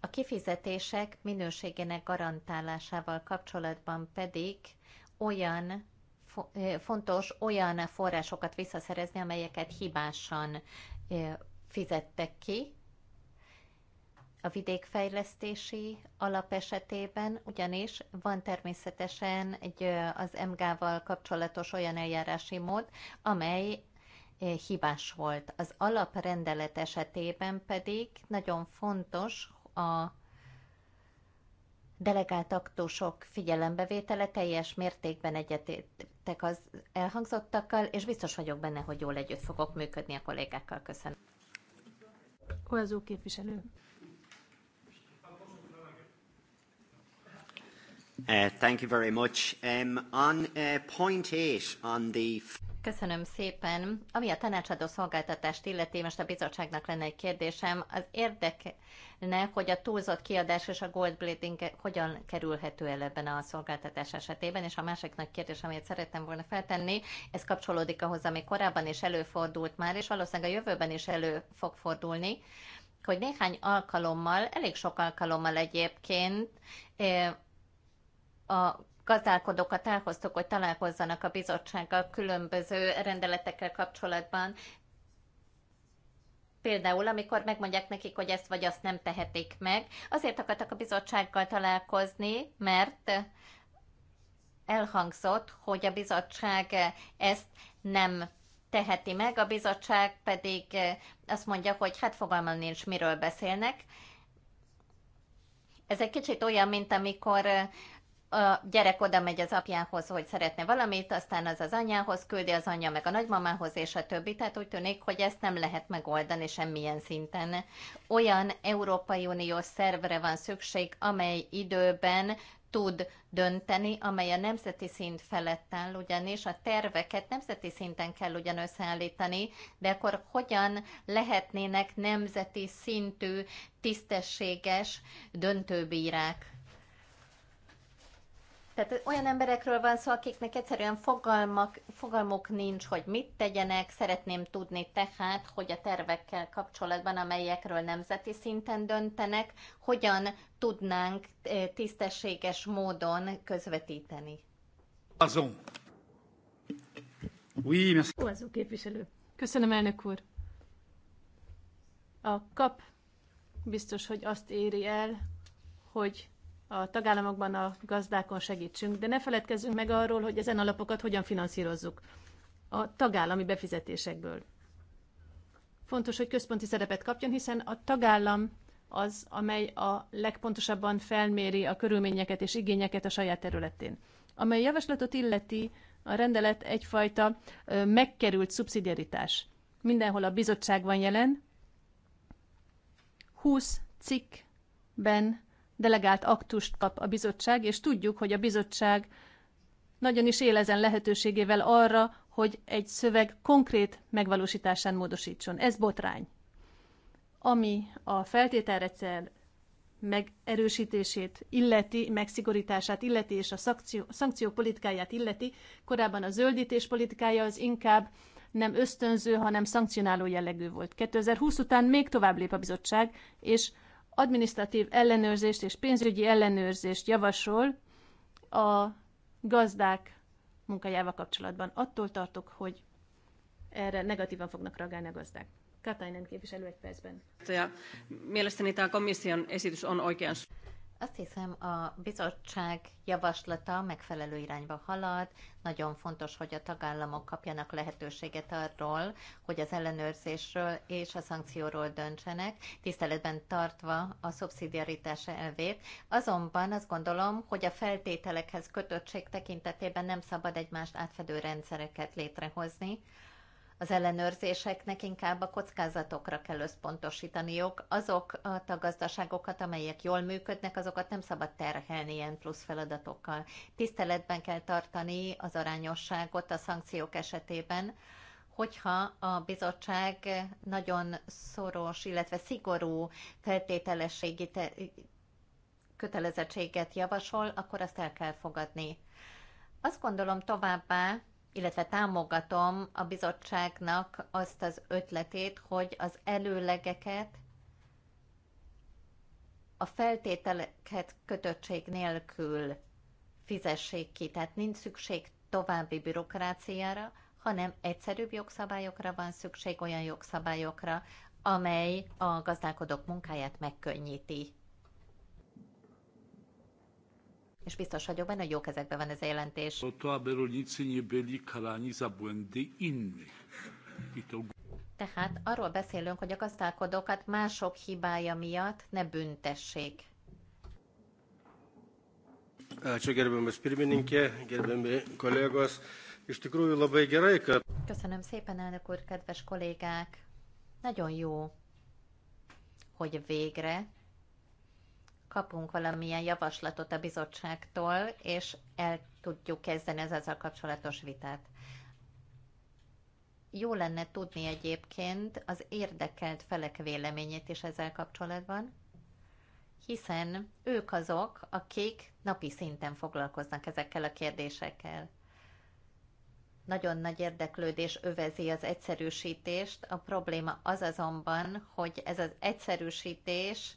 a kifizetések minőségének garantálásával kapcsolatban pedig olyan fontos olyan forrásokat visszaszerezni, amelyeket hibásan fizettek ki, a vidékfejlesztési alap esetében ugyanis van természetesen egy az MG-val kapcsolatos olyan eljárási mód, amely hibás volt. Az alaprendelet esetében pedig nagyon fontos a delegált aktusok figyelembevétele teljes mértékben egyetértek az elhangzottakkal, és biztos vagyok benne, hogy jól együtt fogok működni a kollégákkal. Köszönöm. Olyazó képviselő. Uh, thank you very much. Um, on uh, point eight, on the... Köszönöm szépen. Ami a tanácsadó szolgáltatást illeti, most a bizottságnak lenne egy kérdésem. Az érdekelne, hogy a túlzott kiadás és a gold blading hogyan kerülhető el ebben a szolgáltatás esetében, és a másik nagy kérdés, amit szerettem volna feltenni, ez kapcsolódik ahhoz, ami korábban is előfordult már, és valószínűleg a jövőben is elő fog fordulni, hogy néhány alkalommal, elég sok alkalommal egyébként, eh, a gazdálkodókat tájhoztuk, hogy találkozzanak a bizottsággal különböző rendeletekkel kapcsolatban, Például, amikor megmondják nekik, hogy ezt vagy azt nem tehetik meg. Azért akartak a bizottsággal találkozni, mert elhangzott, hogy a bizottság ezt nem teheti meg, a bizottság pedig azt mondja, hogy hát fogalmam nincs, miről beszélnek. Ez egy kicsit olyan, mint amikor a gyerek oda megy az apjához, hogy szeretne valamit, aztán az az anyához küldi, az anyja meg a nagymamához, és a többi. Tehát úgy tűnik, hogy ezt nem lehet megoldani semmilyen szinten. Olyan Európai Uniós szervre van szükség, amely időben tud dönteni, amely a nemzeti szint felett áll, ugyanis a terveket nemzeti szinten kell ugyan összeállítani, de akkor hogyan lehetnének nemzeti szintű, tisztességes döntőbírák? Tehát olyan emberekről van szó, akiknek egyszerűen fogalmak, fogalmuk nincs, hogy mit tegyenek. Szeretném tudni tehát, hogy a tervekkel kapcsolatban, amelyekről nemzeti szinten döntenek, hogyan tudnánk eh, tisztességes módon közvetíteni. Azon. Oui, merci. Oazó képviselő. Köszönöm, elnök úr. A kap biztos, hogy azt éri el, hogy a tagállamokban a gazdákon segítsünk, de ne feledkezzünk meg arról, hogy ezen alapokat hogyan finanszírozzuk a tagállami befizetésekből. Fontos, hogy központi szerepet kapjon, hiszen a tagállam az, amely a legpontosabban felméri a körülményeket és igényeket a saját területén. Amely javaslatot illeti, a rendelet egyfajta megkerült szubszidiaritás. Mindenhol a bizottság van jelen, 20 cikkben delegált aktust kap a bizottság, és tudjuk, hogy a bizottság nagyon is él ezen lehetőségével arra, hogy egy szöveg konkrét megvalósításán módosítson. Ez botrány. Ami a feltételrendszer megerősítését illeti, megszigorítását illeti, és a szankció, szankció politikáját illeti, korábban a zöldítés politikája az inkább nem ösztönző, hanem szankcionáló jellegű volt. 2020 után még tovább lép a bizottság, és administratív ellenőrzést és pénzügyi ellenőrzést javasol a gazdák munkájával kapcsolatban. Attól tartok, hogy erre negatívan fognak reagálni a gazdák. Katainen képviselő egy percben. Mielestäni tämä komission esitys on oikean azt hiszem, a bizottság javaslata megfelelő irányba halad. Nagyon fontos, hogy a tagállamok kapjanak lehetőséget arról, hogy az ellenőrzésről és a szankcióról döntsenek, tiszteletben tartva a szubszidiaritás elvét. Azonban azt gondolom, hogy a feltételekhez kötöttség tekintetében nem szabad egymást átfedő rendszereket létrehozni, az ellenőrzéseknek inkább a kockázatokra kell összpontosítaniuk. azok a gazdaságokat, amelyek jól működnek, azokat nem szabad terhelni ilyen plusz feladatokkal. Tiszteletben kell tartani az arányosságot a szankciók esetében, hogyha a bizottság nagyon szoros, illetve szigorú feltételességi kötelezettséget javasol, akkor azt el kell fogadni. Azt gondolom továbbá, illetve támogatom a bizottságnak azt az ötletét, hogy az előlegeket a feltételeket kötöttség nélkül fizessék ki, tehát nincs szükség további bürokráciára, hanem egyszerűbb jogszabályokra van szükség, olyan jogszabályokra, amely a gazdálkodók munkáját megkönnyíti és biztos vagyok benne, hogy jó kezekben van ez a jelentés. Tehát arról beszélünk, hogy a gazdálkodókat mások hibája miatt ne büntessék. Köszönöm szépen, elnök úr, kedves kollégák. Nagyon jó, hogy végre kapunk valamilyen javaslatot a bizottságtól, és el tudjuk kezdeni az ezzel kapcsolatos vitát. Jó lenne tudni egyébként az érdekelt felek véleményét is ezzel kapcsolatban, hiszen ők azok, akik napi szinten foglalkoznak ezekkel a kérdésekkel. Nagyon nagy érdeklődés övezi az egyszerűsítést, a probléma az azonban, hogy ez az egyszerűsítés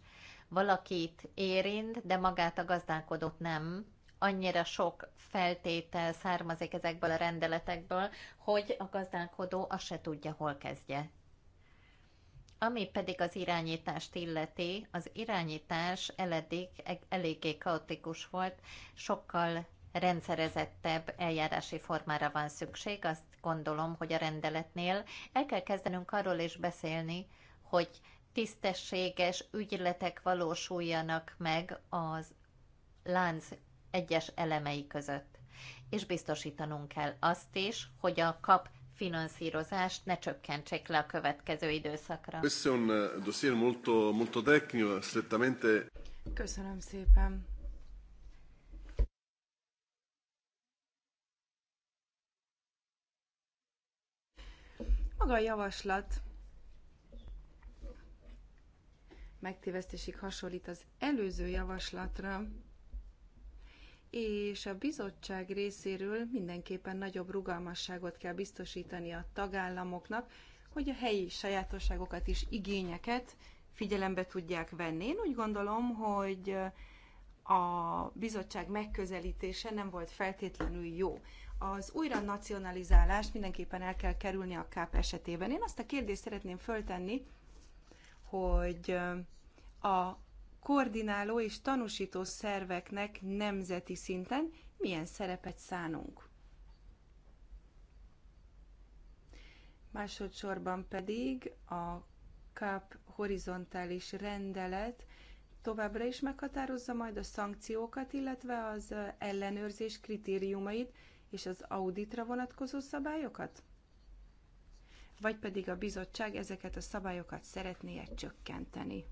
valakit érint, de magát a gazdálkodót nem, annyira sok feltétel származik ezekből a rendeletekből, hogy a gazdálkodó azt se tudja, hol kezdje. Ami pedig az irányítást illeti, az irányítás eledig, e- eléggé kaotikus volt, sokkal rendszerezettebb eljárási formára van szükség, azt gondolom, hogy a rendeletnél el kell kezdenünk arról is beszélni, hogy tisztességes ügyletek valósuljanak meg az lánc egyes elemei között. És biztosítanunk kell azt is, hogy a kap finanszírozást ne csökkentsék le a következő időszakra. Eh, Köszönöm szépen. Maga a javaslat megtévesztésig hasonlít az előző javaslatra, és a bizottság részéről mindenképpen nagyobb rugalmasságot kell biztosítani a tagállamoknak, hogy a helyi sajátosságokat és igényeket figyelembe tudják venni. Én úgy gondolom, hogy a bizottság megközelítése nem volt feltétlenül jó. Az újra nacionalizálást mindenképpen el kell kerülni a KÁP esetében. Én azt a kérdést szeretném föltenni, hogy a koordináló és tanúsító szerveknek nemzeti szinten milyen szerepet szánunk. Másodszorban pedig a CAP horizontális rendelet továbbra is meghatározza majd a szankciókat, illetve az ellenőrzés kritériumait és az auditra vonatkozó szabályokat? Vagy pedig a bizottság ezeket a szabályokat szeretné csökkenteni?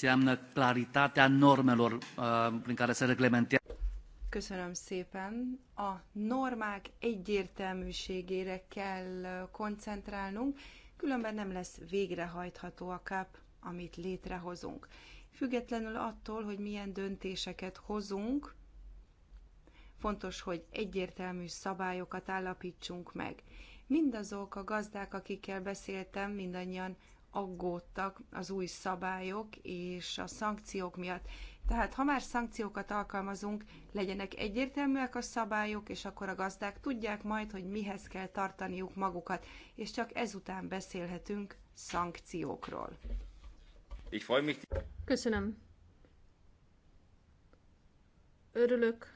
înseamnă claritatea normelor uh, prin care se reglementează. Köszönöm szépen. A normák egyértelműségére kell uh, koncentrálnunk, különben nem lesz végrehajtható a kap, amit létrehozunk. Függetlenül attól, hogy milyen döntéseket hozunk, fontos, hogy egyértelmű szabályokat állapítsunk meg. Mindazok a gazdák, akikkel beszéltem, mindannyian aggódtak az új szabályok és a szankciók miatt. Tehát ha már szankciókat alkalmazunk, legyenek egyértelműek a szabályok, és akkor a gazdák tudják majd, hogy mihez kell tartaniuk magukat, és csak ezután beszélhetünk szankciókról. Köszönöm. Örülök,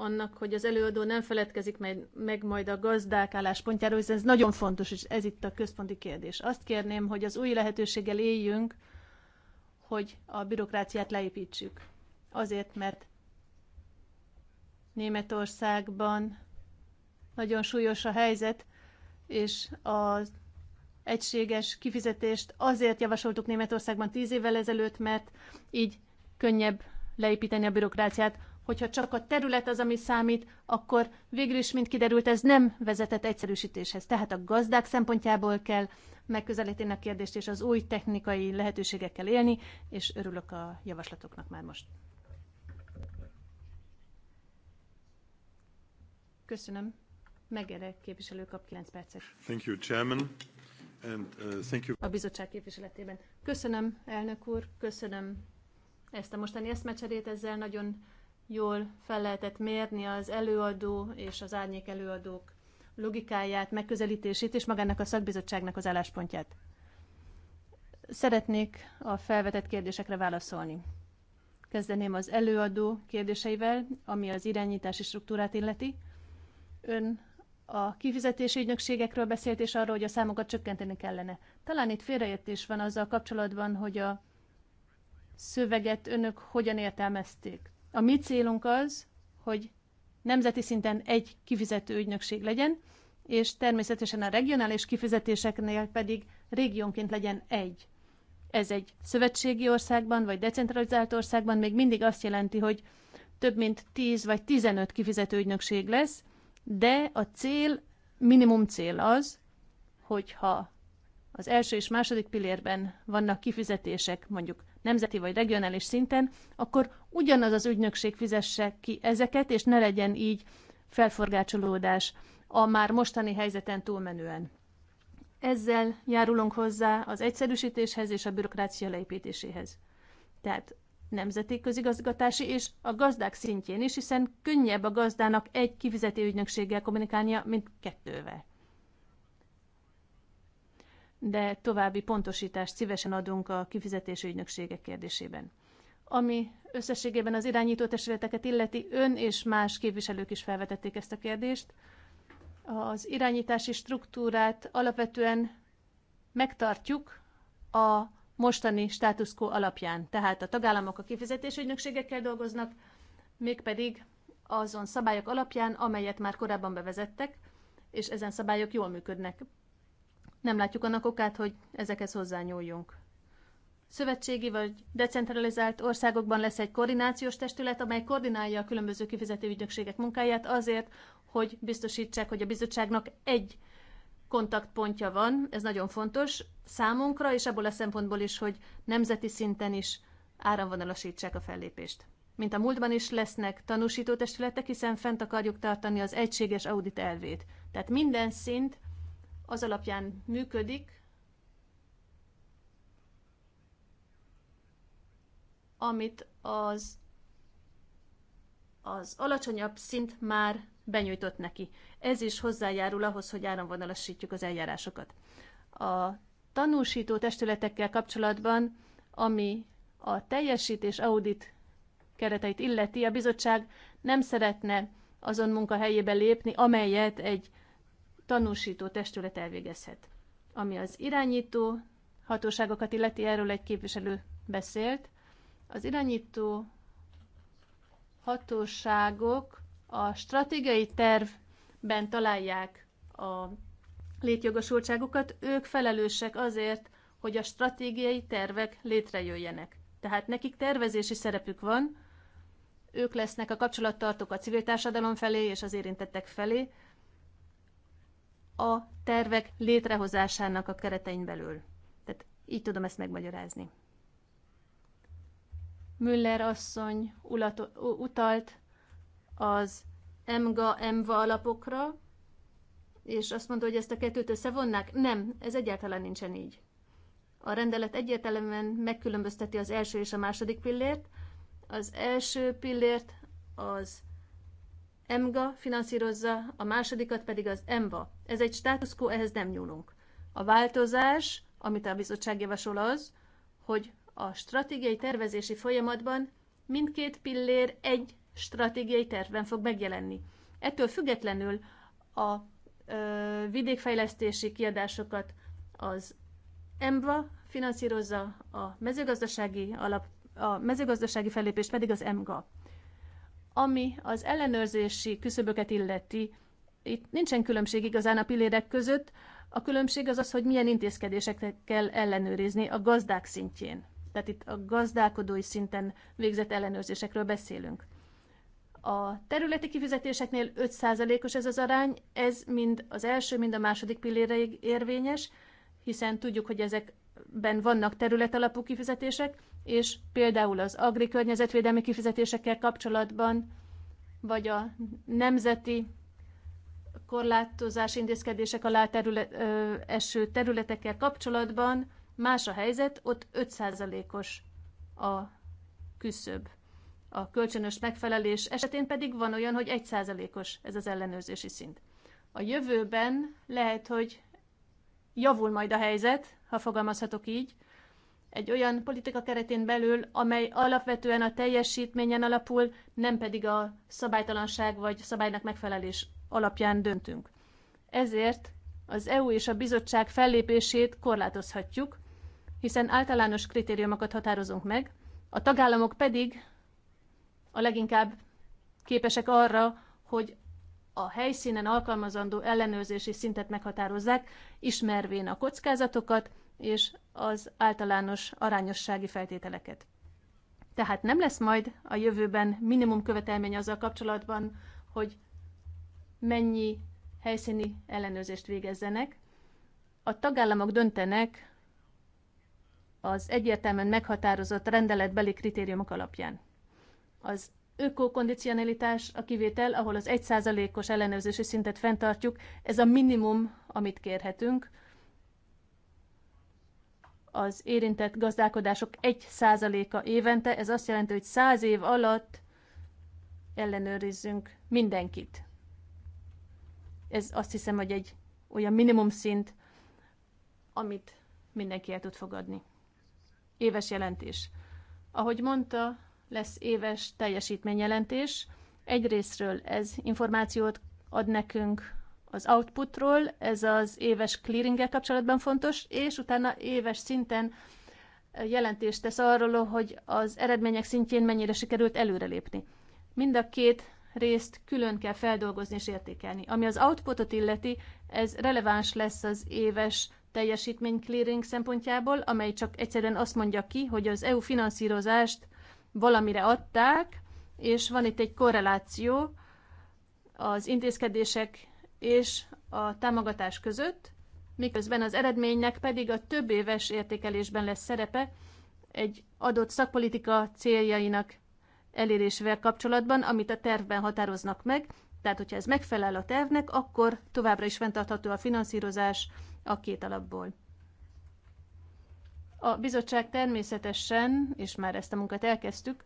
annak, hogy az előadó nem feledkezik meg, meg majd a gazdák álláspontjáról, hiszen ez nagyon fontos, és ez itt a központi kérdés. Azt kérném, hogy az új lehetőséggel éljünk, hogy a bürokráciát leépítsük. Azért, mert Németországban nagyon súlyos a helyzet, és az egységes kifizetést azért javasoltuk Németországban tíz évvel ezelőtt, mert így könnyebb leépíteni a bürokráciát, hogyha csak a terület az, ami számít, akkor végül is, mint kiderült, ez nem vezetett egyszerűsítéshez. Tehát a gazdák szempontjából kell megközelíteni a kérdést, és az új technikai lehetőségekkel élni, és örülök a javaslatoknak már most. Köszönöm. Megere képviselő kap 9 percet. Thank you, Chairman. And, uh, thank you. A bizottság képviseletében. Köszönöm, elnök úr, köszönöm ezt a mostani eszmecserét, ezzel nagyon jól fel lehetett mérni az előadó és az árnyék előadók logikáját, megközelítését és magának a szakbizottságnak az álláspontját. Szeretnék a felvetett kérdésekre válaszolni. Kezdeném az előadó kérdéseivel, ami az irányítási struktúrát illeti. Ön a kifizetési ügynökségekről beszélt, és arról, hogy a számokat csökkenteni kellene. Talán itt félreértés van azzal kapcsolatban, hogy a szöveget önök hogyan értelmezték. A mi célunk az, hogy nemzeti szinten egy kifizető ügynökség legyen, és természetesen a regionális kifizetéseknél pedig régiónként legyen egy. Ez egy szövetségi országban vagy decentralizált országban még mindig azt jelenti, hogy több mint 10 vagy 15 kifizető ügynökség lesz, de a cél, minimum cél az, hogyha az első és második pillérben vannak kifizetések mondjuk nemzeti vagy regionális szinten, akkor ugyanaz az ügynökség fizesse ki ezeket, és ne legyen így felforgácsolódás a már mostani helyzeten túlmenően. Ezzel járulunk hozzá az egyszerűsítéshez és a bürokrácia leépítéséhez. Tehát nemzeti közigazgatási és a gazdák szintjén is, hiszen könnyebb a gazdának egy kifizető ügynökséggel kommunikálnia, mint kettővel de további pontosítást szívesen adunk a kifizetési ügynökségek kérdésében. Ami összességében az irányító testületeket illeti, ön és más képviselők is felvetették ezt a kérdést. Az irányítási struktúrát alapvetően megtartjuk a mostani status quo alapján. Tehát a tagállamok a kifizetési ügynökségekkel dolgoznak, mégpedig azon szabályok alapján, amelyet már korábban bevezettek, és ezen szabályok jól működnek. Nem látjuk annak okát, hogy ezekhez hozzányúljunk. Szövetségi vagy decentralizált országokban lesz egy koordinációs testület, amely koordinálja a különböző kifizető ügynökségek munkáját azért, hogy biztosítsák, hogy a bizottságnak egy kontaktpontja van, ez nagyon fontos számunkra, és abból a szempontból is, hogy nemzeti szinten is áramvonalasítsák a fellépést. Mint a múltban is lesznek tanúsító testületek, hiszen fent akarjuk tartani az egységes audit elvét. Tehát minden szint az alapján működik, amit az, az alacsonyabb szint már benyújtott neki. Ez is hozzájárul ahhoz, hogy áramvonalasítjuk az eljárásokat. A tanúsító testületekkel kapcsolatban, ami a teljesítés audit kereteit illeti, a bizottság nem szeretne azon munkahelyébe lépni, amelyet egy tanúsító testület elvégezhet. Ami az irányító hatóságokat illeti, erről egy képviselő beszélt. Az irányító hatóságok a stratégiai tervben találják a létjogosultságukat, ők felelősek azért, hogy a stratégiai tervek létrejöjjenek. Tehát nekik tervezési szerepük van, ők lesznek a kapcsolattartók a civil társadalom felé és az érintettek felé, a tervek létrehozásának a keretein belül. Tehát így tudom ezt megmagyarázni. Müller asszony utalt az MGA-MVA alapokra, és azt mondta, hogy ezt a kettőt összevonnák? Nem, ez egyáltalán nincsen így. A rendelet egyértelműen megkülönbözteti az első és a második pillért. Az első pillért az EMGA finanszírozza, a másodikat pedig az EMVA. Ez egy status quo, ehhez nem nyúlunk. A változás, amit a bizottság javasol az, hogy a stratégiai tervezési folyamatban mindkét pillér egy stratégiai tervben fog megjelenni. Ettől függetlenül a ö, vidékfejlesztési kiadásokat az EMBA finanszírozza, a mezőgazdasági alap, a mezőgazdasági fellépést pedig az EMGA. Ami az ellenőrzési küszöböket illeti, itt nincsen különbség igazán a pillérek között, a különbség az az, hogy milyen intézkedéseket kell ellenőrizni a gazdák szintjén. Tehát itt a gazdálkodói szinten végzett ellenőrzésekről beszélünk. A területi kifizetéseknél 5%-os ez az arány, ez mind az első, mind a második pillére érvényes, hiszen tudjuk, hogy ezekben vannak területalapú kifizetések, és például az agri környezetvédelmi kifizetésekkel kapcsolatban, vagy a nemzeti korlátozás intézkedések alá terület, ö, eső területekkel kapcsolatban más a helyzet, ott 5%-os a küszöb. A kölcsönös megfelelés esetén pedig van olyan, hogy 1%-os ez az ellenőrzési szint. A jövőben lehet, hogy javul majd a helyzet, ha fogalmazhatok így, egy olyan politika keretén belül, amely alapvetően a teljesítményen alapul, nem pedig a szabálytalanság vagy szabálynak megfelelés alapján döntünk. Ezért az EU és a bizottság fellépését korlátozhatjuk, hiszen általános kritériumokat határozunk meg, a tagállamok pedig a leginkább képesek arra, hogy a helyszínen alkalmazandó ellenőrzési szintet meghatározzák, ismervén a kockázatokat és az általános arányossági feltételeket. Tehát nem lesz majd a jövőben minimum követelmény azzal kapcsolatban, hogy mennyi helyszíni ellenőrzést végezzenek. A tagállamok döntenek az egyértelműen meghatározott rendeletbeli kritériumok alapján. Az ökokondicionalitás a kivétel, ahol az 1%-os ellenőrzési szintet fenntartjuk, ez a minimum, amit kérhetünk. Az érintett gazdálkodások 1%-a évente, ez azt jelenti, hogy 100 év alatt ellenőrizzünk mindenkit. Ez azt hiszem, hogy egy olyan minimum szint, amit mindenki el tud fogadni. Éves jelentés. Ahogy mondta, lesz éves teljesítményjelentés. Egyrésztről ez információt ad nekünk az outputról, ez az éves clearing kapcsolatban fontos, és utána éves szinten jelentést tesz arról, hogy az eredmények szintjén mennyire sikerült előrelépni. Mind a két részt külön kell feldolgozni és értékelni. Ami az outputot illeti, ez releváns lesz az éves teljesítmény clearing szempontjából, amely csak egyszerűen azt mondja ki, hogy az EU finanszírozást valamire adták, és van itt egy korreláció az intézkedések és a támogatás között, miközben az eredménynek pedig a több éves értékelésben lesz szerepe egy adott szakpolitika céljainak elérésével kapcsolatban, amit a tervben határoznak meg. Tehát, hogyha ez megfelel a tervnek, akkor továbbra is fenntartható a finanszírozás a két alapból. A bizottság természetesen, és már ezt a munkát elkezdtük,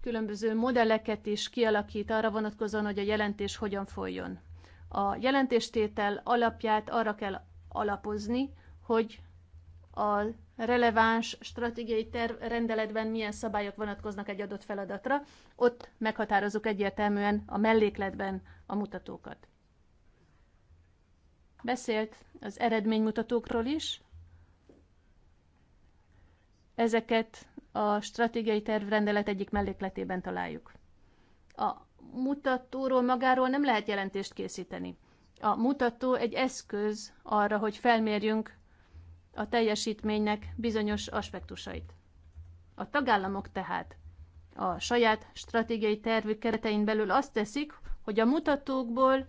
különböző modelleket is kialakít arra vonatkozóan, hogy a jelentés hogyan folyjon. A jelentéstétel alapját arra kell alapozni, hogy a releváns stratégiai terv rendeletben milyen szabályok vonatkoznak egy adott feladatra, ott meghatározunk egyértelműen a mellékletben a mutatókat. Beszélt az eredménymutatókról is. Ezeket a stratégiai rendelet egyik mellékletében találjuk. A mutatóról magáról nem lehet jelentést készíteni. A mutató egy eszköz arra, hogy felmérjünk a teljesítménynek bizonyos aspektusait. A tagállamok tehát a saját stratégiai tervük keretein belül azt teszik, hogy a mutatókból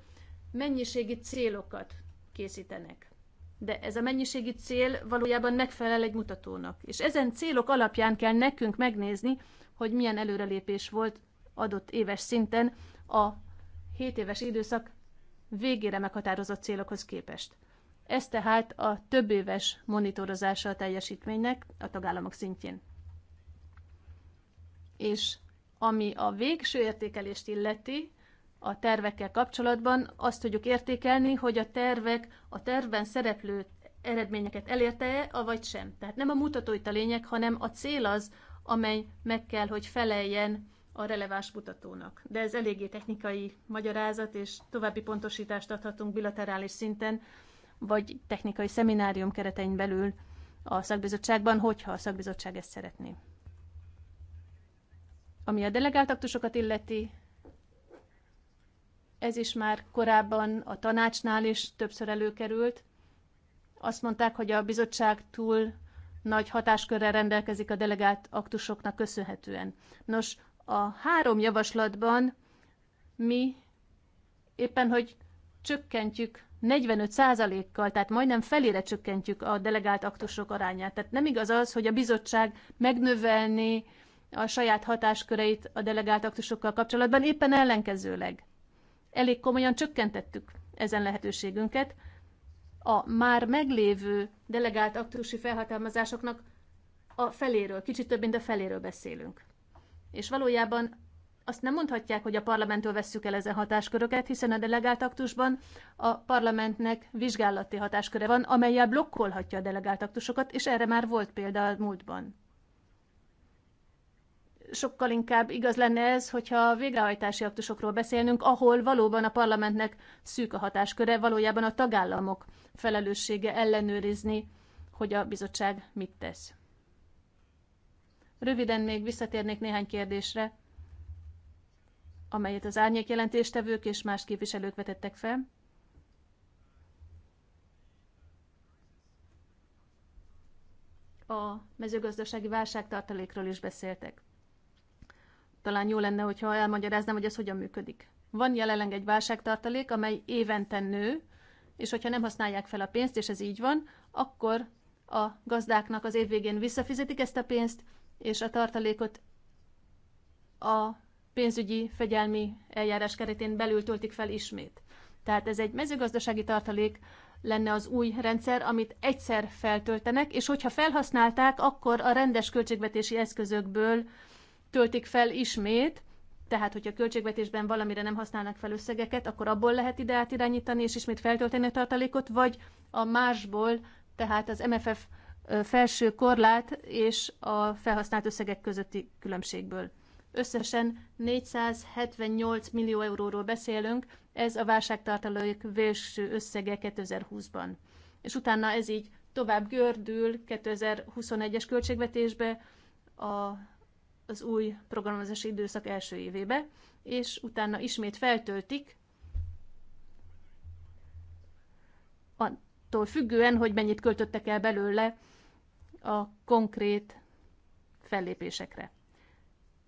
mennyiségi célokat készítenek. De ez a mennyiségi cél valójában megfelel egy mutatónak. És ezen célok alapján kell nekünk megnézni, hogy milyen előrelépés volt adott éves szinten a 7 éves időszak végére meghatározott célokhoz képest. Ez tehát a több éves monitorozása a teljesítménynek a tagállamok szintjén. És ami a végső értékelést illeti, a tervekkel kapcsolatban azt tudjuk értékelni, hogy a tervek a tervben szereplő eredményeket elérte-e, vagy sem. Tehát nem a mutató itt a lényeg, hanem a cél az, amely meg kell, hogy feleljen a releváns mutatónak. De ez eléggé technikai magyarázat, és további pontosítást adhatunk bilaterális szinten, vagy technikai szeminárium keretein belül a szakbizottságban, hogyha a szakbizottság ezt szeretné. Ami a delegált aktusokat illeti, ez is már korábban a tanácsnál is többször előkerült. Azt mondták, hogy a bizottság túl nagy hatáskörrel rendelkezik a delegált aktusoknak köszönhetően. Nos, a három javaslatban mi éppen, hogy csökkentjük 45%-kal, tehát majdnem felére csökkentjük a delegált aktusok arányát. Tehát nem igaz az, hogy a bizottság megnövelni a saját hatásköreit a delegált aktusokkal kapcsolatban, éppen ellenkezőleg. Elég komolyan csökkentettük ezen lehetőségünket. A már meglévő delegált aktusi felhatalmazásoknak a feléről, kicsit több, mint a feléről beszélünk. És valójában azt nem mondhatják, hogy a parlamenttől vesszük el ezen hatásköröket, hiszen a delegált aktusban a parlamentnek vizsgálati hatásköre van, amelyel blokkolhatja a delegált aktusokat, és erre már volt példa a múltban. Sokkal inkább igaz lenne ez, hogyha a végrehajtási aktusokról beszélnünk, ahol valóban a parlamentnek szűk a hatásköre, valójában a tagállamok felelőssége ellenőrizni, hogy a bizottság mit tesz. Röviden még visszatérnék néhány kérdésre amelyet az árnyék jelentéstevők és más képviselők vetettek fel. A mezőgazdasági válságtartalékról is beszéltek. Talán jó lenne, hogyha elmagyaráznám, hogy ez hogyan működik. Van jelenleg egy válságtartalék, amely évente nő, és hogyha nem használják fel a pénzt, és ez így van, akkor a gazdáknak az év végén visszafizetik ezt a pénzt, és a tartalékot a pénzügyi fegyelmi eljárás keretén belül töltik fel ismét. Tehát ez egy mezőgazdasági tartalék lenne az új rendszer, amit egyszer feltöltenek, és hogyha felhasználták, akkor a rendes költségvetési eszközökből töltik fel ismét, tehát, hogyha költségvetésben valamire nem használnak fel összegeket, akkor abból lehet ide átirányítani, és ismét feltölteni a tartalékot, vagy a másból, tehát az MFF felső korlát és a felhasznált összegek közötti különbségből. Összesen 478 millió euróról beszélünk, ez a válságtartalék végső összege 2020-ban. És utána ez így tovább gördül 2021-es költségvetésbe, a, az új programozási időszak első évébe, és utána ismét feltöltik, attól függően, hogy mennyit költöttek el belőle a konkrét fellépésekre.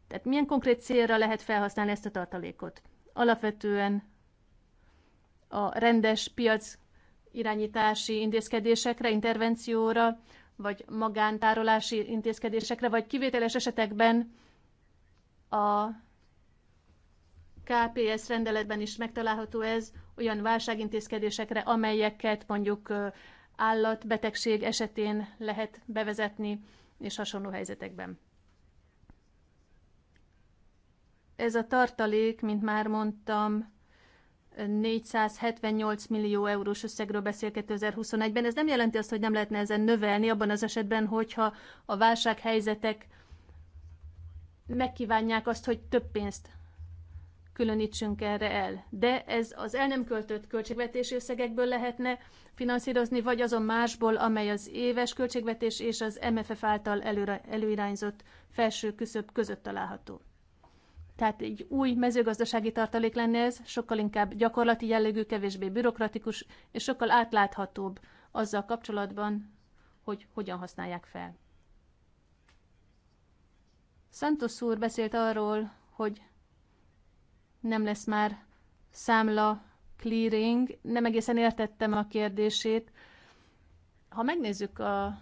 Tehát milyen konkrét célra lehet felhasználni ezt a tartalékot? Alapvetően a rendes piac irányítási intézkedésekre, intervencióra, vagy magántárolási intézkedésekre, vagy kivételes esetekben a KPS rendeletben is megtalálható ez olyan válságintézkedésekre, amelyeket mondjuk állatbetegség esetén lehet bevezetni, és hasonló helyzetekben. Ez a tartalék, mint már mondtam, 478 millió eurós összegről beszél 2021-ben. Ez nem jelenti azt, hogy nem lehetne ezen növelni, abban az esetben, hogyha a válsághelyzetek megkívánják azt, hogy több pénzt különítsünk erre el. De ez az el nem költött költségvetési összegekből lehetne finanszírozni, vagy azon másból, amely az éves költségvetés és az MFF által előre, előirányzott felső küszöb között található. Tehát egy új mezőgazdasági tartalék lenne ez, sokkal inkább gyakorlati jellegű, kevésbé bürokratikus, és sokkal átláthatóbb azzal kapcsolatban, hogy hogyan használják fel. Santos úr beszélt arról, hogy nem lesz már számla clearing. Nem egészen értettem a kérdését. Ha megnézzük a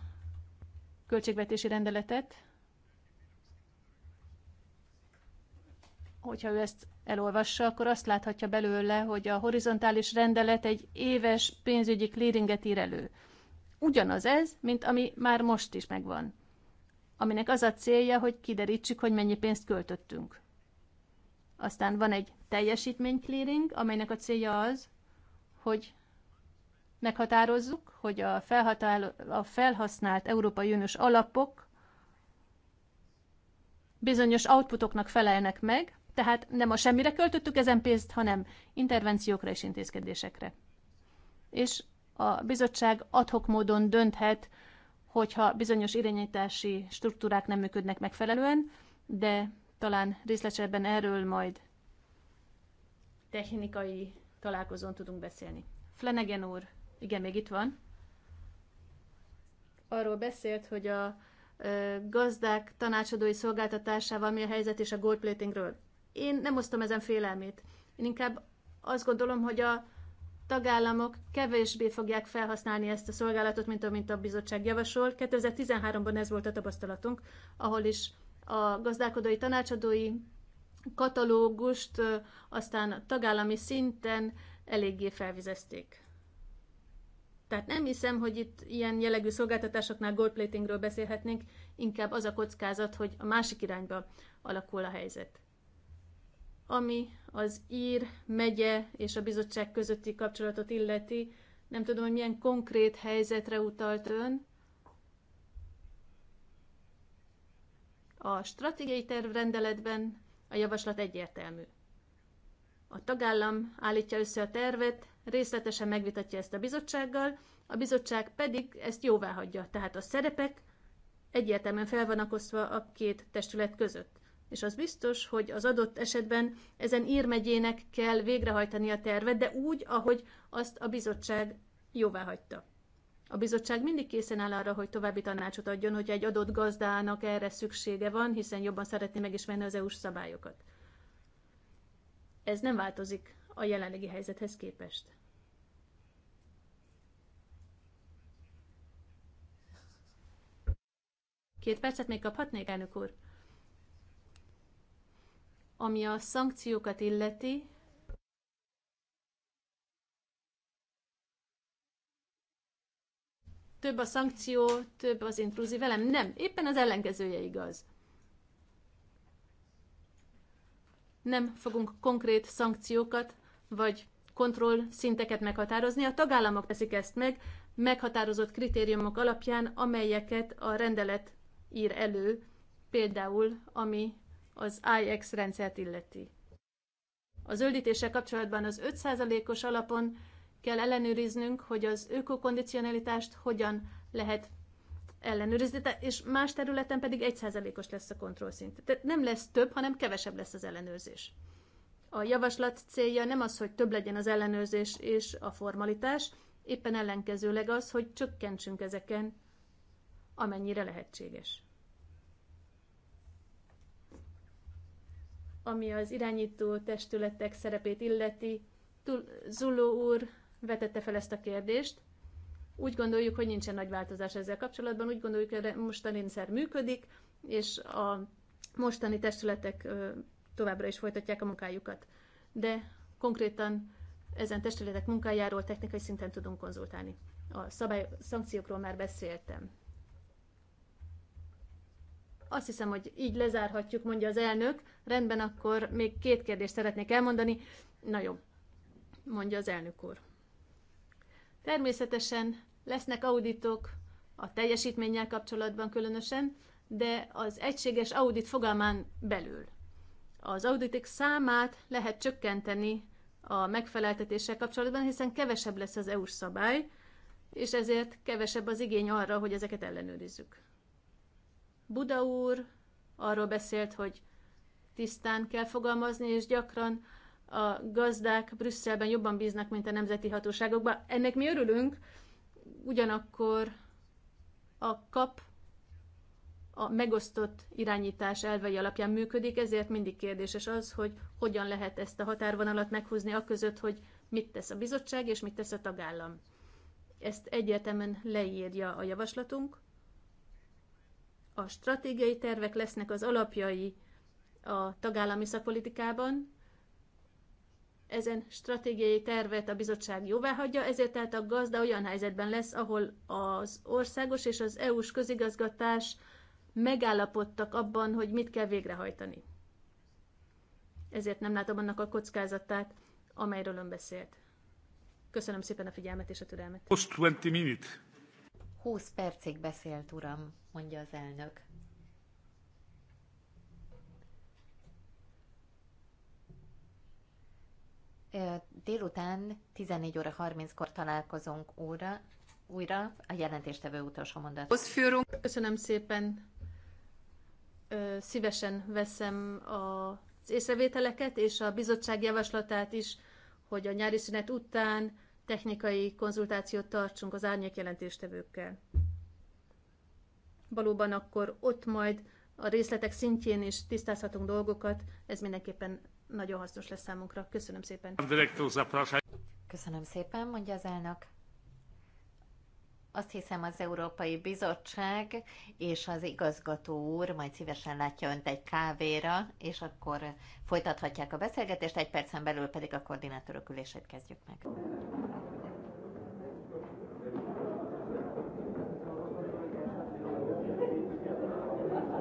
költségvetési rendeletet, hogyha ő ezt elolvassa, akkor azt láthatja belőle, hogy a horizontális rendelet egy éves pénzügyi clearinget ír elő. Ugyanaz ez, mint ami már most is megvan, aminek az a célja, hogy kiderítsük, hogy mennyi pénzt költöttünk. Aztán van egy teljesítmény clearing, amelynek a célja az, hogy meghatározzuk, hogy a, a felhasznált Európai Uniós alapok bizonyos outputoknak felelnek meg, tehát nem a semmire költöttük ezen pénzt, hanem intervenciókra és intézkedésekre. És a bizottság adhok módon dönthet, hogyha bizonyos irányítási struktúrák nem működnek megfelelően, de talán részletesebben erről majd technikai találkozón tudunk beszélni. Flanagan úr, igen, még itt van. Arról beszélt, hogy a gazdák tanácsadói szolgáltatásával mi a helyzet és a goldplatingről. Én nem osztom ezen félelmét. Én inkább azt gondolom, hogy a tagállamok kevésbé fogják felhasználni ezt a szolgálatot, mint amint a bizottság javasol. 2013-ban ez volt a tapasztalatunk, ahol is a gazdálkodói tanácsadói katalógust aztán a tagállami szinten eléggé felvizezték. Tehát nem hiszem, hogy itt ilyen jellegű szolgáltatásoknál goldplatingről beszélhetnénk, inkább az a kockázat, hogy a másik irányba alakul a helyzet. Ami az ír, megye és a bizottság közötti kapcsolatot illeti, nem tudom, hogy milyen konkrét helyzetre utalt ön. A stratégiai tervrendeletben a javaslat egyértelmű. A tagállam állítja össze a tervet, részletesen megvitatja ezt a bizottsággal, a bizottság pedig ezt jóvá hagyja. Tehát a szerepek egyértelműen fel vannak a két testület között és az biztos, hogy az adott esetben ezen írmegyének kell végrehajtani a tervet, de úgy, ahogy azt a bizottság jóvá hagyta. A bizottság mindig készen áll arra, hogy további tanácsot adjon, hogyha egy adott gazdának erre szüksége van, hiszen jobban szeretné megismerni az EU-s szabályokat. Ez nem változik a jelenlegi helyzethez képest. Két percet még kaphatnék, elnök úr? Ami a szankciókat illeti, több a szankció, több az intrúzi velem. Nem, éppen az ellenkezője igaz. Nem fogunk konkrét szankciókat vagy kontroll szinteket meghatározni. A tagállamok teszik ezt meg, meghatározott kritériumok alapján, amelyeket a rendelet ír elő, például ami az IX rendszert illeti. A zöldítéssel kapcsolatban az 5%-os alapon kell ellenőriznünk, hogy az ökokondicionalitást hogyan lehet ellenőrizni, és más területen pedig 1%-os lesz a kontrollszint. Tehát nem lesz több, hanem kevesebb lesz az ellenőrzés. A javaslat célja nem az, hogy több legyen az ellenőrzés és a formalitás, éppen ellenkezőleg az, hogy csökkentsünk ezeken, amennyire lehetséges. ami az irányító testületek szerepét illeti. Zulu úr vetette fel ezt a kérdést. Úgy gondoljuk, hogy nincsen nagy változás ezzel kapcsolatban, úgy gondoljuk, hogy a mostani rendszer működik, és a mostani testületek továbbra is folytatják a munkájukat. De konkrétan ezen testületek munkájáról technikai szinten tudunk konzultálni. A szabály, szankciókról már beszéltem. Azt hiszem, hogy így lezárhatjuk, mondja az elnök. Rendben, akkor még két kérdést szeretnék elmondani. Na jó, mondja az elnök úr. Természetesen lesznek auditok a teljesítménnyel kapcsolatban különösen, de az egységes audit fogalmán belül. Az auditik számát lehet csökkenteni a megfeleltetéssel kapcsolatban, hiszen kevesebb lesz az EU-s szabály, és ezért kevesebb az igény arra, hogy ezeket ellenőrizzük. Buda úr arról beszélt, hogy tisztán kell fogalmazni, és gyakran a gazdák Brüsszelben jobban bíznak, mint a nemzeti hatóságokban. Ennek mi örülünk, ugyanakkor a kap a megosztott irányítás elvei alapján működik, ezért mindig kérdéses az, hogy hogyan lehet ezt a határvonalat meghúzni a között, hogy mit tesz a bizottság és mit tesz a tagállam. Ezt egyértelműen leírja a javaslatunk, a stratégiai tervek lesznek az alapjai a tagállami szakpolitikában. Ezen stratégiai tervet a bizottság jóváhagyja, ezért tehát a gazda olyan helyzetben lesz, ahol az országos és az EU-s közigazgatás megállapodtak abban, hogy mit kell végrehajtani. Ezért nem látom annak a kockázatát, amelyről ön beszélt. Köszönöm szépen a figyelmet és a türelmet. 20 Húsz percig beszélt, uram, mondja az elnök. Délután 14 óra 30-kor találkozunk óra, újra a jelentéstevő utolsó mondat. Köszönöm szépen. Szívesen veszem az észrevételeket és a bizottság javaslatát is, hogy a nyári szünet után technikai konzultációt tartsunk az árnyék jelentéstevőkkel. Valóban akkor ott majd a részletek szintjén is tisztázhatunk dolgokat, ez mindenképpen nagyon hasznos lesz számunkra. Köszönöm szépen. Köszönöm szépen, mondja az elnök. Azt hiszem az Európai Bizottság és az igazgató úr majd szívesen látja önt egy kávéra, és akkor folytathatják a beszélgetést, egy percen belül pedig a koordinátorok ülését kezdjük meg.